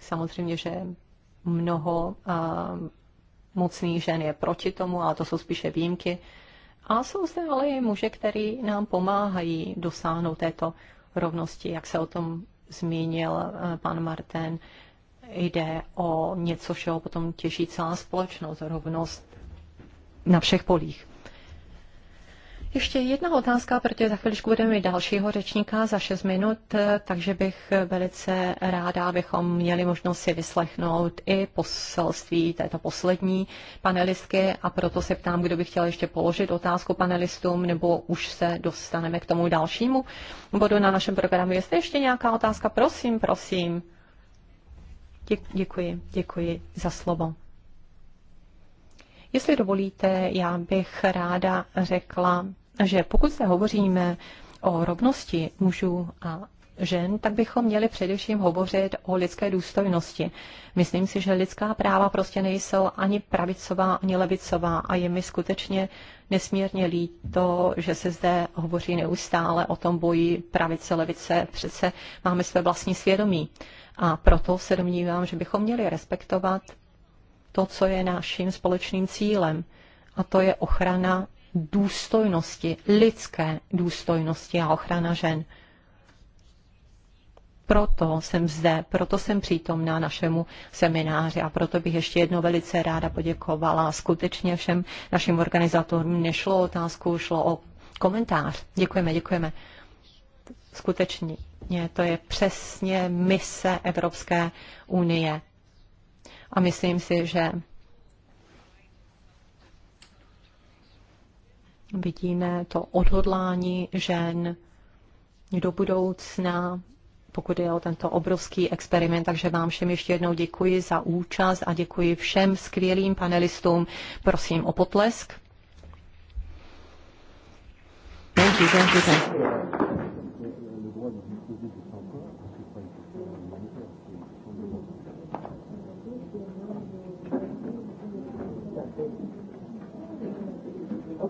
Speaker 2: Samozřejmě, že mnoho uh, mocných žen je proti tomu, ale to jsou spíše výjimky. A jsou zde ale i muže, který nám pomáhají dosáhnout této rovnosti, jak se o tom zmínil pan Martin. Jde o něco, čeho potom těší celá společnost, rovnost na všech polích. Ještě jedna otázka, protože za chviličku budeme mít dalšího řečníka za 6 minut, eh, takže bych velice ráda, abychom měli možnost si vyslechnout i poselství této poslední panelistky a proto se ptám, kdo by chtěl ještě položit otázku panelistům, nebo už se dostaneme k tomu dalšímu bodu na našem programu. Jestli ještě nějaká otázka, prosím, prosím. Děkuji, děkuji za slovo. Jestli dovolíte, já bych ráda řekla že pokud se hovoříme o rovnosti mužů a žen, tak bychom měli především hovořit o lidské důstojnosti. Myslím si, že lidská práva prostě nejsou ani pravicová, ani levicová a je mi skutečně nesmírně líto, že se zde hovoří neustále o tom boji pravice, levice. Přece máme své vlastní svědomí a proto se domnívám, že bychom měli respektovat to, co je naším společným cílem a to je ochrana důstojnosti, lidské důstojnosti a ochrana žen. Proto jsem zde, proto jsem přítomná našemu semináři a proto bych ještě jednou velice ráda poděkovala skutečně všem našim organizátorům. Nešlo o otázku, šlo o komentář. Děkujeme, děkujeme. Skutečně, to je přesně mise Evropské unie. A myslím si, že vidíme to odhodlání žen do budoucna, pokud je o tento obrovský experiment. Takže vám všem ještě jednou děkuji za účast a děkuji všem skvělým panelistům. Prosím o potlesk.
Speaker 1: Thank you, thank you, thank you.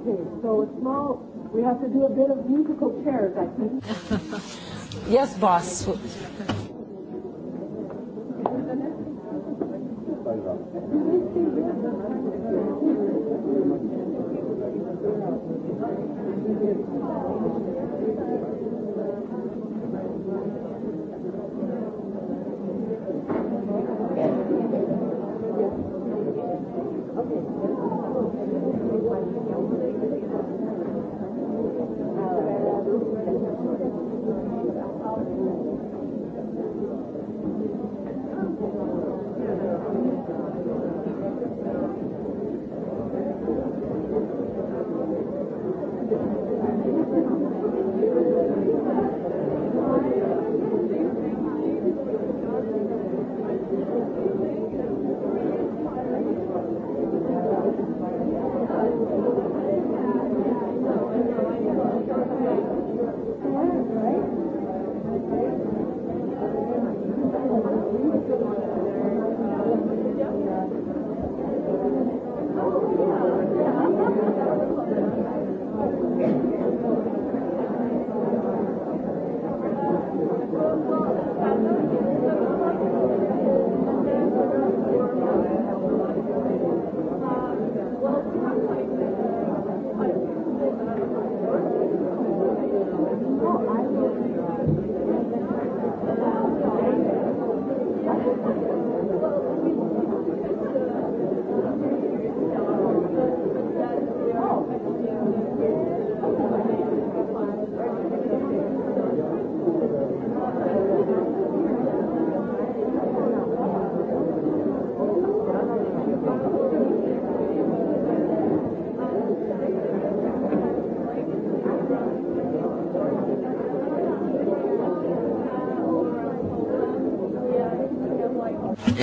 Speaker 1: so it's small. We have to do a bit of musical chairs, I think. yes, boss. Okay.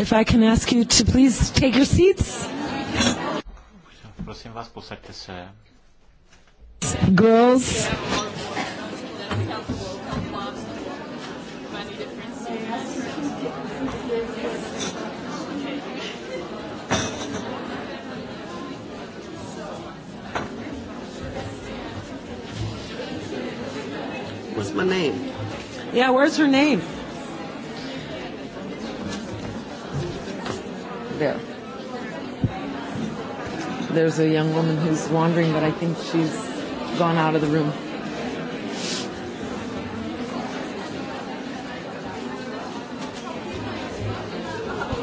Speaker 1: if I can ask you to please take your seats.
Speaker 3: Prosím vás, posaďte se.
Speaker 1: Girls. What's my name? Yeah, where's her name? there's a young woman who's wandering, but I think she's gone out of the room.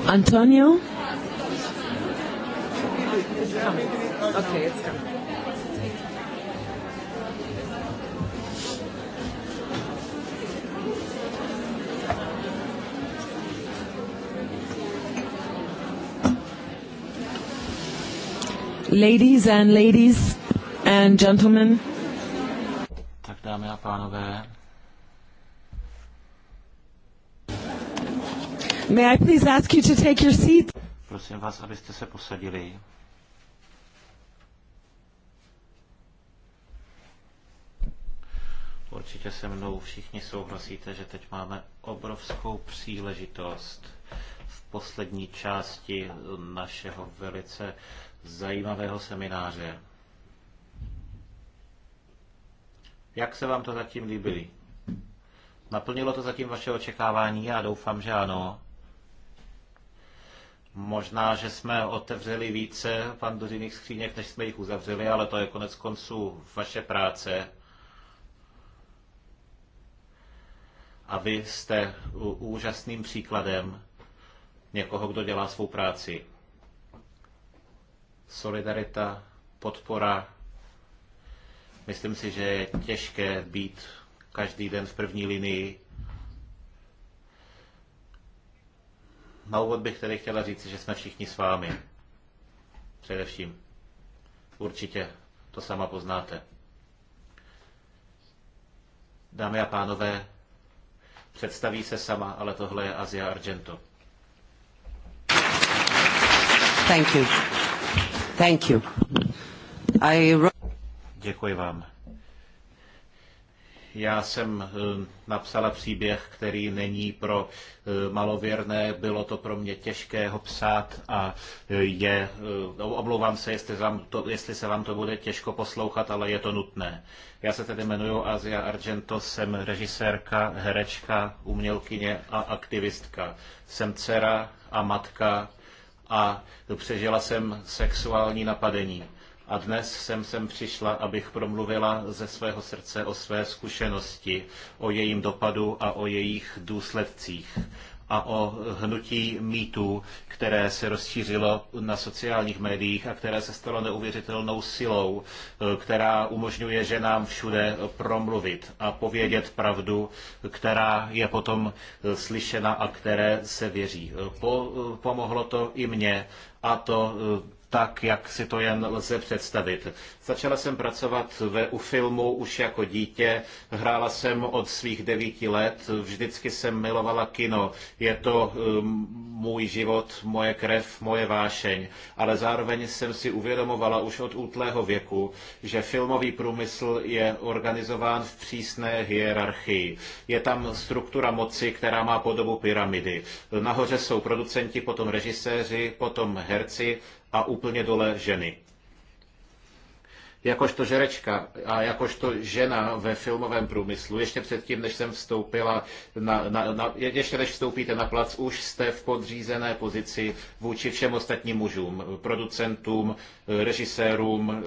Speaker 1: Antonio? ladies and ladies and gentlemen.
Speaker 3: Tak dámy a pánové.
Speaker 1: May I please ask you to take your seat?
Speaker 3: Prosím vás, abyste se posadili. Určitě se mnou všichni souhlasíte, že teď máme obrovskou příležitost v poslední části našeho velice zajímavého semináře. Jak se vám to zatím líbily? Naplnilo to zatím vaše očekávání? Já doufám, že ano. Možná, že jsme otevřeli více pandořiných skříněk, než jsme jich uzavřeli, ale to je konec konců vaše práce. A vy jste úžasným příkladem někoho, kdo dělá svou práci solidarita, podpora. Myslím si, že je těžké být každý den v první linii. Na úvod bych tedy chtěla říct, že jsme všichni s vámi. Především. Určitě to sama poznáte. Dámy a pánové, představí se sama, ale tohle je Asia Argento.
Speaker 1: Thank you. Thank you. I...
Speaker 3: Děkuji vám. Já jsem eh, napsala příběh, který není pro eh, malověrné, bylo to pro mě těžké ho psát a eh, je, omlouvám se, jestli, vám to, jestli se vám to bude těžko poslouchat, ale je to nutné. Já se tedy jmenuji Asia Argento, jsem režisérka, herečka, umělkyně a aktivistka. Jsem dcera a matka a přežila jsem sexuální napadení. A dnes jsem sem přišla, abych promluvila ze svého srdce o své zkušenosti, o jejím dopadu a o jejich důsledcích a o hnutí mýtu, které se rozšířilo na sociálních médiích a které se stalo neuvěřitelnou silou, e, která umožňuje ženám všude promluvit a povědět pravdu, která je potom e, slyšena a které se věří. E, po, pomohlo to i mně a to tak, jak si to jen lze představit. Začala jsem pracovat ve, u filmu už jako dítě, hrála jsem od svých devíti let, vždycky jsem milovala kino. Je to um, můj život, moje krev, moje vášeň, ale zároveň jsem si uvědomovala už od útlého věku, že filmový průmysl je organizován v přísné hierarchii. Je tam struktura moci, která má podobu pyramidy. Nahoře jsou producenti, potom režiséři, potom herci, a úplně dole ženy jakožto žerečka a jakožto žena ve filmovém průmyslu, ještě předtím, než jsem vstoupila, na, na, na, ještě než vstoupíte na plac, už jste v podřízené pozici vůči všem ostatním mužům, producentům, režisérům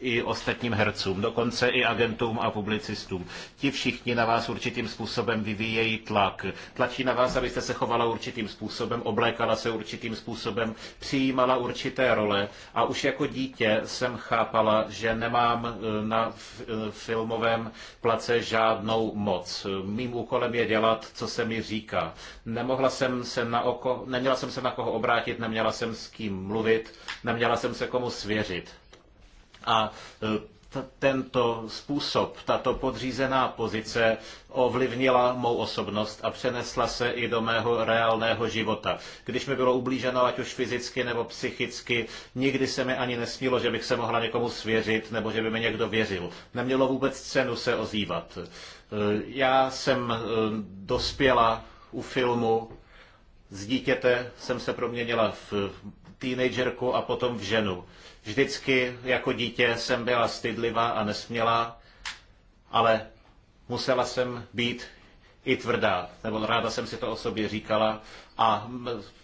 Speaker 3: i ostatním hercům, dokonce i agentům a publicistům. Ti všichni na vás určitým způsobem vyvíjejí tlak. Tlačí na vás, abyste se chovala určitým způsobem, oblékala se určitým způsobem, přijímala určité role a už jako dítě jsem chápala, že nemám eh, na eh, filmovém place žádnou moc. Mým úkolem je dělat, co se mi říká. Nemohla jsem se na oko, neměla jsem se na koho obrátit, neměla jsem s kým mluvit, neměla jsem se komu svěřit. A eh, tento způsob, tato podřízená pozice ovlivnila mou osobnost a přenesla se i do mého reálného života. Když mi bylo ublíženo, ať už fyzicky nebo psychicky, nikdy se mi ani nesnilo, že bych se mohla někomu svěřit nebo že by mi někdo věřil. Nemělo vůbec cenu se ozývat. E, já jsem e, dospěla u filmu z dítěte jsem se proměnila v teenagerku a potom v ženu. Vždycky jako dítě jsem byla stydlivá a nesmělá, ale musela jsem být i tvrdá, nebo ráda jsem si to o sobě říkala a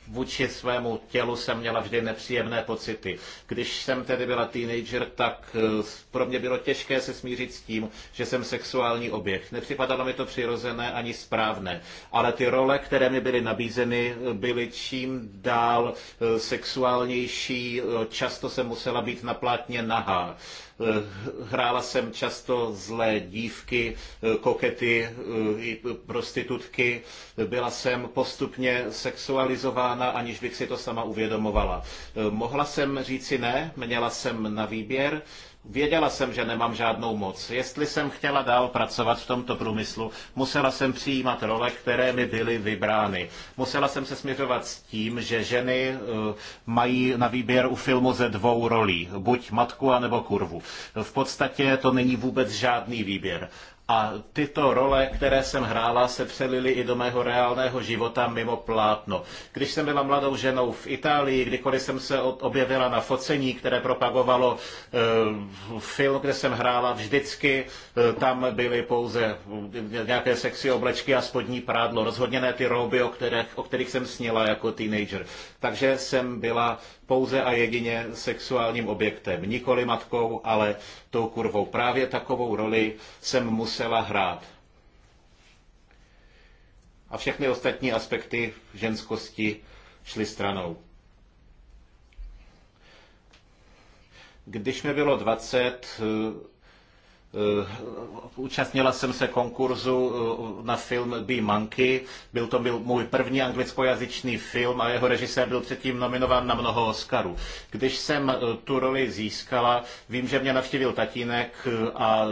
Speaker 3: vůči svému tělu jsem měla vždy nepříjemné pocity. Když jsem tedy byla teenager, tak eh, pro mě bylo těžké se smířit s tím, že jsem sexuální objekt. Nepřipadalo mi to přirozené ani správné. Ale ty role, které mi byly nabízeny, eh, byly čím dál eh, sexuálnější. Často jsem musela být naplátně nahá. Hrála jsem často zlé dívky, kokety, prostitutky. Byla jsem postupně sexualizována trestána, aniž bych si to sama uvědomovala. Eh, mohla jsem říci ne, měla jsem na výběr, Věděla jsem, že nemám žádnou moc. Jestli jsem chtěla dál pracovat v tomto průmyslu, musela jsem přijímat role, které mi byly vybrány. Musela jsem se směřovat s tím, že ženy eh, mají na výběr u filmu ze dvou rolí. Buď matku, anebo kurvu. V podstatě to není vůbec žádný výběr. A tyto role, které jsem hrála, se přelily i do mého reálného života mimo plátno. Když jsem byla mladou ženou v Itálii, kdykoliv jsem se objevila na focení, které propagovalo eh, film, kde jsem hrála vždycky, eh, tam byly pouze eh, nějaké sexy oblečky a spodní prádlo, rozhodně ne ty roby, o kterých, o kterých jsem snila jako teenager. Takže jsem byla pouze a jedině sexuálním objektem, nikoli matkou, ale tou kurvou. Právě takovou roli jsem musela hrát. A všechny ostatní aspekty ženskosti šly stranou. Když mi bylo 20, Eh, účastnila jsem se konkurzu eh, na film Be Monkey. Byl to byl můj první anglickojazyčný film a jeho režisér byl předtím nominován na mnoho Oscarů. Když jsem eh, tu roli získala, vím, že mě navštívil tatínek a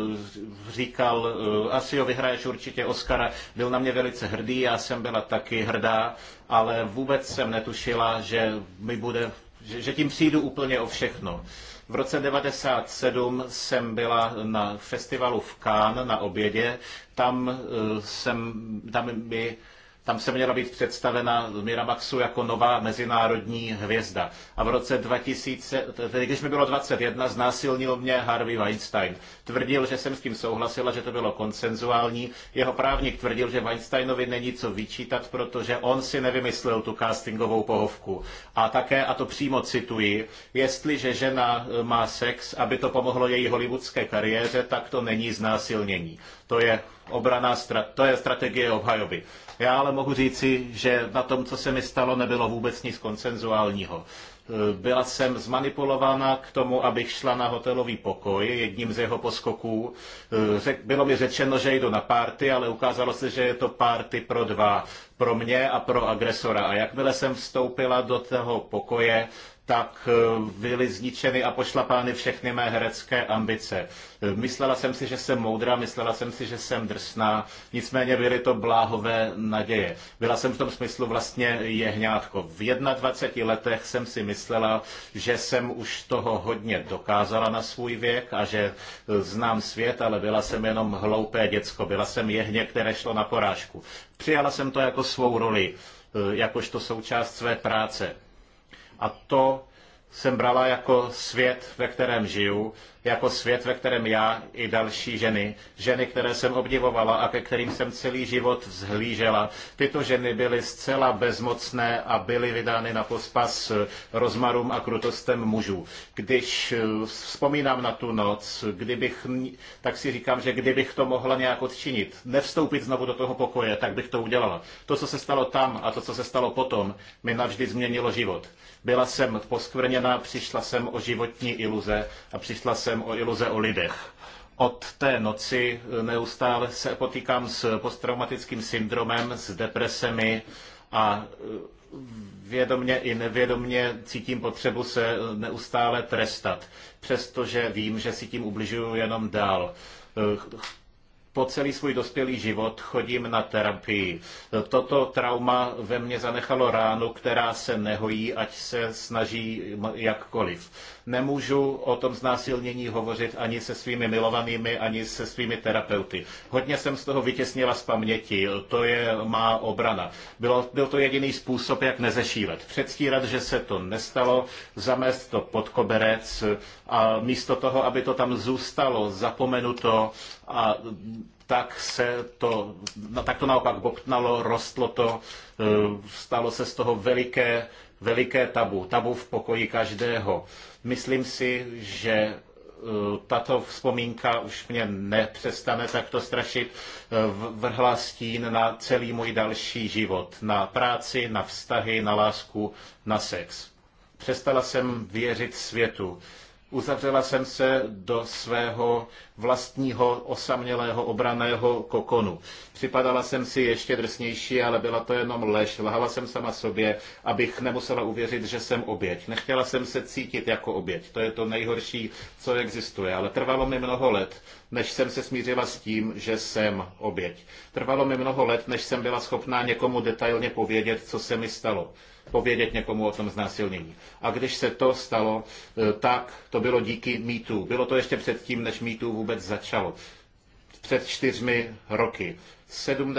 Speaker 3: říkal, asi jo, vyhraješ určitě Oscara. Byl na mě velice hrdý, já jsem byla taky hrdá, ale vůbec jsem netušila, že mi bude, že, že tím přijdu úplně o všechno. V roce 1997 jsem byla na festivalu v Cannes na obědě. Tam, eh, jsem, tam mi tam se měla být představena Miramaxu jako nová mezinárodní hvězda. A v roce 2000, tedy když mi bylo 21, znásilnil mě Harvey Weinstein. Tvrdil, že jsem s tím souhlasila, že to bylo konsenzuální. Jeho právník tvrdil, že Weinsteinovi není co vyčítat, protože on si nevymyslel tu castingovou pohovku. A také, a to přímo cituji, jestliže žena má sex, aby to pomohlo její hollywoodské kariéře, tak to není znásilnění. To je obraná to je strategie obhajoby. Já ale mohu říci, že na tom, co se mi stalo, nebylo vůbec nic konsenzuálního. E, byla jsem zmanipulována k tomu, abych šla na hotelový pokoj jedním z jeho poskoků. E, bylo mi řečeno, že jdu na párty, ale ukázalo se, že je to párty pro dva pro mě a pro agresora. A jakmile jsem vstoupila do toho pokoje, tak eh, byly zničeny a pošlapány všechny mé herecké ambice. Eh, myslela jsem si, že jsem moudrá, myslela jsem si, že jsem drsná, nicméně byly to bláhové naděje. Byla jsem v tom smyslu vlastně jehňátko. V 21 letech jsem si myslela, že jsem už toho hodně dokázala na svůj věk a že eh, znám svět, ale byla jsem jenom hloupé děcko, byla jsem jehně, které šlo na porážku. Přijala jsem to jako svou roli, jakožto součást své práce a to jsem brala jako svět, ve kterém žiju jako svět, ve kterém já i další ženy, ženy, které jsem obdivovala a ke kterým jsem celý život vzhlížela, tyto ženy byly zcela bezmocné a byly vydány na pospas rozmarům a krutostem mužů. Když eh, vzpomínám na tu noc, kdybych, tak si říkám, že kdybych to mohla nějak odčinit, nevstoupit znovu do toho pokoje, tak bych to udělala. To, co se stalo tam a to, co se stalo potom, mi navždy změnilo život. Byla jsem poskvrněna, přišla jsem o životní iluze a přišla jsem jsem o iluze o lidech. Od té noci neustále se potýkám s posttraumatickým syndromem, s depresemi a e, vědomně i nevědomně cítím potřebu se neustále trestat, přestože vím, že si tím ubližuju jenom dál e, po celý svůj dospělý život chodím na terapii. Toto trauma ve mně zanechalo ránu, která se nehojí, ať se snaží jakkoliv. Nemůžu o tom znásilnění hovořit ani se svými milovanými, ani se svými terapeuty. Hodně jsem z toho vytěsnila z paměti, to je má obrana. Bylo, byl to jediný způsob, jak nezešívat. Předstírat, že se to nestalo, zamést to pod koberec a místo toho, aby to tam zůstalo zapomenuto, a tak se to, no, tak to naopak bobtnalo, rostlo to, e, stalo se z toho veliké, veliké tabu, tabu v pokoji každého. Myslím si, že e, tato vzpomínka už mě nepřestane takto strašit, e, vrhla stín na celý můj další život, na práci, na vztahy, na lásku, na sex. Přestala jsem věřit světu. Uzavřela jsem se do svého vlastního osamělého obraného kokonu. Připadala jsem si ještě drsnější, ale byla to jenom lež. Lhala jsem sama sobě, abych nemusela uvěřit, že jsem oběť. Nechtěla jsem se cítit jako oběť. To je to nejhorší, co existuje. Ale trvalo mi mnoho let, než jsem se smířila s tím, že jsem oběť. Trvalo mi mnoho let, než jsem byla schopná někomu detailně povědět, co se mi stalo povědět někomu o tom znásilnění. A když se to stalo, e, tak to bylo díky mýtu. Bylo to ještě předtím, než mýtu vůbec začalo. Před čtyřmi roky.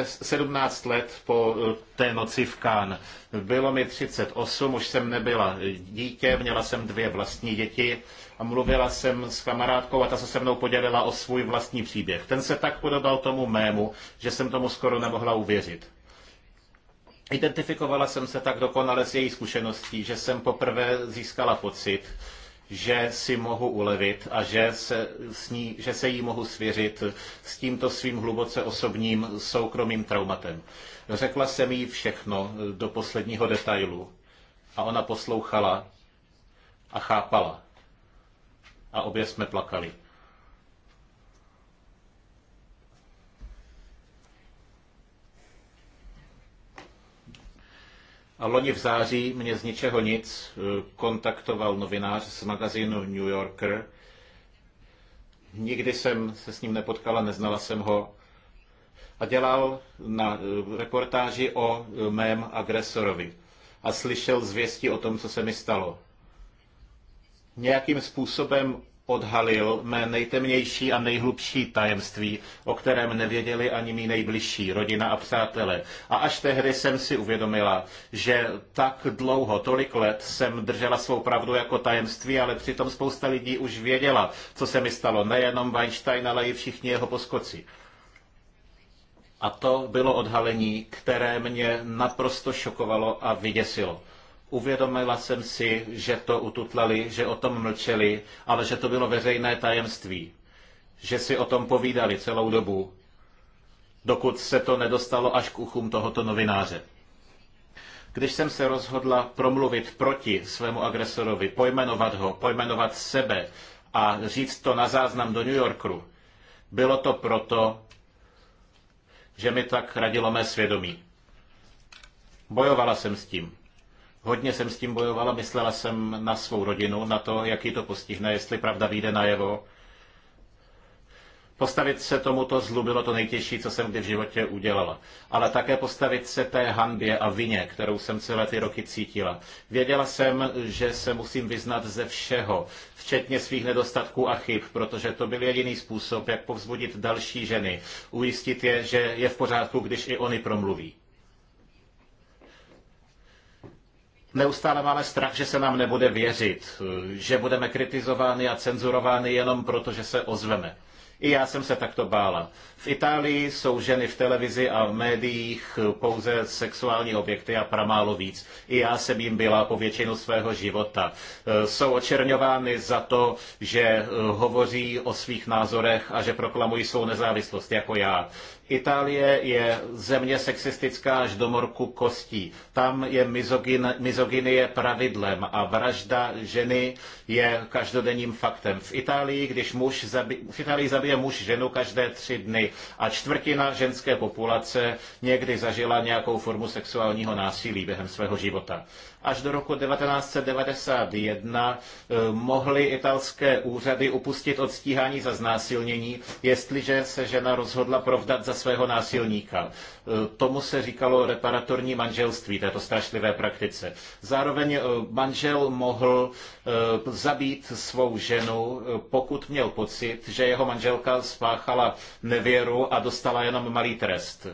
Speaker 3: 17 let po e, té noci v Kán. Bylo mi 38, už jsem nebyla dítě, měla jsem dvě vlastní děti a mluvila jsem s kamarádkou a ta se se mnou podělila o svůj vlastní příběh. Ten se tak podobal tomu mému, že jsem tomu skoro nemohla uvěřit. Identifikovala jsem se tak dokonale s její zkušeností, že jsem poprvé získala pocit, že si mohu ulevit a že se, s ní, že se jí mohu svěřit s tímto svým hluboce osobním soukromým traumatem. Řekla jsem jí všechno do posledního detailu a ona poslouchala a chápala. A obě jsme plakali. A loni v září mě z ničeho nic eh, kontaktoval novinář z magazínu New Yorker. Nikdy jsem se s ním nepotkala, neznala jsem ho. A dělal na eh, reportáži o eh, mém agresorovi. A slyšel zvěsti o tom, co se mi stalo. Nějakým způsobem odhalil mé nejtemnější a nejhlubší tajemství, o kterém nevěděli ani mý nejbližší, rodina a přátelé. A až tehdy jsem si uvědomila, že tak dlouho, tolik let jsem držela svou pravdu jako tajemství, ale přitom spousta lidí už věděla, co se mi stalo, nejenom Weinstein, ale i všichni jeho poskoci. A to bylo odhalení, které mě naprosto šokovalo a vyděsilo. Uvědomila jsem si, že to ututlali, že o tom mlčeli, ale že to bylo veřejné tajemství. Že si o tom povídali celou dobu, dokud se to nedostalo až k uchům tohoto novináře. Když jsem se rozhodla promluvit proti svému agresorovi, pojmenovat ho, pojmenovat sebe a říct to na záznam do New Yorku, bylo to proto, že mi tak radilo mé svědomí. Bojovala jsem s tím. Hodně jsem s tím bojovala, myslela jsem na svou rodinu, na to, jaký to postihne, jestli pravda vyjde najevo. Postavit se tomuto zlu bylo to nejtěžší, co jsem kdy v životě udělala. Ale také postavit se té hanbě a vině, kterou jsem celé ty roky cítila. Věděla jsem, že se musím vyznat ze všeho, včetně svých nedostatků a chyb, protože to byl jediný způsob, jak povzbudit další ženy, ujistit je, že je v pořádku, když i oni promluví. Neustále máme strach, že se nám nebude věřit, že budeme kritizováni a cenzurováni jenom proto, že se ozveme. I já jsem se takto bála. V Itálii jsou ženy v televizi a v médiích pouze sexuální objekty a pramálo víc. I já jsem jim byla po většinu svého života. Jsou očerňovány za to, že hovoří o svých názorech a že proklamují svou nezávislost, jako já. Itálie je země sexistická až do morku kostí. Tam je mizogyn, mizogynie pravidlem a vražda ženy je každodenním faktem. V Itálii, když muž zabi, v Itálii zabije muž ženu každé tři dny a čtvrtina ženské populace někdy zažila nějakou formu sexuálního násilí během svého života až do roku 1991 eh, mohly italské úřady upustit od stíhání za znásilnění, jestliže se žena rozhodla provdat za svého násilníka. Eh, tomu se říkalo reparatorní manželství, této strašlivé praktice. Zároveň eh, manžel mohl zabít svou ženu, pokud měl pocit, že jeho manželka spáchala nevěru a dostala jenom malý trest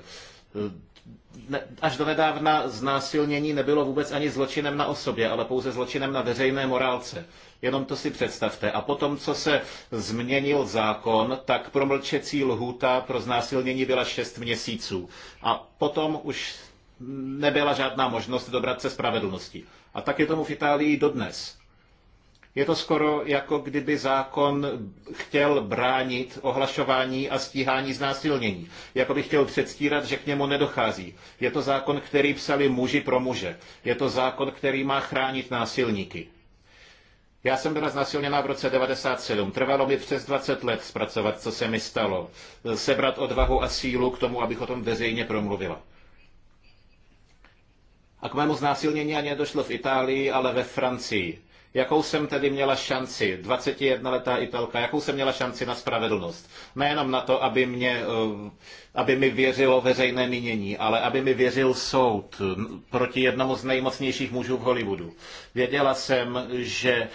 Speaker 3: až do nedávna znásilnění nebylo vůbec ani zločinem na osobě, ale pouze zločinem na veřejné morálce. Jenom to si představte. A potom, co se změnil zákon, tak promlčecí lhůta pro znásilnění byla 6 měsíců. A potom už nebyla žádná možnost dobrat se spravedlnosti. A tak je tomu v Itálii dodnes. Je to skoro jako kdyby zákon chtěl bránit ohlašování a stíhání znásilnění. Jako by chtěl předstírat, že k němu nedochází. Je to zákon, který psali muži pro muže. Je to zákon, který má chránit násilníky. Já jsem byla znásilněná v roce 97. Trvalo mi přes 20 let zpracovat, co se mi stalo. Sebrat odvahu a sílu k tomu, abych o tom veřejně promluvila. A k mému znásilnění ani nedošlo v Itálii, ale ve Francii. Jakou jsem tedy měla šanci, 21-letá Italka, jakou jsem měla šanci na spravedlnost? Nejenom na to, aby, mě, eh, aby mi věřilo veřejné mínění, ale aby mi věřil soud proti jednomu z nejmocnějších mužů v Hollywoodu. Věděla jsem, že, eh,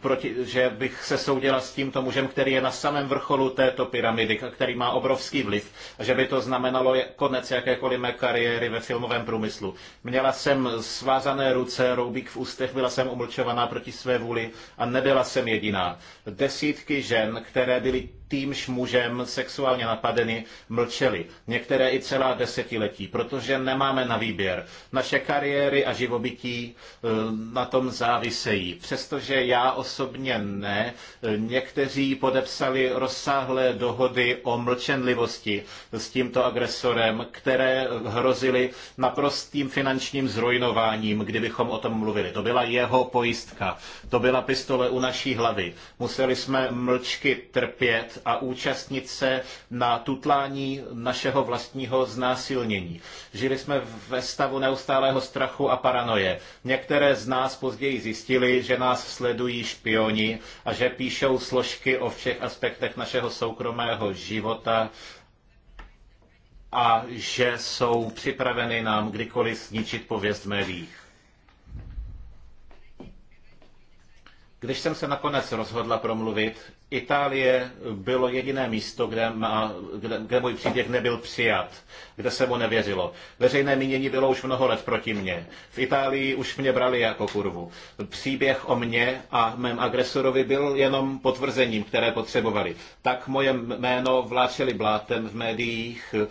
Speaker 3: proti, že bych se soudila s tímto mužem, který je na samém vrcholu této pyramidy, který má obrovský vliv, a že by to znamenalo konec jakékoliv mé kariéry ve filmovém průmyslu. Měla jsem svázané ruce, roubík v ústech, byla jsem umlčovaná proti své vůli a nebyla jsem jediná. Desítky žen, které byly týmž mužem sexuálně napadeny mlčeli. Některé i celá desetiletí, protože nemáme na výběr. Naše kariéry a živobytí eh, na tom závisejí. Přestože já osobně ne, eh, někteří podepsali rozsáhlé dohody o mlčenlivosti s tímto agresorem, které hrozily naprostým finančním zrujnováním, kdybychom o tom mluvili. To byla jeho pojistka. To byla pistole u naší hlavy. Museli jsme mlčky trpět a účastnit se na tutlání našeho vlastního znásilnění. Žili jsme ve stavu neustálého strachu a paranoje. Některé z nás později zjistili, že nás sledují špioni a že píšou složky o všech aspektech našeho soukromého života a že jsou připraveny nám kdykoliv zničit pověst v médiích. Když jsem se nakonec rozhodla promluvit, Itálie bylo jediné místo, kde, má, kde, kde můj příběh nebyl přijat, kde se mu nevěřilo. Veřejné mínění bylo už mnoho let proti mně. V Itálii už mě brali jako kurvu. Příběh o mně a mém agresorovi byl jenom potvrzením, které potřebovali. Tak moje jméno vláčeli blátem v médiích, eh,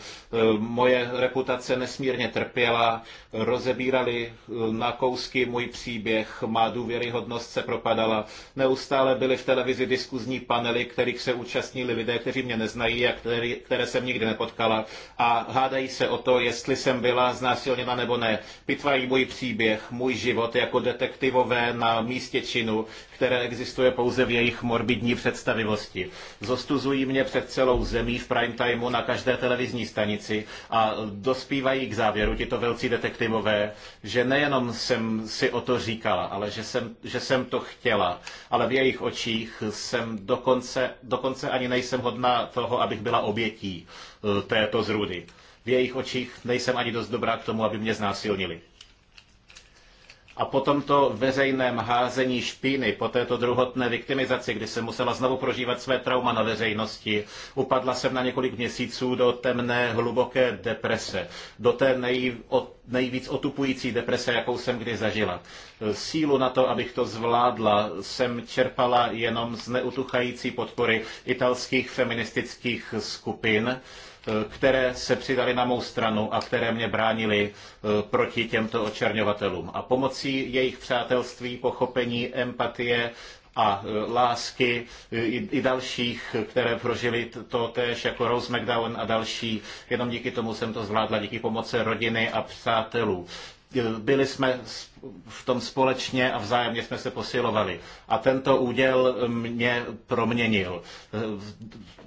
Speaker 3: moje reputace nesmírně trpěla, rozebírali eh, na kousky můj příběh, má důvěryhodnost se propadala, neustále byly v televizi diskuzní panely, kterých se účastní lidé, kteří mě neznají a který, které jsem nikdy nepotkala a hádají se o to, jestli jsem byla znásilněna nebo ne. Pitvají můj příběh, můj život jako detektivové na místě činu, které existuje pouze v jejich morbidní představivosti. Zostuzují mě před celou zemí v prime timeu na každé televizní stanici a dospívají k závěru tito velcí detektivové, že nejenom jsem si o to říkala, ale že jsem, že jsem to chtěla, ale v jejich očích jsem dokonce, dokonce ani nejsem hodná toho, abych byla obětí eh, této zrůdy. V jejich očích nejsem ani dost dobrá k tomu, aby mě znásilnili. A potom to veřejném házení špíny po této druhotné viktimizaci, kdy se musela znovu prožívat své trauma na veřejnosti. Upadla jsem na několik měsíců do temné, hluboké deprese. Do té nej, nejvíc otupující deprese, jakou jsem kdy zažila. Sílu na to, abych to zvládla, jsem čerpala jenom z neutuchající podpory italských feministických skupin, které se přidali na mou stranu a které mě bránili eh, proti těmto očerňovatelům. A pomocí jejich přátelství, pochopení, empatie a eh, lásky eh, i, i dalších, které prožili to též jako Rose McDowan a další. Jenom díky tomu jsem to zvládla, díky pomoci rodiny a přátelů. Byli jsme v tom společně a vzájemně jsme se posilovali. A tento úděl mě proměnil.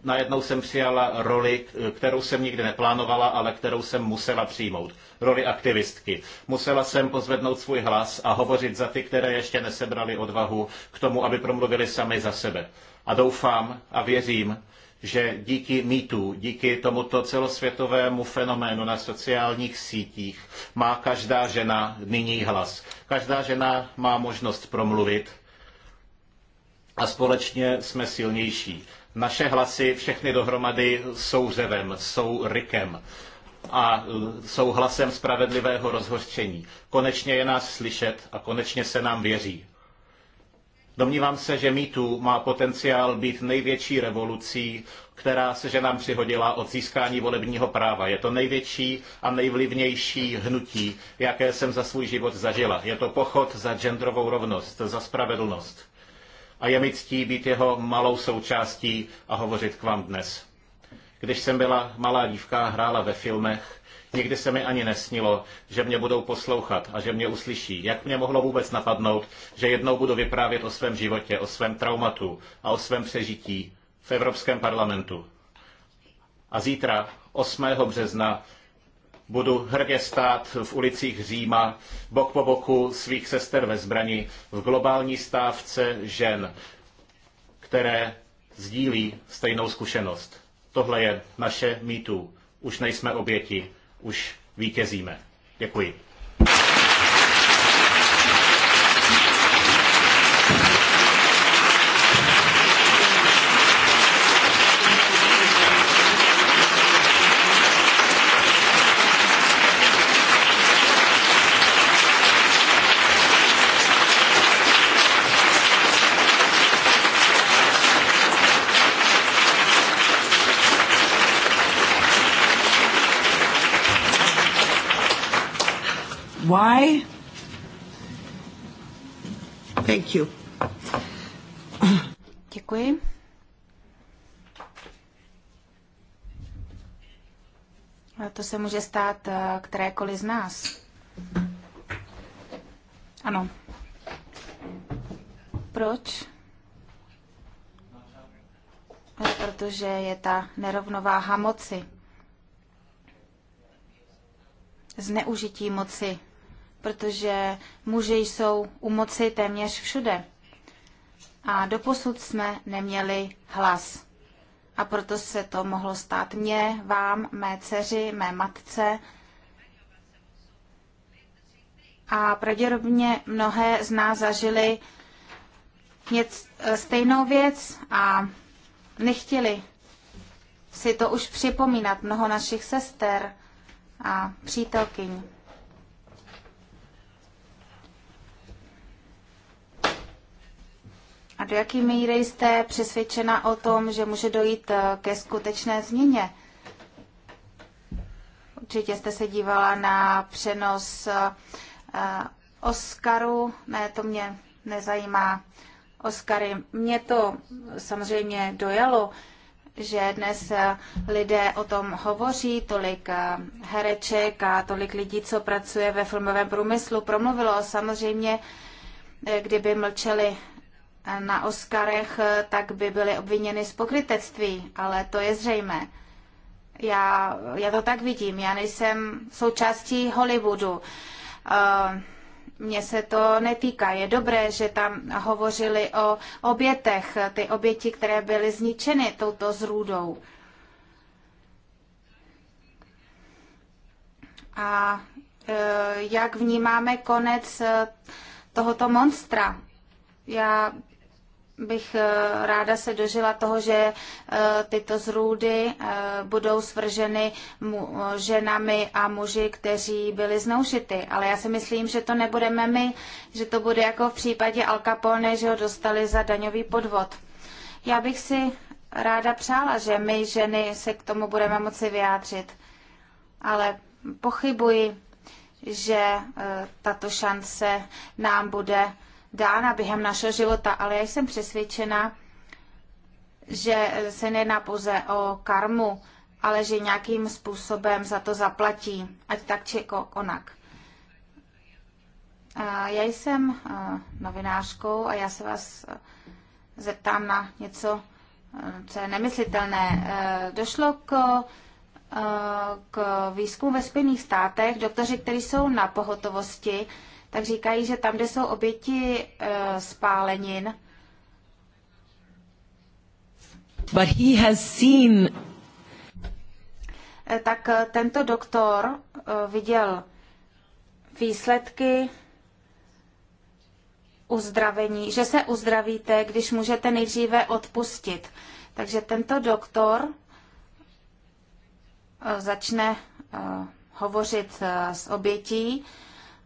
Speaker 3: Najednou jsem přijala roli, kterou jsem nikdy neplánovala, ale kterou jsem musela přijmout. Roli aktivistky. Musela jsem pozvednout svůj hlas a hovořit za ty, které ještě nesebrali odvahu k tomu, aby promluvili sami za sebe. A doufám a věřím, že díky mýtu, díky tomuto celosvětovému fenoménu na sociálních sítích má každá žena nyní hlas. Každá žena má možnost promluvit a společně jsme silnější. Naše hlasy všechny dohromady jsou řevem, jsou rykem a e, jsou hlasem spravedlivého rozhořčení. Konečně je nás slyšet a konečně se nám věří. Domnívám se, že mýtu má potenciál být největší revolucí, která se ženám přihodila od získání volebního práva. Je to největší a nejvlivnější hnutí, jaké jsem za svůj život zažila. Je to pochod za genderovou rovnost, za spravedlnost. A je mi ctí být jeho malou součástí a hovořit k vám dnes. Když jsem byla malá dívka, hrála ve filmech, Nikdy se mi ani nesnilo, že mě budou poslouchat a že mě uslyší. Jak mě mohlo vůbec napadnout, že jednou budu vyprávět o svém životě, o svém traumatu a o svém přežití v Evropském parlamentu. A zítra, 8. března, budu hrdě stát v ulicích Říma, bok po boku svých sester ve zbrani, v globální stávce žen, které sdílí stejnou zkušenost. Tohle je naše mýtu. Už nejsme oběti, už vítězíme. Děkuji.
Speaker 4: you. Děkuji. A to se může stát eh, kterékoliv z nás. Ano. Proč? Eh, protože je ta nerovnováha moci. Zneužití moci protože muži jsou u moci téměř všude. A doposud jsme neměli hlas. A proto se to mohlo stát mně, vám, mé dceři, mé matce. A pravděpodobně mnohé z nás zažili něc, stejnou věc a nechtěli si to už připomínat mnoho našich sester a přítelkyní. A do jaké míry jste přesvědčena o tom, že může dojít eh, ke skutečné změně? Určitě jste se dívala na přenos eh, eh, Oscaru. Ne, to mě nezajímá. Oscary, mě to samozřejmě dojalo, že dnes lidé o tom hovoří, tolik hereček a tolik lidí, co pracuje ve filmovém průmyslu, promluvilo. Samozřejmě, kdyby mlčeli na Oscarech, eh, tak by byly obviněny z pokrytectví, ale to je zřejmé. Já, já to tak vidím, já nejsem součástí Hollywoodu. Uh, mně se to netýká. Je dobré, že tam hovořili o obětech, ty oběti, které byly zničeny touto zrůdou. A eh, jak vnímáme konec tohoto monstra? Já bych eh, ráda se dožila toho, že eh, tyto zrůdy eh, budou svrženy ženami a muži, kteří byli zneužity. Ale já si myslím, že to nebudeme my, že to bude jako v případě Al Capone, že ho dostali za daňový podvod. Já bych si ráda přála, že my ženy se k tomu budeme moci vyjádřit. Ale pochybuji, že tato šance nám bude dána během našeho života, ale já jsem přesvědčena, že se nejedná pouze o karmu, ale že nějakým způsobem za to zaplatí, ať tak či onak. Já jsem novinářkou a já se vás zeptám na něco, co je nemyslitelné. Došlo k, k výzkumu ve Spojených státech. Doktoři, kteří jsou na pohotovosti, tak říkají, že tam, kde jsou oběti eh, spálenin,
Speaker 2: But he has seen...
Speaker 4: Eh, tak eh, tento doktor viděl výsledky uzdravení, že se uzdravíte, když můžete nejdříve odpustit. Takže tento doktor začne hovořit s obětí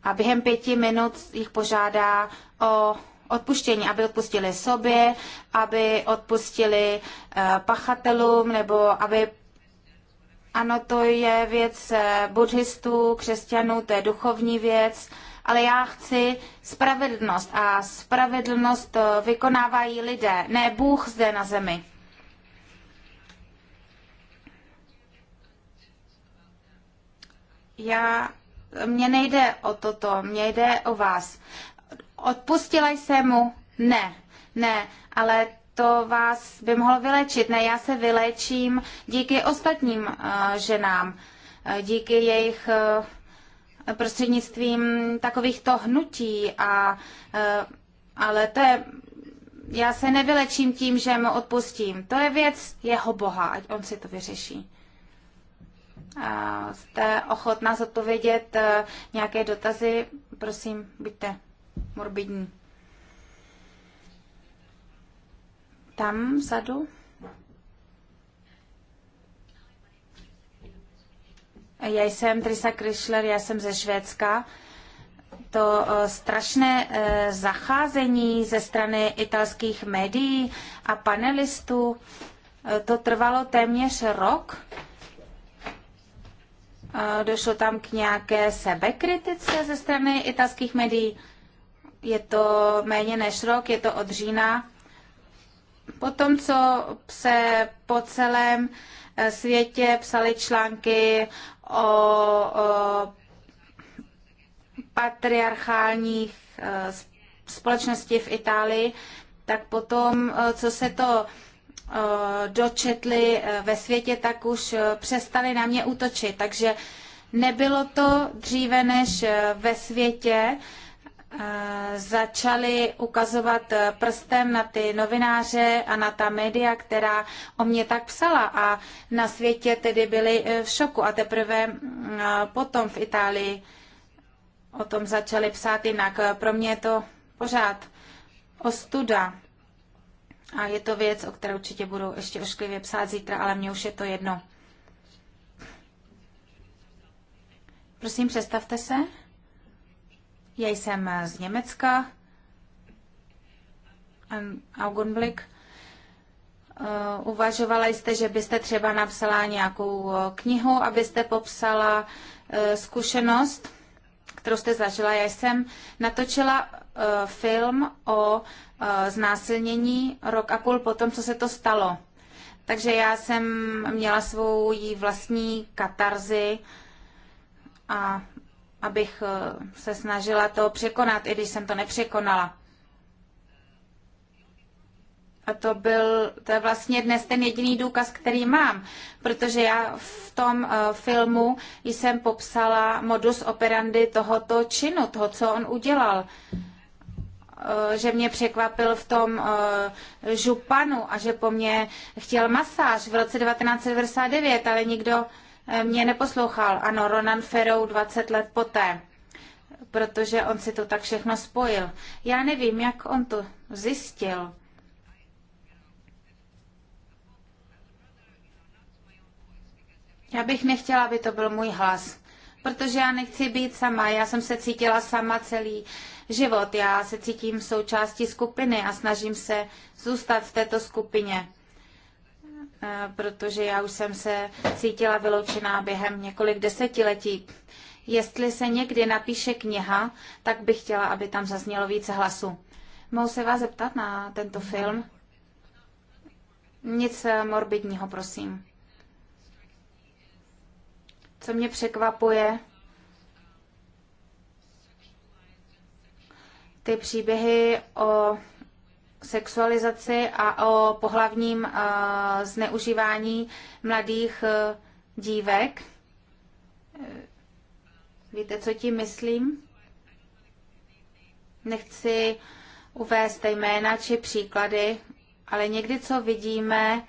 Speaker 4: a během pěti minut jich požádá o odpuštění, aby odpustili sobě, aby odpustili eh, pachatelům nebo aby ano, to je věc eh, buddhistů, křesťanů, to je duchovní věc, ale já chci spravedlnost a spravedlnost eh, vykonávají lidé, ne Bůh zde na zemi. Já mně nejde o toto, mně jde o vás. Odpustila jsem mu? Ne, ne, ale to vás by mohlo vylečit. Ne, já se vylečím díky ostatním uh, ženám, eh, díky jejich uh, prostřednictvím takovýchto hnutí a uh, ale to je, já se nevylečím tím, že mu odpustím. To je věc jeho Boha, ať on si to vyřeší. Jste ochotná zodpovědět eh, nějaké dotazy? Prosím, buďte morbidní. Tam vzadu? Já jsem Trisa Krišler, já jsem ze Švédska. To eh, strašné eh, zacházení ze strany italských médií a panelistů, to trvalo téměř rok Došlo tam k nějaké sebekritice ze strany italských médií. Je to méně než rok, je to od října. Potom, co se po celém eh, světě psali články o, o patriarchálních eh, společnosti v Itálii, tak potom, eh, co se to Eh, dočetli eh, ve světě, tak už eh, přestali na mě útočit. Takže nebylo to dříve než ve světě začali ukazovat prstem na ty novináře a na ta média, která o mě tak psala a na světě tedy byli v šoku a teprve mm, potom v Itálii o tom začali psát jinak. Pro mě je to pořád ostuda. A je to věc, o které určitě budou ještě ošklivě psát zítra, ale mně už je to jedno. Prosím, představte se. Já jsem z Německa. Augenblick. Eh, Uvažovala jste, že byste třeba napsala nějakou eh, knihu, abyste popsala eh, zkušenost, kterou jste zažila. Já jsem natočila Eh, film o eh, znásilnění rok a půl potom, co se to stalo. Takže já jsem měla svou vlastní katarzi a abych eh, se snažila to překonat, i když jsem to nepřekonala. A to byl, to je vlastně dnes ten jediný důkaz, který mám, protože já v tom uh, filmu jsem popsala modus operandi tohoto činu, toho, co on udělal. Uh, Eh, že mě překvapil v tom eh, županu a že po mně chtěl masáž v roce 1999, ale nikdo eh, mě neposlouchal. Ano, Ronan Ferou 20 let poté, protože on si to tak všechno spojil. Já nevím, jak on to zjistil. Já bych nechtěla, aby to byl můj hlas, protože já nechci být sama. Já jsem se cítila sama celý život. Já se cítím součástí skupiny a snažím se zůstat v této skupině, eh, protože já už jsem se cítila vyloučená během několik desetiletí. Jestli se někdy napíše kniha, tak bych chtěla, aby tam zaznělo více hlasu. Mohu se vás zeptat na tento film? Nic eh, morbidního, prosím. Co mě překvapuje, ty příběhy o sexualizaci a o pohlavním eh, zneužívání mladých eh, dívek. Eh, víte, co tím myslím? Nechci uvést jména či příklady, ale někdy, co vidíme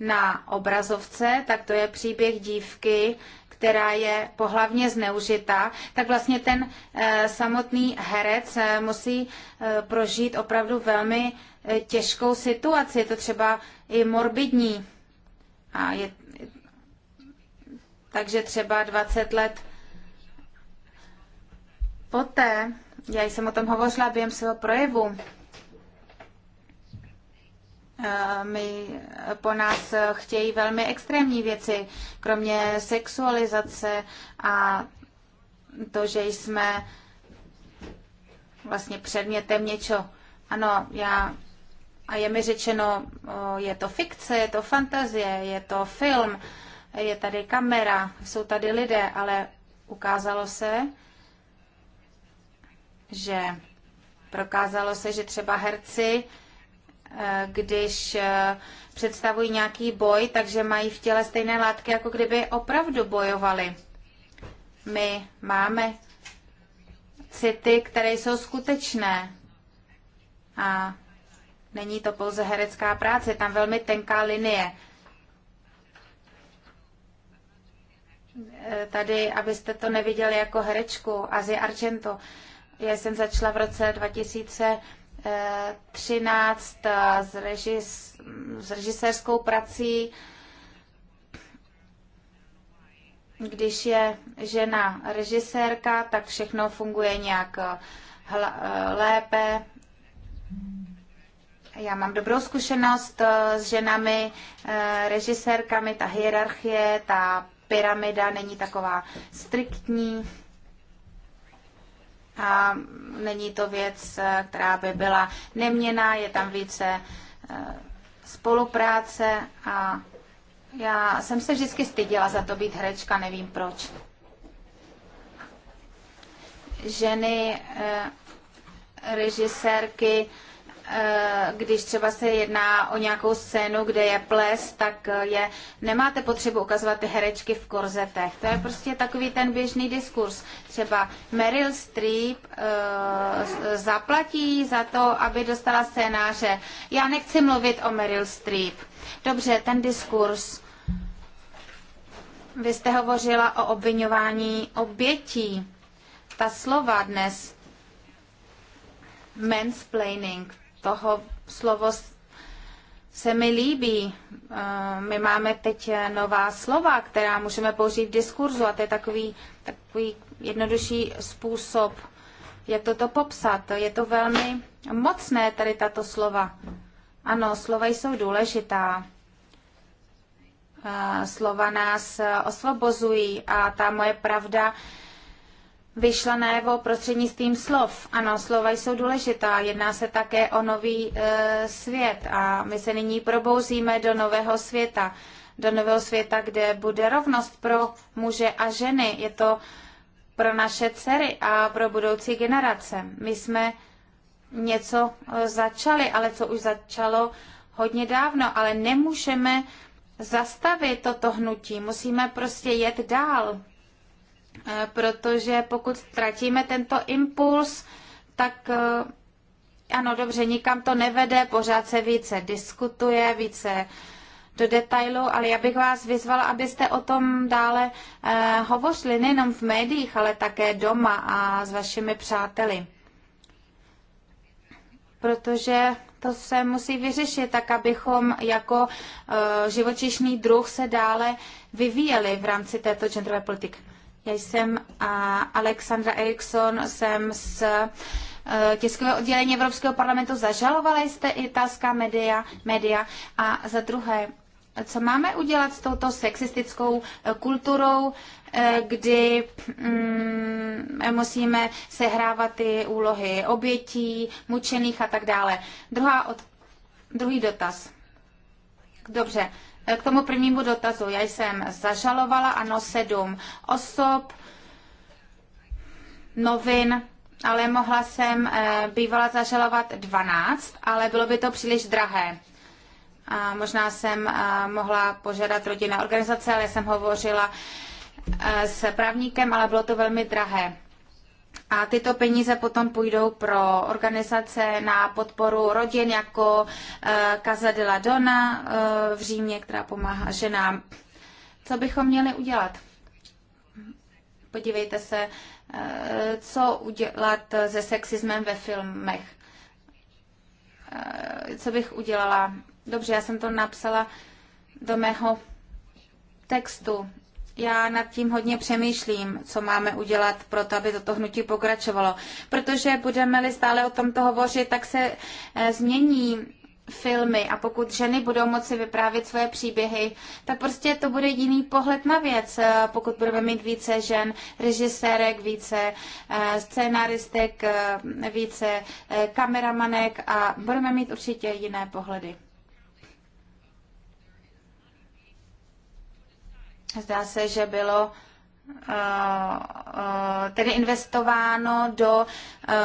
Speaker 4: na obrazovce, tak to je příběh dívky, která je pohlavně zneužitá, tak vlastně ten eh, samotný herec eh, musí eh, prožít opravdu velmi těžkou situaci. Je to třeba i morbidní. A je, takže třeba 20 let poté, já jsem o tom hovořila během svého projevu, Eh, my po nás chtějí velmi extrémní věci, kromě sexualizace a to, že jsme vlastně předmětem něčo. Ano, já a je mi řečeno, eh, je to fikce, je to fantazie, je to film, je tady kamera, jsou tady lidé, ale ukázalo se, že prokázalo se, že třeba herci když eh, představují nějaký boj, takže mají v těle stejné látky, jako kdyby opravdu bojovali. My máme city, které jsou skutečné. A není to pouze herecká práce, je tam velmi tenká linie. Eh, tady, abyste to neviděli jako herečku, Azi Argento. Já jsem začala v roce 2000 13 eh, s, režis, s režisérskou prací, když je žena režisérka, tak všechno funguje nějak eh, hla, eh, lépe. Já mám dobrou zkušenost s ženami, režisérkami, ta hierarchie, ta pyramida není taková striktní a není to věc, která by byla neměná, je tam více eh, spolupráce a já jsem se vždycky styděla za to být herečka, nevím proč. Ženy, eh, režisérky, Eh, když třeba se jedná o nějakou scénu, kde je ples, tak eh, je, nemáte potřebu ukazovat ty herečky v korzetech. To je prostě takový ten běžný diskurs. Třeba Meryl Streep uh, zaplatí za to, aby dostala scénáře. Já nechci mluvit o Meryl Streep. Dobře, ten diskurs. Vy jste hovořila o obvinování obětí. Ta slova dnes mansplaining, toho slovo se mi líbí. Eh, my máme teď nová slova, která můžeme použít v diskurzu a to je takový, takový jednodušší způsob, jak toto popsat. Je to velmi mocné tady tato slova. Ano, slova jsou důležitá. Eh, slova nás eh, osvobozují a ta moje pravda vyšla najevo prostřednictvím slov. Ano, slova jsou důležitá. Jedná se také o nový e, svět a my se nyní probouzíme do nového světa. Do nového světa, kde bude rovnost pro muže a ženy. Je to pro naše dcery a pro budoucí generace. My jsme něco e, začali, ale co už začalo hodně dávno, ale nemůžeme zastavit toto hnutí. Musíme prostě jet dál Eh, protože pokud ztratíme tento impuls, tak eh, ano, dobře, nikam to nevede, pořád se více diskutuje, více do detailu, ale já bych vás vyzvala, abyste o tom dále eh, hovořili nejenom v médiích, ale také doma a s vašimi přáteli. Protože to se musí vyřešit tak, abychom jako eh, živočišný druh se dále vyvíjeli v rámci této genderové politiky. Já jsem Alexandra Eriksson, jsem z e, tiskového oddělení Evropského parlamentu. Zažalovala jste italská média, a za druhé, co máme udělat s touto sexistickou e, kulturou, e, kdy mm, musíme sehrávat ty úlohy obětí, mučených a tak dále. Druhá od, druhý dotaz. Dobře, k tomu prvnímu dotazu. Já jsem zažalovala, ano, sedm osob, novin, ale mohla jsem eh, bývala zažalovat 12, ale bylo by to příliš drahé. A možná jsem eh, mohla požádat rodinné organizace, ale jsem hovořila eh, s právníkem, ale bylo to velmi drahé. A tyto peníze potom půjdou pro organizace na podporu rodin jako eh, Casa de la Dona, eh, v Římě, která pomáhá ženám. Co bychom měli udělat? Podívejte se, eh, co udělat se sexismem ve filmech. Co bych udělala? Dobře, já jsem to napsala do mého textu já nad tím hodně přemýšlím, co máme udělat pro to, aby toto hnutí pokračovalo. Protože budeme-li stále o tomto hovořit, tak se eh, změní filmy a pokud ženy budou moci vyprávět svoje příběhy, tak prostě to bude jiný pohled na věc. Eh, pokud budeme mít více žen, režisérek, více eh, scénaristek, více kameramanek a budeme mít určitě jiné pohledy. Zdá se, že bylo eh, eh, tedy investováno do eh,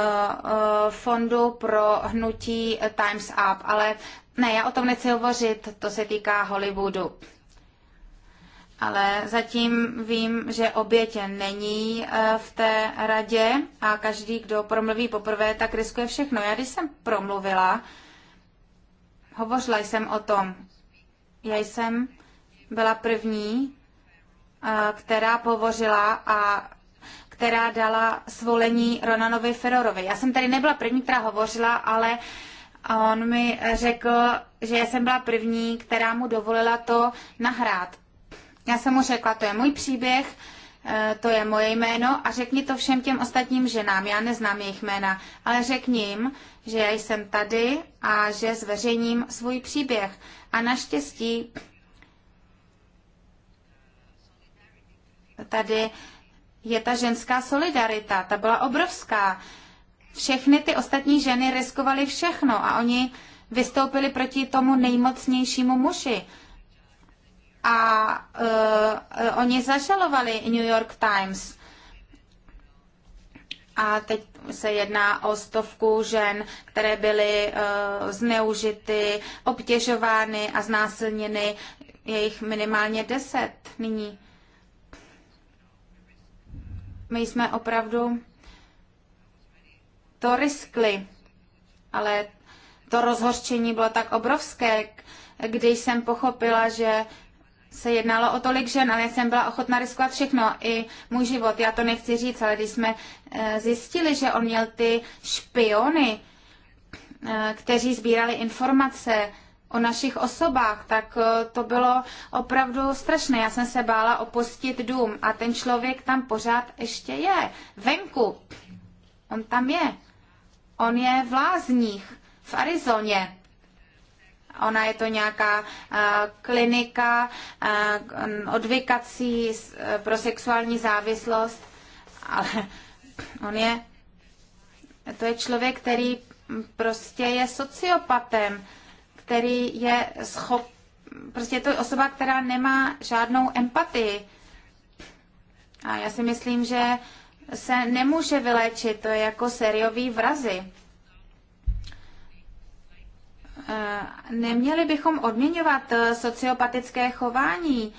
Speaker 4: fondu pro hnutí Times Up, ale ne, já o tom nechci hovořit, to se týká Hollywoodu. Ale zatím vím, že obětě není v té radě a každý, kdo promluví poprvé, tak riskuje všechno. Já když jsem promluvila, hovořila jsem o tom. Já jsem byla první, která povořila a která dala svolení Ronanovi Ferorovi. Já jsem tady nebyla první, která hovořila, ale on mi řekl, že jsem byla první, která mu dovolila to nahrát. Já jsem mu řekla, to je můj příběh, eh, to je moje jméno a řekni to všem těm ostatním ženám, já neznám jejich jména, ale řekni jim, že já jsem tady a že zveřejním svůj příběh. A naštěstí tady je ta ženská solidarita, ta byla obrovská. Všechny ty ostatní ženy riskovaly všechno a oni vystoupili proti tomu nejmocnějšímu muži. A uh, uh, oni zažalovali New York Times. A teď se jedná o stovku žen, které byly uh, zneužity, obtěžovány a znásilněny. Je jich minimálně deset nyní my jsme opravdu to riskli, ale to rozhořčení bylo tak obrovské, když jsem pochopila, že se jednalo o tolik žen, ale jsem byla ochotna riskovat všechno, i můj život, já to nechci říct, ale když jsme eh, zjistili, že on měl ty špiony, eh, kteří sbírali informace, o našich osobách, tak eh, to bylo opravdu strašné. Já jsem se bála opustit dům a ten člověk tam pořád ještě je. Venku. On tam je. On je v Lázních, v Arizoně. Ona je to nějaká uh, klinika uh, odvykací uh, pro sexuální závislost, ale on je, to je člověk, který prostě je sociopatem. Uh, který je schop, prostě je to osoba, která nemá žádnou empatii. A já si myslím, že se nemůže vyléčit, to je jako sériový vrazy. Eh, neměli bychom odměňovat eh, sociopatické chování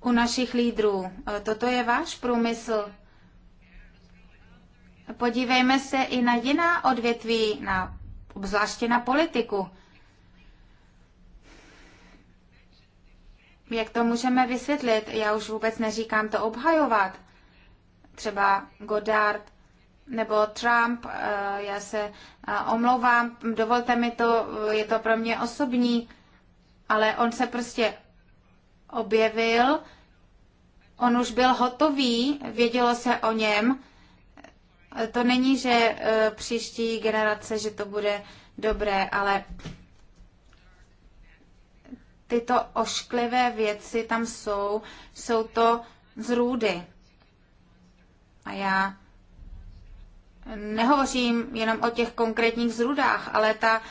Speaker 4: u našich lídrů. Eh, toto je váš průmysl. Podívejme se i na jiná odvětví, na, obzvláště na politiku. Jak to můžeme vysvětlit? Já už vůbec neříkám to obhajovat. Třeba Godard nebo Trump, eh, já se eh, omlouvám, dovolte mi to, eh, je to pro mě osobní, ale on se prostě objevil, on už byl hotový, vědělo se o něm. To není, že příští generace, že to bude dobré, ale tyto ošklivé věci tam jsou, jsou to zrůdy. A já nehovořím jenom o těch konkrétních zrůdách, ale ta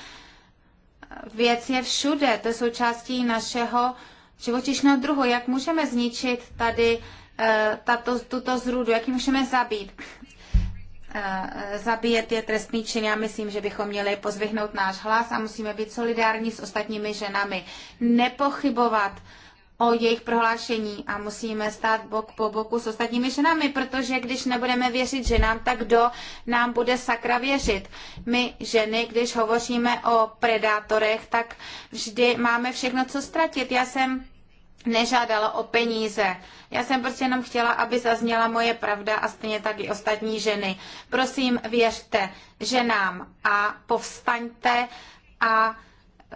Speaker 4: věc je všude, to je součástí našeho živočišného druhu. Jak můžeme zničit tady eh, tato, tuto zrůdu, jak ji můžeme zabít? Eh, zabíjet je trestný čin. Já myslím, že bychom měli pozvihnout náš hlas a musíme být solidární s ostatními ženami. Nepochybovat o jejich prohlášení a musíme stát bok po boku s ostatními ženami, protože když nebudeme věřit ženám, tak kdo nám bude sakra věřit? My ženy, když hovoříme o predátorech, tak vždy máme všechno, co ztratit. Já jsem nežádala o peníze. Já jsem prostě jenom chtěla, aby zazněla moje pravda a stejně tak i ostatní ženy. Prosím, věřte ženám a povstaňte a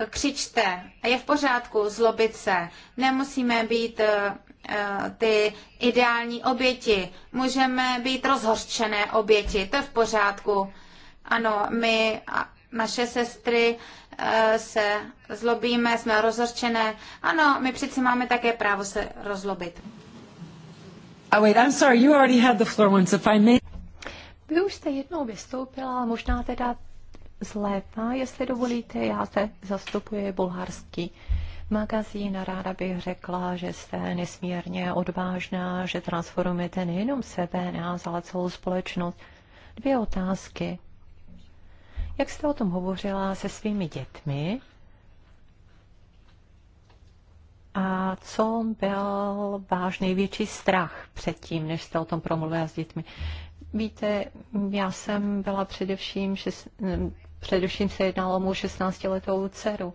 Speaker 4: křičte. Je v pořádku zlobit se. Nemusíme být eh, eh, ty ideální oběti. Můžeme být rozhořčené oběti, to je v pořádku. Ano, my, naše sestry, Eh, se zlobíme, jsme rozhorčené. Ano, my přeci máme také právo se rozlobit.
Speaker 1: Oh, wait, I'm sorry, you already had the floor once, if I may.
Speaker 4: Vy už jste jednou vystoupila, možná teda
Speaker 2: léta, jestli dovolíte, já se zastupuji bulharský magazín a ráda bych řekla, že jste nesmírně odvážná, že transformujete nejenom sebe, nás, ale celou společnost. Dvě otázky. Jak jste o tom hovořila se svými dětmi? A co byl váš největší strach předtím, než jste o tom promluvila s dětmi? Víte, já jsem byla především, šest, především se jednalo o mou 16-letou dceru.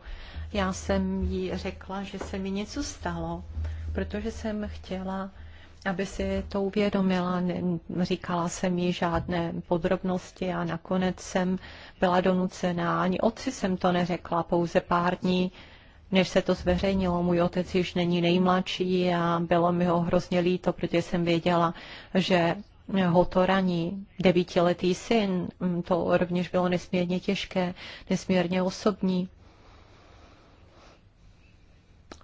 Speaker 2: Já jsem jí řekla, že se mi něco stalo, protože jsem chtěla aby si to uvědomila. Říkala jsem jí žádné podrobnosti a nakonec jsem byla donucená. Ani otci jsem to neřekla, pouze pár dní, než se to zveřejnilo. Můj otec již není nejmladší a bylo mi ho hrozně líto, protože jsem věděla, že ho to raní. Devítiletý syn, to rovněž bylo nesmírně těžké, nesmírně osobní.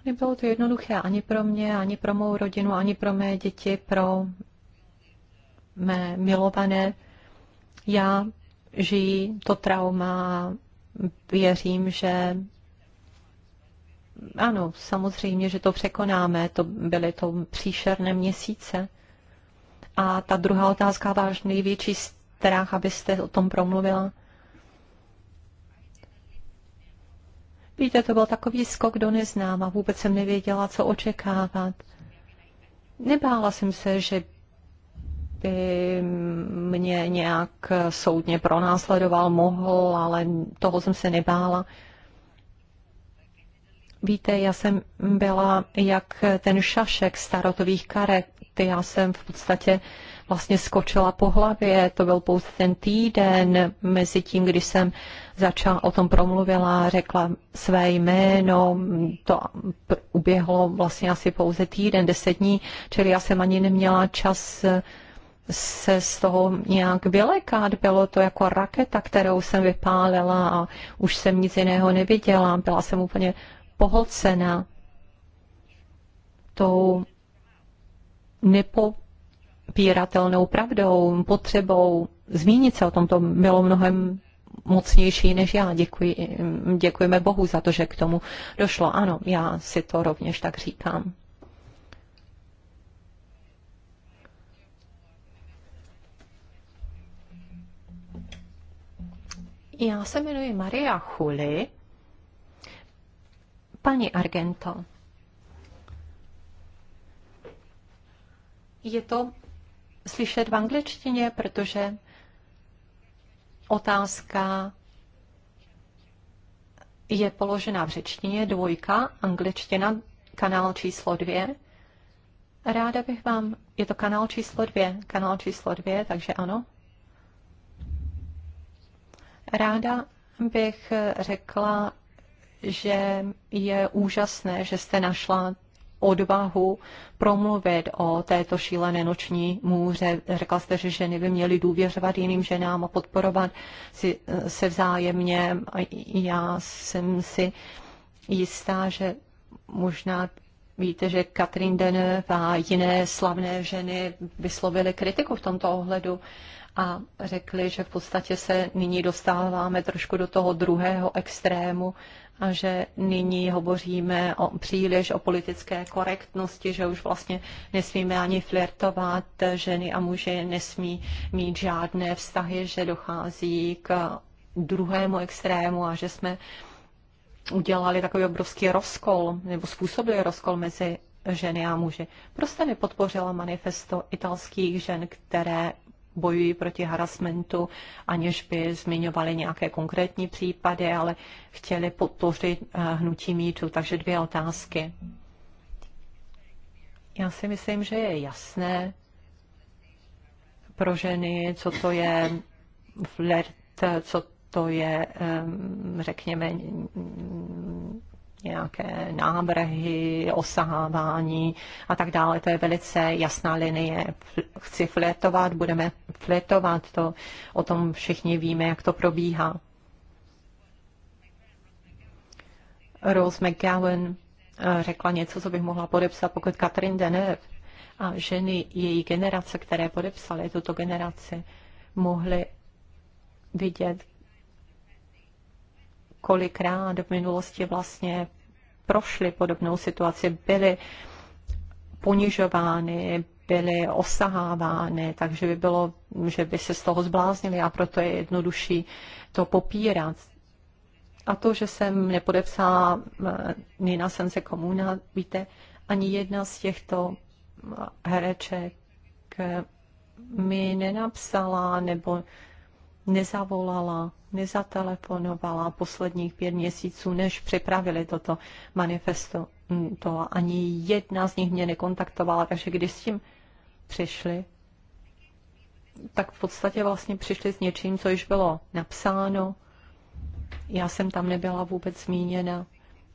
Speaker 2: Nebylo to jednoduché ani pro mě, ani pro mou rodinu, ani pro mé děti, pro mé milované. Já žijí to trauma, věřím, že ano, samozřejmě, že to překonáme, to byly to příšerné měsíce. A ta druhá otázka, váš největší strach, abyste o tom promluvila? Víte, to byl takový skok do neznáma, vůbec jsem nevěděla, co očekávat. Nebála jsem se, že by mě nějak soudně pronásledoval, mohl, ale toho jsem se nebála. Víte, já jsem byla jak ten šašek starotových karet. Já jsem v podstatě uh, vlastně skočila po hlavě. To byl pouze ten týden mezi tím, když jsem začala o tom promluvila, řekla své jméno, to uběhlo vlastně asi pouze týden, deset dní, čili já jsem ani neměla čas eh, se z toho nějak vylekat. Bylo to jako raketa, kterou jsem vypálila a už jsem nic jiného neviděla. Byla jsem úplně pohlcena tou nepo, nepopíratelnou pravdou, potřebou zmínit se o tomto bylo mnohem mocnější než já. Děkuji, děkujeme Bohu za to, že k tomu došlo. Ano, já si to rovněž tak říkám. Já se jmenuji Maria Chuli. Paní Argento, je to slyšet v angličtině, protože otázka je položena v řečtině dvojka, angličtina, kanál číslo dvě. Ráda bych vám, je to kanál číslo dvě, kanál číslo dvě, takže ano. Ráda bych řekla, že je úžasné, že jste našla odvahu promluvit o této šílené noční můře. Řekla jste, že ženy by měly důvěřovat jiným ženám a podporovat si, eh, se vzájemně. Já jsem si jistá, že možná Víte, že Katrin Deneuve a jiné slavné ženy vyslovily kritiku v tomto ohledu a řekli, že v podstatě se nyní dostáváme trošku do toho druhého extrému, a že nyní hovoříme o, příliš o politické korektnosti, že už vlastně nesmíme ani flirtovat, eh, ženy a muži nesmí mít žádné vztahy, že dochází k druhému extrému a že jsme udělali takový obrovský rozkol, nebo způsobili rozkol mezi ženy a muži. Prostě nepodpořila manifesto italských žen, které bojují proti harasmentu, aniž by zmiňovali nějaké konkrétní případy, ale chtěli podpořit eh, hnutí mítu. Takže dvě otázky. Já si myslím, že je jasné pro ženy, co to je flirt, co to je, eh, řekněme, nějaké návrhy, osahávání a tak dále. To je velice jasná linie. Chci flétovat, budeme flétovat, to o tom všichni víme, jak to probíhá. Rose McGowan eh, řekla něco, co bych mohla podepsat, pokud Katrin Deneuve a ženy její generace, které podepsaly tuto generaci, mohly vidět, kolikrát v minulosti vlastně prošly podobnou situaci, byly ponižovány, byly osahávány, takže by bylo, že by se z toho zbláznili a proto je jednodušší to popírat. A to, že jsem nepodepsala eh, Nina Sense Komuna, víte, ani jedna z těchto eh, hereček eh, mi nenapsala nebo nezavolala, nezatelefonovala posledních pět měsíců, než připravili toto manifesto. Mm, to ani jedna z nich mě nekontaktovala, takže když s tím přišli, tak v podstatě vlastně přišli s něčím, co již bylo napsáno. Já jsem tam nebyla vůbec zmíněna,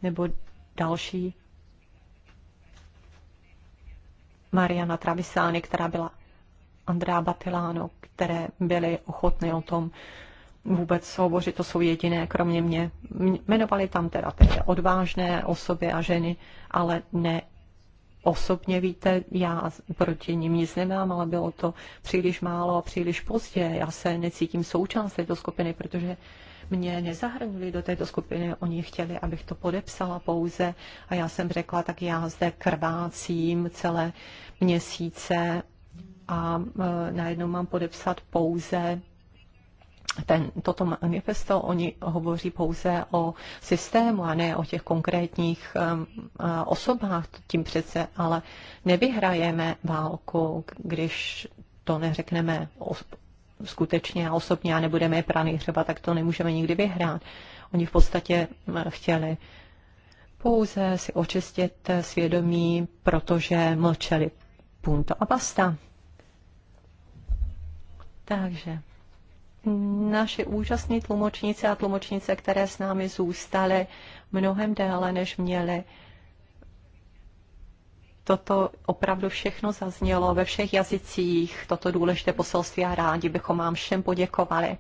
Speaker 2: nebo další. Mariana Travisány, která byla Andrá Batilano, které byly ochotny o tom vůbec hovořit, to jsou jediné, kromě mě. Jmenovali tam teda ty odvážné osoby a ženy, ale ne osobně, víte, já proti ním nic nemám, ale bylo to příliš málo a příliš pozdě. Já se necítím součást této skupiny, protože mě nezahrnuli do této skupiny, oni chtěli, abych to podepsala pouze a já jsem řekla, tak já zde krvácím celé měsíce a e, najednou mám podepsat pouze ten, toto manifesto, oni hovoří pouze o systému a ne o těch konkrétních um, osobách. Tím přece ale nevyhrajeme válku, když to neřekneme skutečně a osobně a nebudeme je praný třeba, tak to nemůžeme nikdy vyhrát. Oni v podstatě chtěli pouze si očistit svědomí, protože mlčeli. Punto a basta. Takže naše úžasné tlumočnice a tlumočnice, které s námi zůstaly mnohem déle, než měly, toto opravdu všechno zaznělo ve všech jazycích, toto důležité poselství a rádi bychom vám všem poděkovali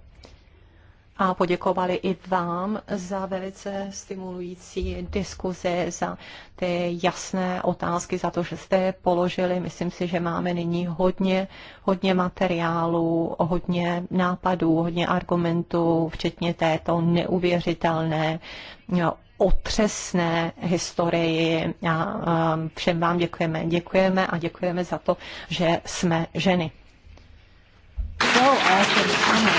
Speaker 2: a poděkovali i vám za velice stimulující diskuzi, za ty jasné otázky, za to, že jste je položili. Myslím si, že máme nyní hodně, hodně materiálu, hodně nápadů, hodně argumentů, včetně této neuvěřitelné otřesné historii. A všem vám děkujeme. Děkujeme a děkujeme za to, že jsme ženy.
Speaker 1: So awesome.